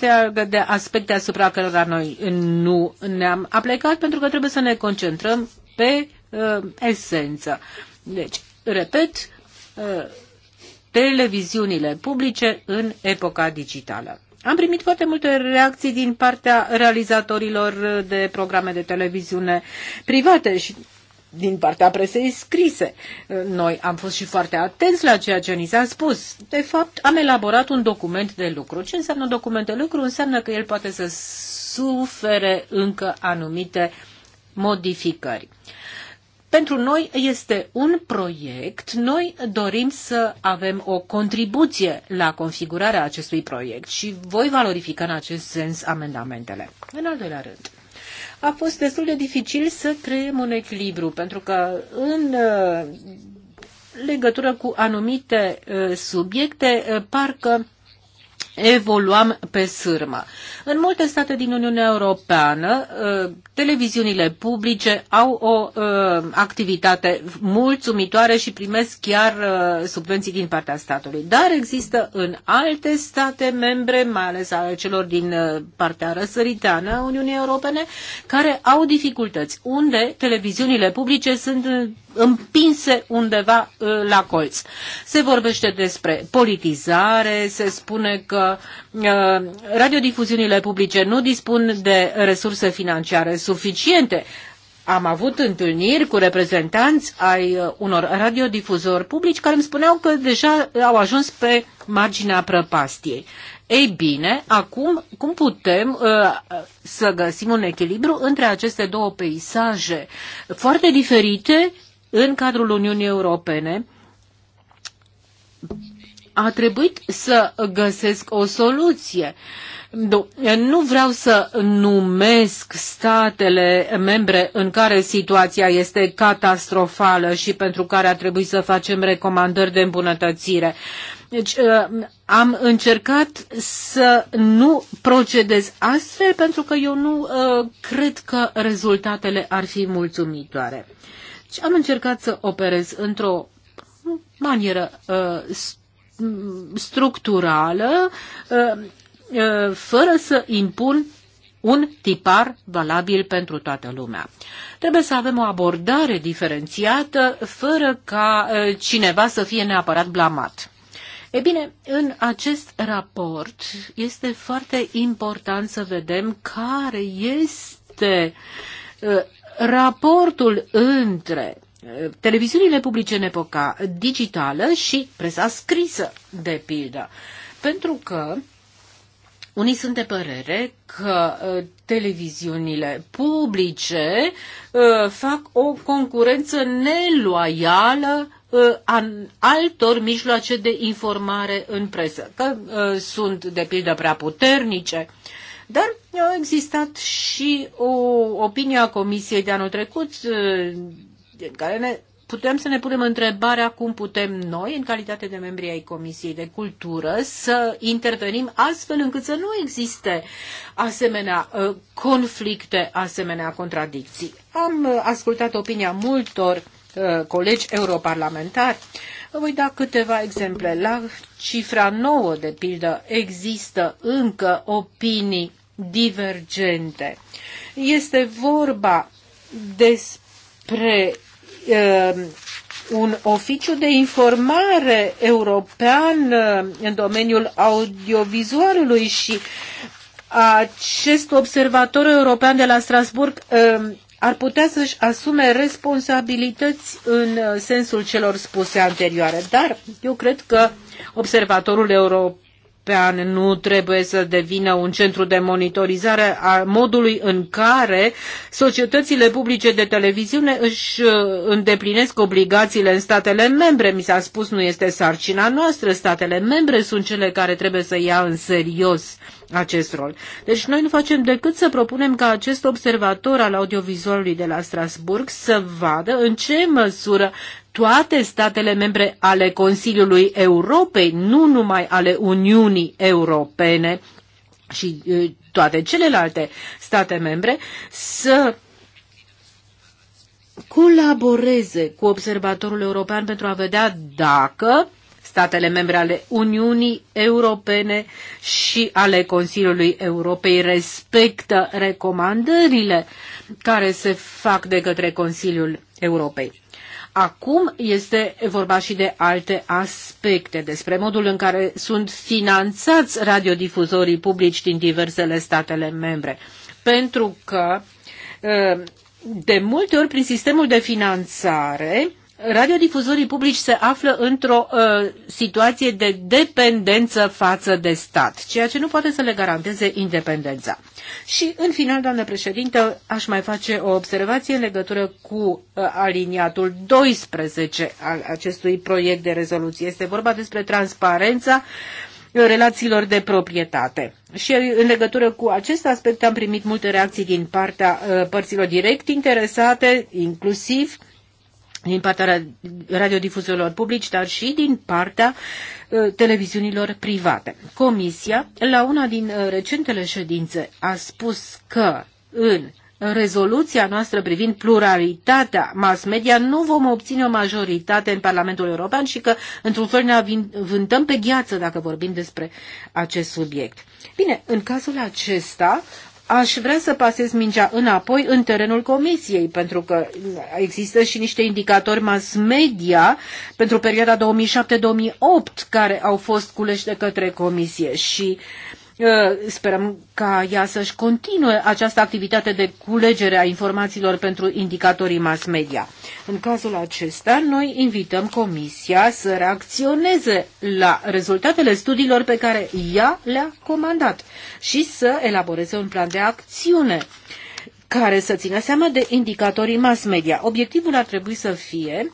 de aspecte asupra cărora noi nu ne-am aplicat pentru că trebuie să ne concentrăm pe uh, esență. Deci, repet, uh, televiziunile publice în epoca digitală. Am primit foarte multe reacții din partea realizatorilor de programe de televiziune private și din partea presei scrise. Noi am fost și foarte atenți la ceea ce ni s-a spus. De fapt, am elaborat un document de lucru. Ce înseamnă un document de lucru? Înseamnă că el poate să sufere încă anumite modificări. Pentru noi este un proiect, noi dorim să avem o contribuție la configurarea acestui proiect și voi valorifica în acest sens amendamentele. În al doilea rând, a fost destul de dificil să creăm un echilibru, pentru că în uh, legătură cu anumite uh, subiecte, uh, parcă evoluam pe sârmă. În multe state din Uniunea Europeană, ă, televiziunile publice au o ă, activitate mulțumitoare și primesc chiar ă, subvenții din partea statului. Dar există în alte state membre, mai ales ale celor din partea răsăritană a Uniunii Europene, care au dificultăți, unde televiziunile publice sunt împinse undeva uh, la colț. Se vorbește despre politizare, se spune că uh, radiodifuziunile publice nu dispun de resurse financiare suficiente. Am avut întâlniri cu reprezentanți ai uh, unor radiodifuzori publici care îmi spuneau că deja au ajuns pe marginea prăpastiei. Ei bine, acum cum putem uh, să găsim un echilibru între aceste două peisaje foarte diferite în cadrul Uniunii Europene, a trebuit să găsesc o soluție. Nu vreau să numesc statele membre în care situația este catastrofală și pentru care a trebuit să facem recomandări de îmbunătățire. Deci ă, am încercat să nu procedez astfel pentru că eu nu ă, cred că rezultatele ar fi mulțumitoare. Și am încercat să operez într-o manieră uh, structurală, uh, uh, fără să impun un tipar valabil pentru toată lumea. Trebuie să avem o abordare diferențiată, fără ca uh, cineva să fie neapărat blamat. E bine, în acest raport este foarte important să vedem care este uh, raportul între eh, televiziunile publice în epoca digitală și presa scrisă, de pildă. Pentru că unii sunt de părere că eh, televiziunile publice eh, fac o concurență neloială altor mijloace de informare în presă, că sunt de pildă prea puternice dar a existat și o opinie a Comisiei de anul trecut uh, în care ne putem să ne punem întrebarea cum putem noi, în calitate de membri ai Comisiei de Cultură, să intervenim astfel încât să nu existe asemenea uh, conflicte, asemenea contradicții. Am uh, ascultat opinia multor colegi europarlamentari, voi da câteva exemple. La cifra 9, de pildă, există încă opinii divergente. Este vorba despre uh, un oficiu de informare european ehm, în domeniul audiovizualului și acest observator european de la Strasburg ehm, ar putea să-și asume responsabilități în uh, sensul celor spuse anterioare. Dar eu cred că observatorul european nu trebuie să devină un centru de monitorizare a modului în care societățile publice de televiziune își uh, îndeplinesc obligațiile în statele membre. Mi s-a spus, nu este sarcina noastră, statele membre sunt cele care trebuie să ia în serios uh, acest rol. Deci noi nu facem decât să propunem ca acest observator al audiovizualului de la Strasburg să vadă în ce măsură toate statele membre ale Consiliului Europei, nu numai ale Uniunii Europene și toate celelalte state membre, să colaboreze cu Observatorul European pentru a vedea dacă statele membre ale Uniunii Europene și ale Consiliului Europei respectă recomandările care se fac de către Consiliul Europei. Acum este vorba și de alte aspecte despre modul în care sunt finanțați radiodifuzorii publici din diversele statele membre. Pentru că ă, de multe ori prin sistemul de finanțare radiodifuzorii publici se află într-o uh, situație de dependență față de stat, ceea ce nu poate să le garanteze independența. Și în final, doamnă președintă, aș mai face o observație în legătură cu uh, aliniatul 12 al acestui proiect de rezoluție. Este vorba despre transparența uh, relațiilor de proprietate. Și uh, în legătură cu acest aspect am primit multe reacții din partea uh, părților direct interesate, inclusiv uh, din partea radiodifuzorilor publici, dar și din partea uh, televiziunilor private. Comisia, la una din uh, recentele ședințe, a spus că în rezoluția noastră privind pluralitatea mass media nu vom obține o majoritate în Parlamentul European și că, într-un fel, ne vântăm pe gheață dacă vorbim despre acest subiect. Bine, în cazul acesta, aș vrea să pasez mingea înapoi în terenul comisiei, pentru că există și niște indicatori mass media pentru perioada 2007-2008 care au fost culeși de către comisie și Uh, sperăm ca ea să-și continue această activitate de culegere a informațiilor pentru indicatorii mass media. În cazul acesta, noi invităm Comisia să reacționeze la rezultatele studiilor pe care ea le-a comandat și să elaboreze un plan de acțiune care să țină seama de indicatorii mass media. Obiectivul ar trebui să fie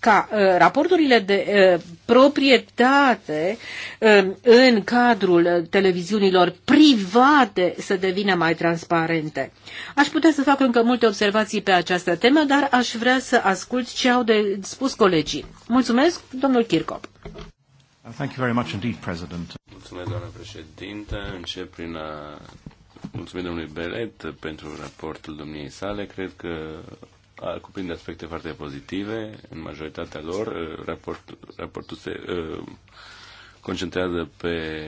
ca uh, raporturile de uh, proprietate um, în cadrul uh, televiziunilor private să devină mai transparente. Aș putea să fac încă multe observații pe această temă, dar aș vrea să ascult ce au de spus colegii. Mulțumesc, domnul Kirkop. Thank you very much indeed, President. Mulțumesc, doamnă președinte, Încep prin a mulțumim domnului Belet pentru raportul domniei sale. Cred că cuprinde aspecte foarte pozitive. În majoritatea lor, raport, raportul se uh, concentrează pe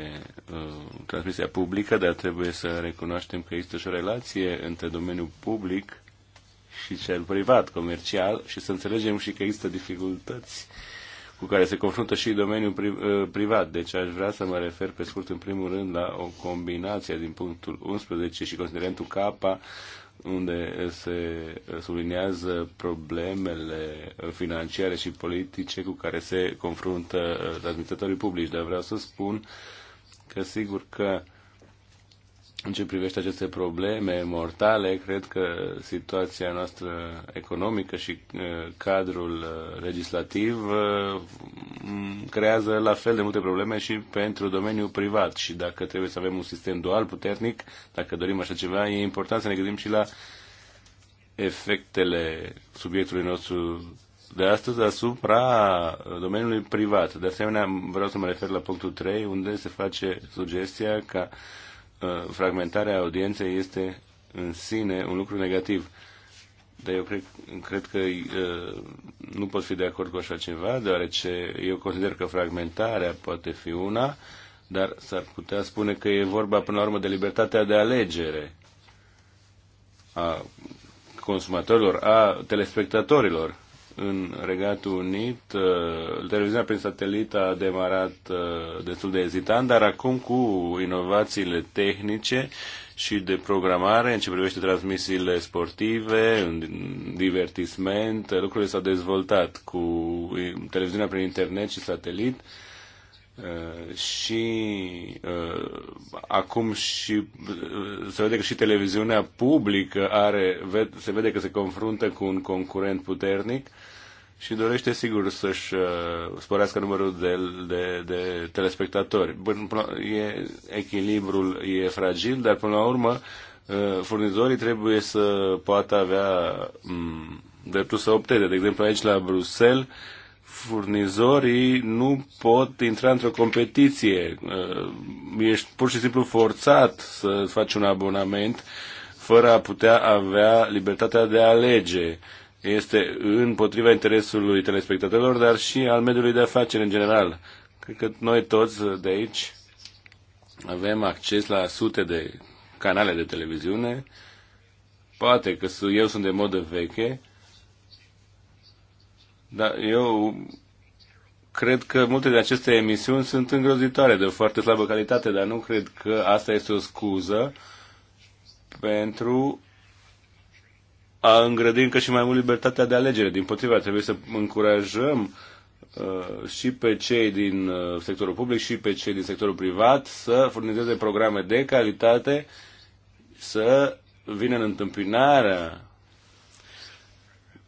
uh, transmisia publică, dar trebuie să recunoaștem că există și o relație între domeniul public și cel privat, comercial, și să înțelegem și că există dificultăți cu care se confruntă și domeniul privat. Deci aș vrea să mă refer pe scurt, în primul rând, la o combinație din punctul 11 și considerentul K unde se sublinează problemele financiare și politice cu care se confruntă uh, transmitătorii publici. Dar vreau să spun că sigur că în ce privește aceste probleme mortale, cred că situația noastră economică și uh, cadrul uh, legislativ uh, creează la fel de multe probleme și pentru domeniul privat. Și dacă trebuie să avem un sistem dual puternic, dacă dorim așa ceva, e important să ne gândim și la efectele subiectului nostru de astăzi asupra domeniului privat. De asemenea, vreau să mă refer la punctul 3, unde se face sugestia ca uh, Uh, fragmentarea audienței este în sine un lucru negativ. Dar eu cred, cred că uh, nu pot fi de acord cu așa ceva, deoarece eu consider că fragmentarea poate fi una, dar s-ar putea spune că e vorba până la urmă de libertatea de alegere a consumatorilor, a telespectatorilor în Regatul Unit. Uh, televiziunea prin satelit a demarat uh, destul de ezitant, dar acum cu inovațiile tehnice și de programare în ce privește transmisiile sportive, divertisment, lucrurile s-au dezvoltat cu televiziunea prin internet și satelit Uh, și uh, acum și uh, se vede că și televiziunea publică are, ved, se vede că se confruntă cu un concurent puternic și dorește sigur să-și uh, sporească numărul de, de, de telespectatori. Până, e, echilibrul e fragil, dar până la urmă uh, furnizorii trebuie să poată avea um, dreptul să opteze. De exemplu, aici la Bruxelles furnizorii nu pot intra într-o competiție. Uh, ești pur și simplu forțat să faci un abonament fără a putea avea libertatea de a alege. Este împotriva interesului telespectatorilor, dar și al mediului de afaceri în general. Cred că noi toți de aici avem acces la sute de canale de televiziune. Poate că eu sunt de modă veche, da, eu cred că multe de aceste emisiuni sunt îngrozitoare, de foarte slabă calitate, dar nu cred că asta este o scuză pentru a îngrădi încă și mai mult libertatea de alegere. Din potriva, trebuie să încurajăm uh, și pe cei din uh, sectorul public și pe cei din sectorul privat să furnizeze programe de calitate, să vină în întâmpinarea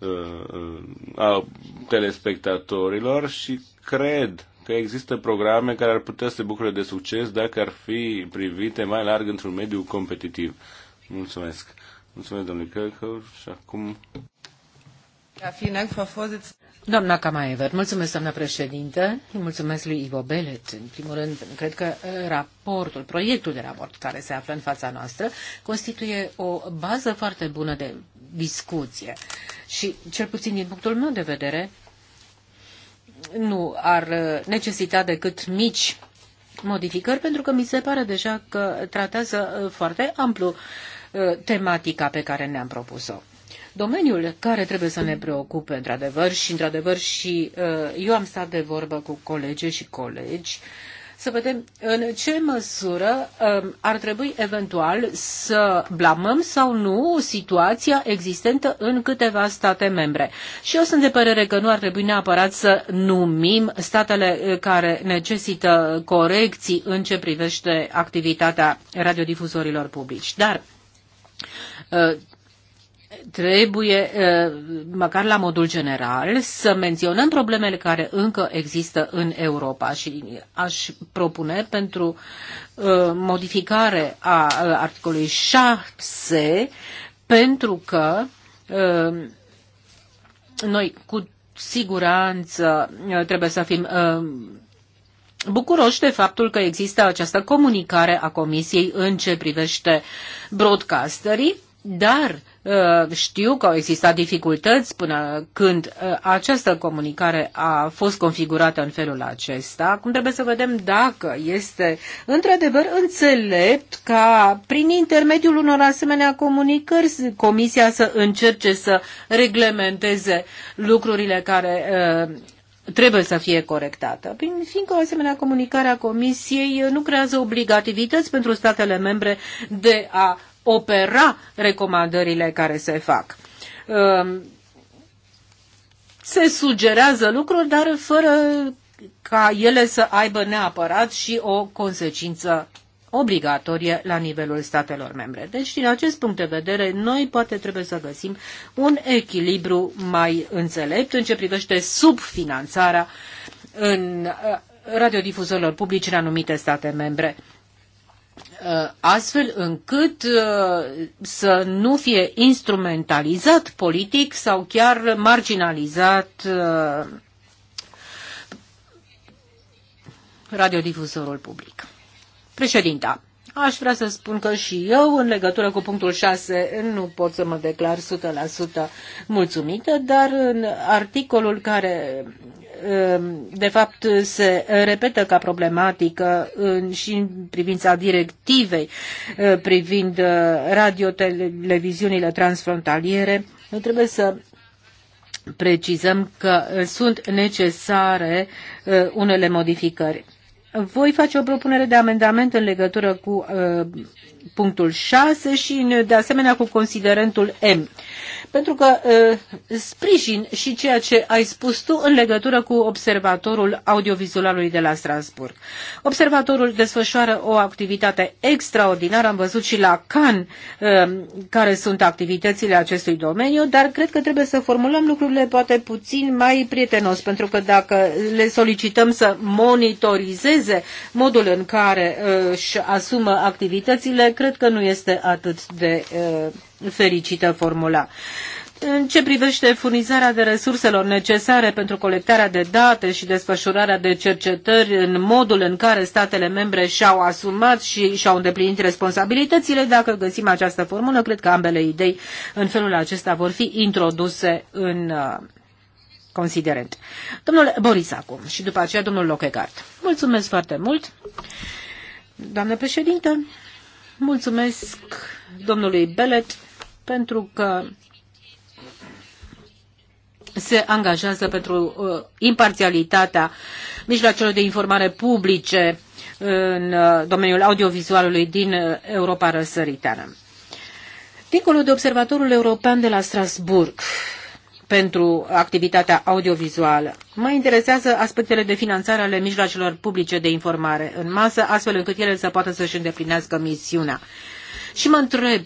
Uh, uh, a telespectatorilor și cred că există programe care ar putea să se bucure de succes dacă ar fi privite mai larg într-un mediu competitiv. Mulțumesc. Mulțumesc, domnule Călcăr, și acum... Doamna Camaever, mulțumesc, doamna președinte. mulțumesc lui Ivo Belet. În primul rând, cred că uh, raportul, proiectul de raport care se află în fața noastră, constituie o bază foarte bună de discuție. Și, cel puțin din punctul meu de vedere, nu ar uh, necesita decât mici modificări, pentru că mi se pare deja că tratează uh, foarte amplu uh, tematica pe care ne-am propus-o. Domeniul care trebuie să ne preocupe, într-adevăr, și într-adevăr și eu am stat de vorbă cu colege și colegi, uh, să vedem în ce măsură um, ar trebui eventual să blamăm sau nu situația existentă în câteva state membre. Și eu sunt de părere că nu ar trebui neapărat să numim statele uh, care necesită corecții în ce privește activitatea radiodifuzorilor publici. Dar uh, trebuie, măcar la modul general, să menționăm problemele care încă există în Europa și aș propune pentru modificare a articolului 6 pentru că noi cu siguranță trebuie să fim bucuroși de faptul că există această comunicare a Comisiei în ce privește broadcasterii, dar uh, Uh, știu că au existat dificultăți până când uh, această comunicare a fost configurată în felul acesta. Acum trebuie să vedem dacă este într-adevăr înțelept ca prin intermediul unor asemenea comunicări Comisia să încerce să reglementeze lucrurile care uh, trebuie să fie corectată. Prin, fiindcă o asemenea comunicare a Comisiei nu creează obligativități pentru statele membre de a opera recomandările care se fac. Um, se sugerează lucruri, dar fără ca ele să aibă neapărat și o consecință obligatorie la nivelul statelor membre. Deci, din acest punct de vedere, noi poate trebuie să găsim un echilibru mai înțelept în ce privește subfinanțarea în uh, radiodifuzorilor publici în anumite state membre. Uh, astfel încât uh, să nu fie instrumentalizat politic sau chiar marginalizat uh, radiodifuzorul public. Președinta, aș vrea să spun că și eu, în legătură cu punctul 6, nu pot să mă declar 100% mulțumită, dar în articolul care Um, de fapt se repetă ca problematică în, și în privința directivei uh, privind uh, radioteleviziunile transfrontaliere. trebuie să precizăm că uh, sunt necesare unele modificări. Voi face o propunere de amendament în legătură cu uh, punctul 6 și de asemenea cu considerentul M. Pentru că uh, sprijin și ceea ce ai spus tu în legătură cu observatorul audiovizualului de la Strasburg. Observatorul desfășoară o activitate extraordinară, am văzut și la Can, uh, care sunt activitățile acestui domeniu, dar cred că trebuie să formulăm lucrurile poate puțin mai prietenos, pentru că dacă le solicităm să monitorizeze modul în care uh, își asumă activitățile, cred că nu este atât de uh, fericită formula. În ce privește furnizarea de resurselor necesare pentru colectarea de date și desfășurarea de cercetări în modul în care statele membre și-au asumat și și-au îndeplinit responsabilitățile, dacă găsim această formulă, cred că ambele idei în felul acesta vor fi introduse în uh, considerent. Domnule Boris acum și după aceea domnul Lochegard. Mulțumesc foarte mult. Doamnă președintă, Mulțumesc domnului Belet pentru că se angajează pentru uh, imparțialitatea mijloacelor de informare publice în uh, domeniul audiovizualului din uh, Europa răsăriteană. Dincolo de Observatorul European de la Strasburg, pentru activitatea audiovizuală. Mă interesează aspectele de finanțare ale mijloacelor publice de informare în masă, astfel încât ele să poată să-și îndeplinească misiunea. Și mă întreb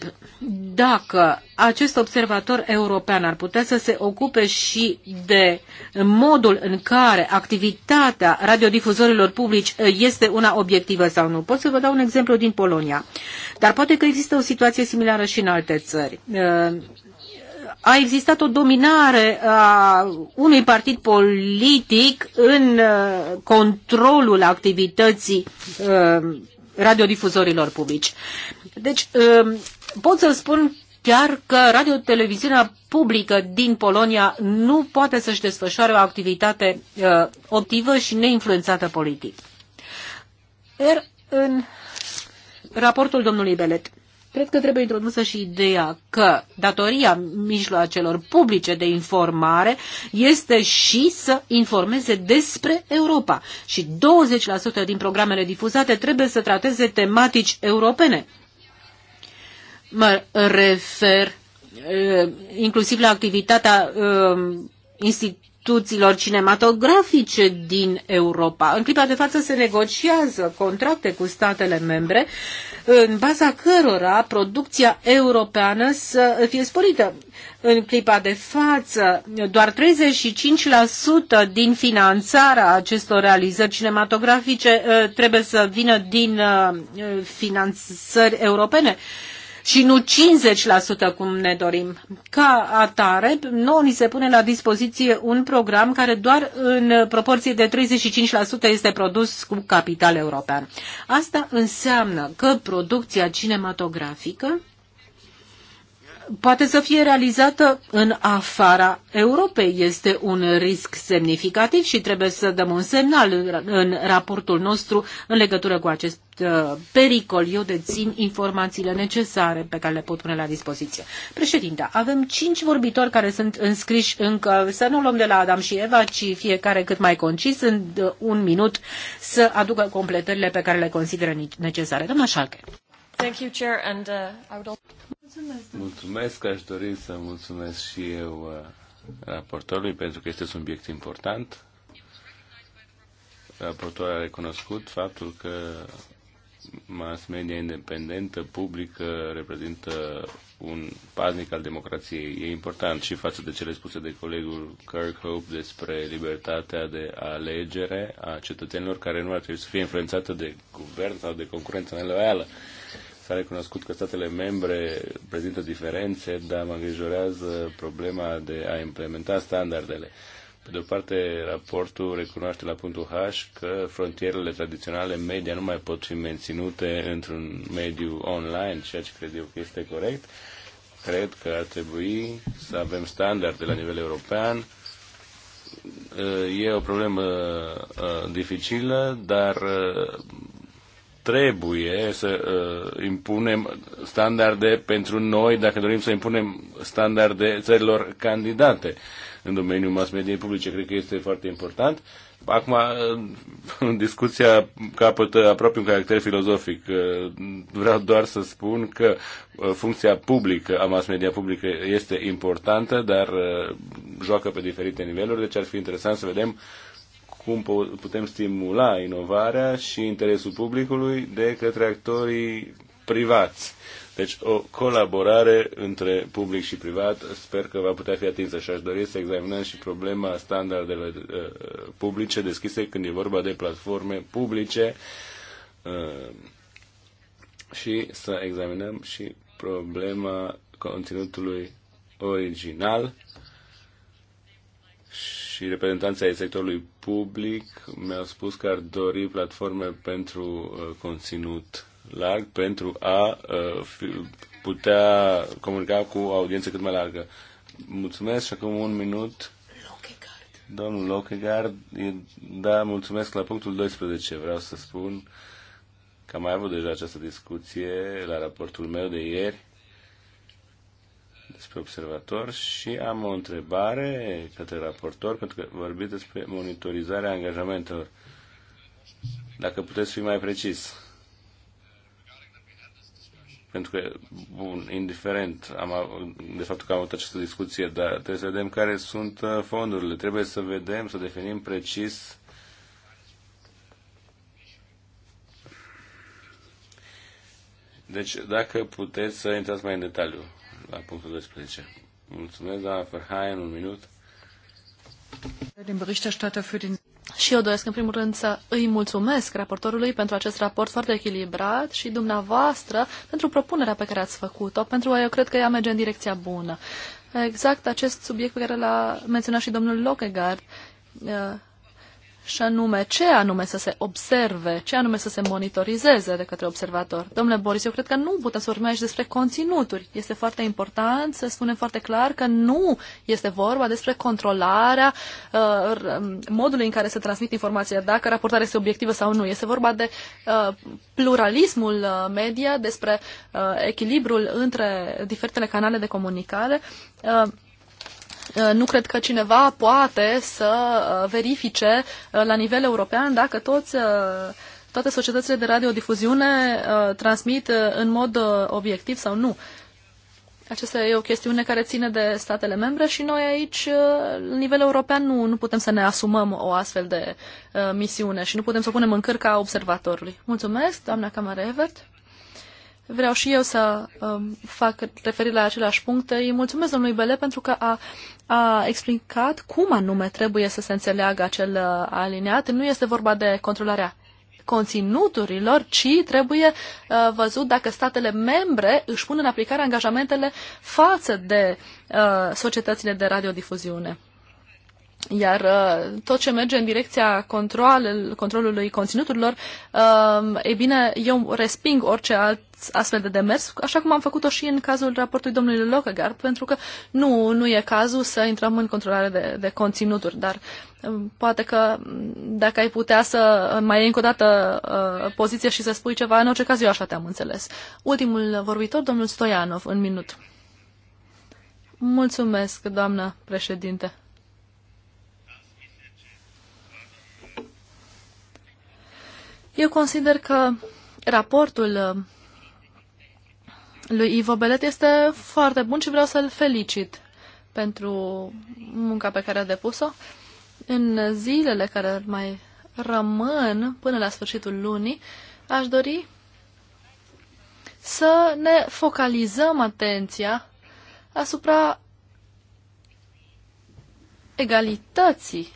dacă acest observator european ar putea să se ocupe și de modul în care activitatea radiodifuzorilor publici este una obiectivă sau nu. Pot să vă dau un exemplu din Polonia, dar poate că există o situație similară și în alte țări a existat o dominare a unui partid politic în uh, controlul activității uh, radiodifuzorilor publici. Deci uh, pot să spun chiar că radio-televiziunea publică din Polonia nu poate să-și desfășoare o activitate optivă și neinfluențată politic. Iar în raportul domnului Belet Cred că trebuie introdusă și ideea că datoria mijloacelor publice de informare este și să informeze despre Europa. Și 20% din programele difuzate trebuie să trateze tematici europene. Mă refer eh, inclusiv la activitatea eh, instituției instituțiilor cinematografice din Europa. În clipa de față se negociază contracte cu statele membre în baza cărora producția europeană să fie sporită. În clipa de față, doar 35% din finanțarea acestor realizări cinematografice eh, trebuie să vină din eh, eh, finanțări europene și nu 50% cum ne dorim. Ca atare, nouă ni se pune la dispoziție un program care doar în proporție de 35% este produs cu capital european. Asta înseamnă că producția cinematografică poate să fie realizată în afara Europei. Este un risc semnificativ și trebuie să dăm un semnal în, raportul nostru în legătură cu acest uh, pericol. Eu dețin informațiile necesare pe care le pot pune la dispoziție. Președinte, avem cinci vorbitori care sunt înscriși încă. Să nu luăm de la Adam și Eva, ci fiecare cât mai concis, în uh, un minut, să aducă completările pe care le consideră necesare. Doamna Șalche. Thank you, Chair, and, uh, I would... Mulțumesc. Mulțumesc, aș dori să mulțumesc și eu uh, raportorului pentru că este un subiect important. Raportorul a recunoscut faptul că mass media independentă, publică, reprezintă un paznic al democrației. E important și față de cele spuse de colegul Kirkhope despre libertatea de alegere a cetățenilor care nu ar trebui să fie influențată de guvern sau de concurență neloială. S-a recunoscut că statele membre prezintă diferențe, dar mă îngrijorează problema de a implementa standardele. Pe de o parte, raportul recunoaște la punctul H că frontierele tradiționale media nu mai pot fi menținute într-un mediu online, ceea ce cred eu că este corect. Cred că ar trebui să avem standarde la nivel european. E o problemă uh, dificilă, dar uh, trebuie să uh, impunem standarde pentru noi, dacă dorim să impunem standarde țărilor candidate în domeniul mass mediei publice. Cred că este foarte important. Acum, uh, în discuția capătă aproape un caracter filozofic. Uh, vreau doar să spun că uh, funcția publică a mass media publică este importantă, dar joacă pe diferite niveluri, deci ar fi interesant să vedem uh, cum putem stimula inovarea și interesul publicului de către actorii privați. Deci o colaborare între public și privat sper că va putea fi atinsă și aș dori să examinăm și problema standardelor uh, publice deschise când e vorba de platforme publice uh, și să examinăm și problema conținutului original și și reprezentanții ai sectorului public mi-au spus că ar dori platforme pentru uh, conținut larg, pentru a uh, putea comunica cu o audiență cât mai largă. Mulțumesc și acum un minut. Lockegaard. Domnul Lockegaard, da, mulțumesc la punctul 12. Vreau să spun că am mai avut deja această discuție la raportul meu de ieri despre observator și am o întrebare către raportor, pentru că vorbiți despre monitorizarea angajamentelor. Dacă puteți fi mai precis. Pentru că, bun, indiferent am, de faptul că am avut această discuție, dar trebuie să vedem care sunt uh, fondurile. Trebuie să vedem, să definim precis Deci, dacă puteți să intrați mai în detaliu la punctul 12. Mulțumesc, doamna Ferhaien, un minut. Și eu doresc, în primul rând, să îi mulțumesc raportorului pentru acest raport foarte echilibrat și dumneavoastră pentru propunerea pe care ați făcut-o, pentru că eu cred că ea merge în direcția bună. Exact acest subiect pe care l-a menționat și domnul Lockegaard, uh, și anume ce anume să se observe, ce anume să se monitorizeze de către observator. Domnule Boris, eu cred că nu putem să vorbim aici despre conținuturi. Este foarte important să spunem foarte clar că nu este vorba despre controlarea uh, modului în care se transmit informația, dacă raportarea este obiectivă sau nu. Este vorba de uh, pluralismul uh, media, despre uh, echilibrul între diferitele canale de comunicare. Uh, Uh, nu cred că cineva poate să uh, verifice uh, la nivel european dacă toți, toate societățile de radiodifuziune transmit în mod obiectiv sau nu. Aceasta e o chestiune care ține de statele membre și noi aici, la nivel european, nu, nu putem să ne asumăm o astfel de uh, misiune și nu putem să o punem în cărca observatorului. Mulțumesc, doamna Camara Evert. Vreau și eu să um, fac referire la aceleași puncte. Îi mulțumesc domnului Bele pentru că a, a explicat cum anume trebuie să se înțeleagă acel uh, aliniat. Nu este vorba de controlarea conținuturilor, ci trebuie uh, văzut dacă statele membre își pun în aplicare angajamentele față de uh, societățile de radiodifuziune. Iar uh, tot ce merge în direcția control, controlului conținuturilor, uh, e bine, eu resping orice alt astfel de demers, așa cum am făcut-o și în cazul raportului domnului Lockegaard, pentru că nu, nu e cazul să intrăm în controlare de, de conținuturi, dar uh, poate că dacă ai putea să mai iei încă o dată poziție și să spui ceva, în orice caz eu așa te-am înțeles. Ultimul vorbitor, domnul Stoianov, în minut. Mulțumesc, doamnă președinte. Eu consider că raportul uh, lui Ivo Belet este foarte bun și vreau să-l felicit pentru munca pe care a depus-o. În zilele care mai rămân până la sfârșitul lunii, aș dori să ne focalizăm atenția asupra egalității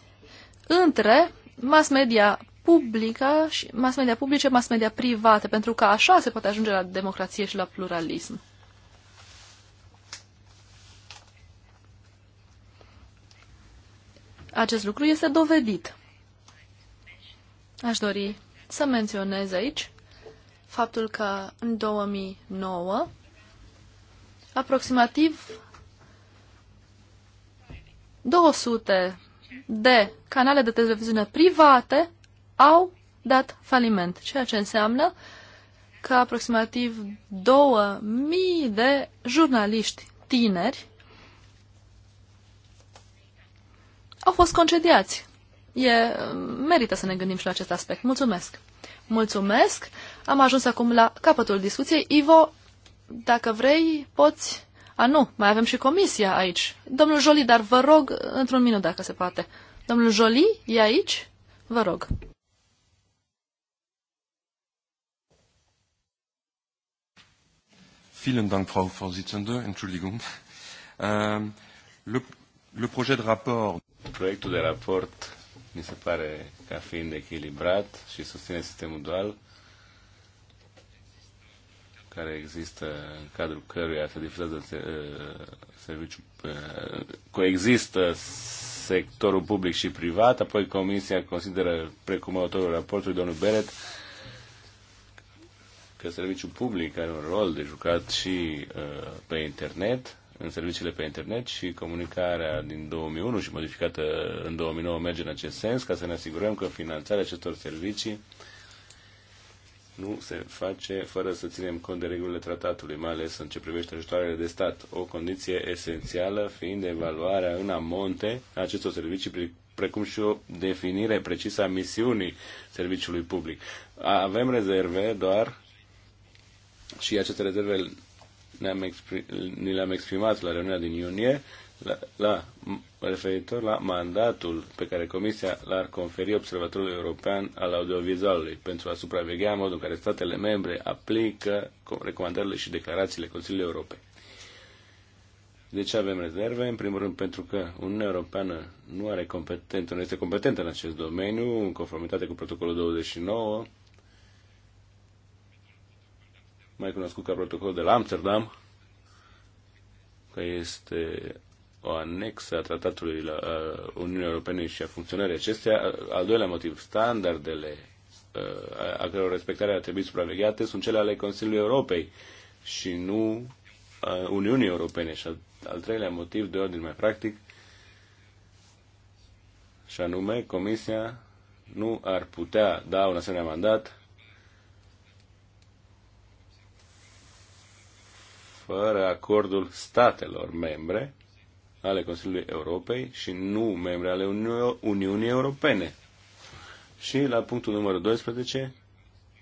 între mass media publică și mass media publice, mass media private, pentru că așa se poate ajunge la democrație și la pluralism. Acest lucru este dovedit. Aș dori să menționez aici faptul că în 2009 aproximativ 200 de canale de televiziune private au dat faliment, ceea ce înseamnă că aproximativ 2000 de jurnaliști tineri au fost concediați. E, merită să ne gândim și la acest aspect. Mulțumesc! Mulțumesc! Am ajuns acum la capătul discuției. Ivo, dacă vrei, poți... A, nu, mai avem și comisia aici. Domnul Joli, dar vă rog, într-un minut, dacă se poate. Domnul Joli, e aici? Vă rog. Vielen Dank, Frau Vorsitzende. Entschuldigung. Ähm, le, le projet de rapport. Proiectul de raport mi se pare ca fiind echilibrat și susține sistemul dual care există în cadrul căruia se difuzează uh, serviciul uh, coexistă sectorul public și privat, apoi Comisia consideră, precum autorul raportului, domnul Beret, că serviciul public are un rol de jucat și uh, pe internet, în serviciile pe internet și comunicarea din 2001 și modificată în 2009 merge în acest sens ca să ne asigurăm că finanțarea acestor servicii nu se face fără să ținem cont de regulile tratatului, mai ales în ce privește ajutoarele de stat, o condiție esențială fiind evaluarea în amonte a acestor servicii precum și o definire precisă a misiunii serviciului public. Avem rezerve doar și aceste rezerve ne-am ni le-am exprimat la reuniunea din iunie, la, la, referitor la mandatul pe care Comisia l-ar conferi Observatorului European al Audiovizualului pentru a supraveghea modul în care statele membre aplică recomandările și declarațiile Consiliului Europei. De deci ce avem rezerve? În primul rând pentru că Uniunea Europeană nu are competent, nu este competentă în acest domeniu, în conformitate cu protocolul 29 mai cunoscut ca protocol de la Amsterdam, că este o anexă a tratatului la Uniunea Europene și a funcționării acestea. Al doilea motiv, standardele a căror respectare ar trebui supravegheate sunt cele ale Consiliului Europei și nu a Uniunii Europene. Și al, al treilea motiv, de ordin mai practic, și anume, Comisia nu ar putea da un asemenea mandat fără acordul statelor membre ale Consiliului Europei și nu membre ale Uni- Uniunii Europene. Și la punctul numărul 12,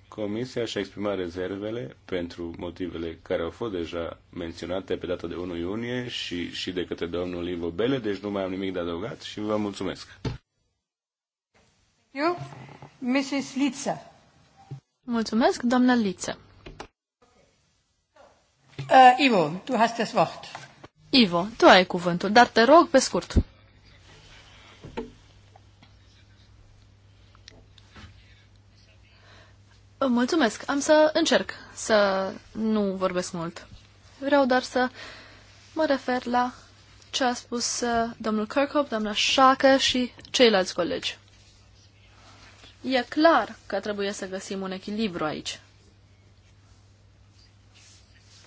Comisia și-a exprimat rezervele pentru motivele care au fost deja menționate pe data de 1 iunie și, și de către domnul Ivo Bele, deci nu mai am nimic de adăugat și vă mulțumesc. Eu, Mrs. Liță. Mulțumesc, doamna Liță. Uh, Ivo, tu hast das Wort. Ivo, tu ai cuvântul, dar te rog pe scurt. Mulțumesc. Am să încerc să nu vorbesc mult. Vreau doar să mă refer la ce a spus uh, domnul Kirkhope, doamna Șacă și ceilalți colegi. E clar că trebuie să găsim un echilibru aici.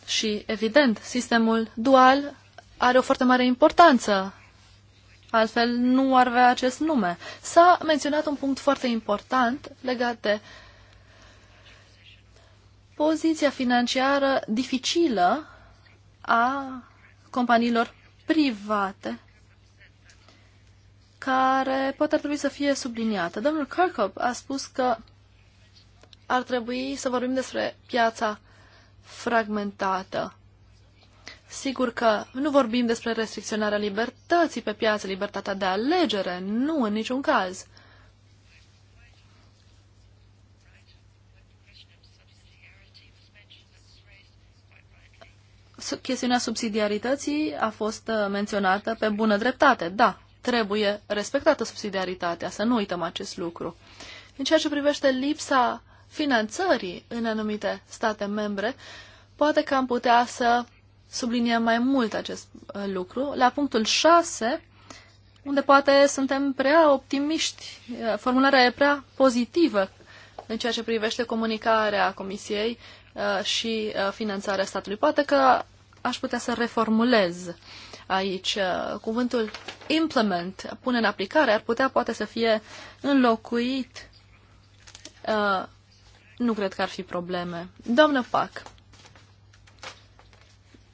Și, evident, sistemul dual are o foarte mare importanță. Altfel nu ar avea acest nume. S-a menționat un punct foarte important legat de poziția financiară dificilă a companiilor private care poate ar trebui să fie subliniată. Domnul Kirkhope a spus că ar trebui să vorbim despre piața fragmentată. Sigur că nu vorbim despre restricționarea libertății pe piață, libertatea de alegere, nu în niciun caz. Chestiunea subsidiarității a fost uh, menționată pe bună dreptate. Da, trebuie respectată subsidiaritatea, să nu uităm acest lucru. În ceea ce privește lipsa finanțării în anumite state membre, poate că am putea să subliniem mai mult acest uh, lucru. La punctul 6, unde poate suntem prea optimiști, uh, formularea e prea pozitivă în ceea ce privește comunicarea Comisiei uh, și finanțarea statului. Poate că aș putea să reformulez aici cuvântul implement, pune în aplicare, ar putea poate să fie înlocuit nu cred că ar fi probleme. Doamnă Pac,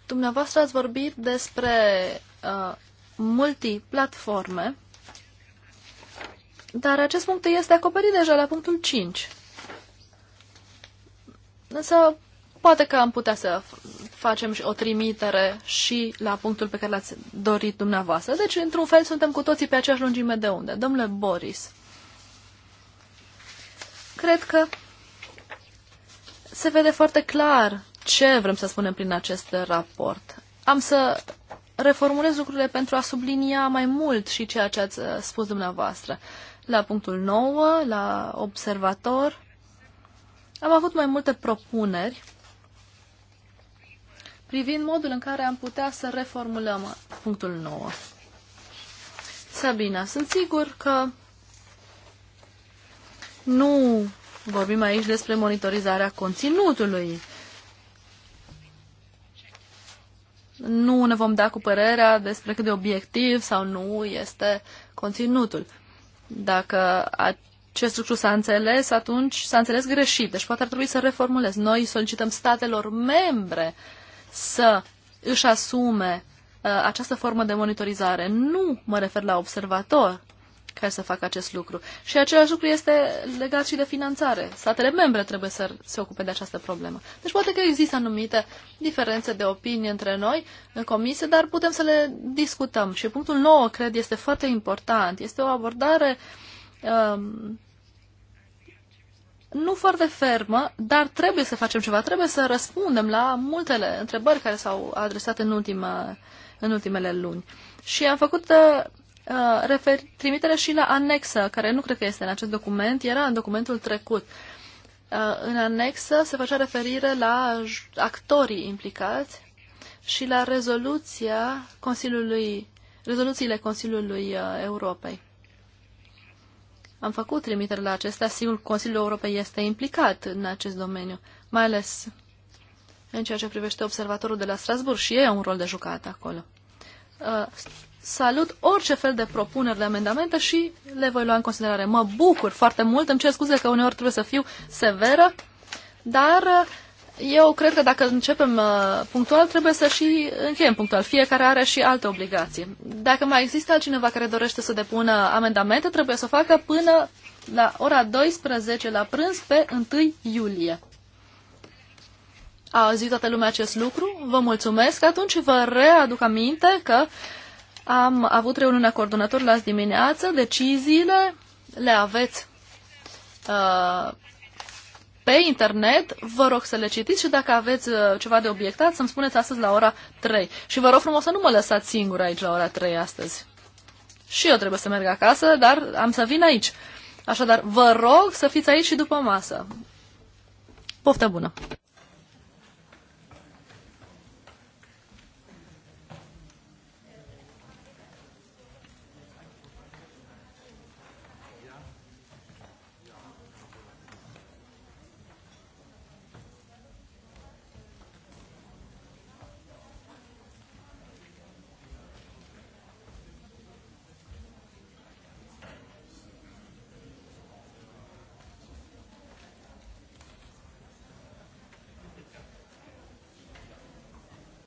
dumneavoastră ați vorbit despre uh, multiplatforme, dar acest punct este acoperit deja la punctul 5. Însă, poate că am putea să facem și o trimitere și la punctul pe care l-ați dorit dumneavoastră. Deci, într-un fel, suntem cu toții pe aceeași lungime de unde. Domnule Boris, cred că se vede foarte clar ce vrem să spunem prin acest raport. Am să reformulez lucrurile pentru a sublinia mai mult și ceea ce ați uh, spus dumneavoastră. La punctul 9, la observator, am avut mai multe propuneri privind modul în care am putea să reformulăm punctul 9. Sabina, sunt sigur că nu Vorbim aici despre monitorizarea conținutului. Nu ne vom da cu părerea despre cât de obiectiv sau nu este conținutul. Dacă acest lucru s-a înțeles, atunci s-a înțeles greșit. Deci poate ar trebui să reformulez. Noi solicităm statelor membre să își asume uh, această formă de monitorizare. Nu mă refer la observator care să facă acest lucru. Și același lucru este legat și de finanțare. Statele membre trebuie să se ocupe de această problemă. Deci poate că există anumite diferențe de opinie între noi în comisie, dar putem să le discutăm. Și punctul nou cred, este foarte important. Este o abordare um, nu foarte fermă, dar trebuie să facem ceva. Trebuie să răspundem la multele întrebări care s-au adresat în, ultima, în ultimele luni. Și am făcut uh, Uh, refer, trimitere și la anexă, care nu cred că este în acest document, era în documentul trecut. Uh, în anexă se făcea referire la actorii implicați și la rezoluția Consiliului, rezoluțiile Consiliului uh, Europei. Am făcut trimitere la acestea, sigur Consiliul Europei este implicat în acest domeniu, mai ales în ceea ce privește observatorul de la Strasburg și ei au un rol de jucat acolo salut orice fel de propuneri de amendamente și le voi lua în considerare. Mă bucur foarte mult, îmi cer scuze că uneori trebuie să fiu severă, dar uh, eu cred că dacă începem uh, punctual, trebuie să și încheiem punctual. Fiecare are și alte obligații. Dacă mai există altcineva care dorește să depună amendamente, trebuie să o facă până la ora 12 la prânz pe 1 iulie. A auzit toată lumea acest lucru? Vă mulțumesc. Atunci vă readuc aminte că uh, am avut reuniunea coordonator la dimineață, deciziile le aveți uh, pe internet, vă rog să le citiți și dacă aveți uh, ceva de obiectat, să-mi spuneți astăzi la ora 3. Și vă rog frumos să nu mă lăsați singur aici la ora 3 astăzi. Și eu trebuie să merg acasă, dar am să vin aici. Așadar, vă rog să fiți aici și după masă. Poftă bună!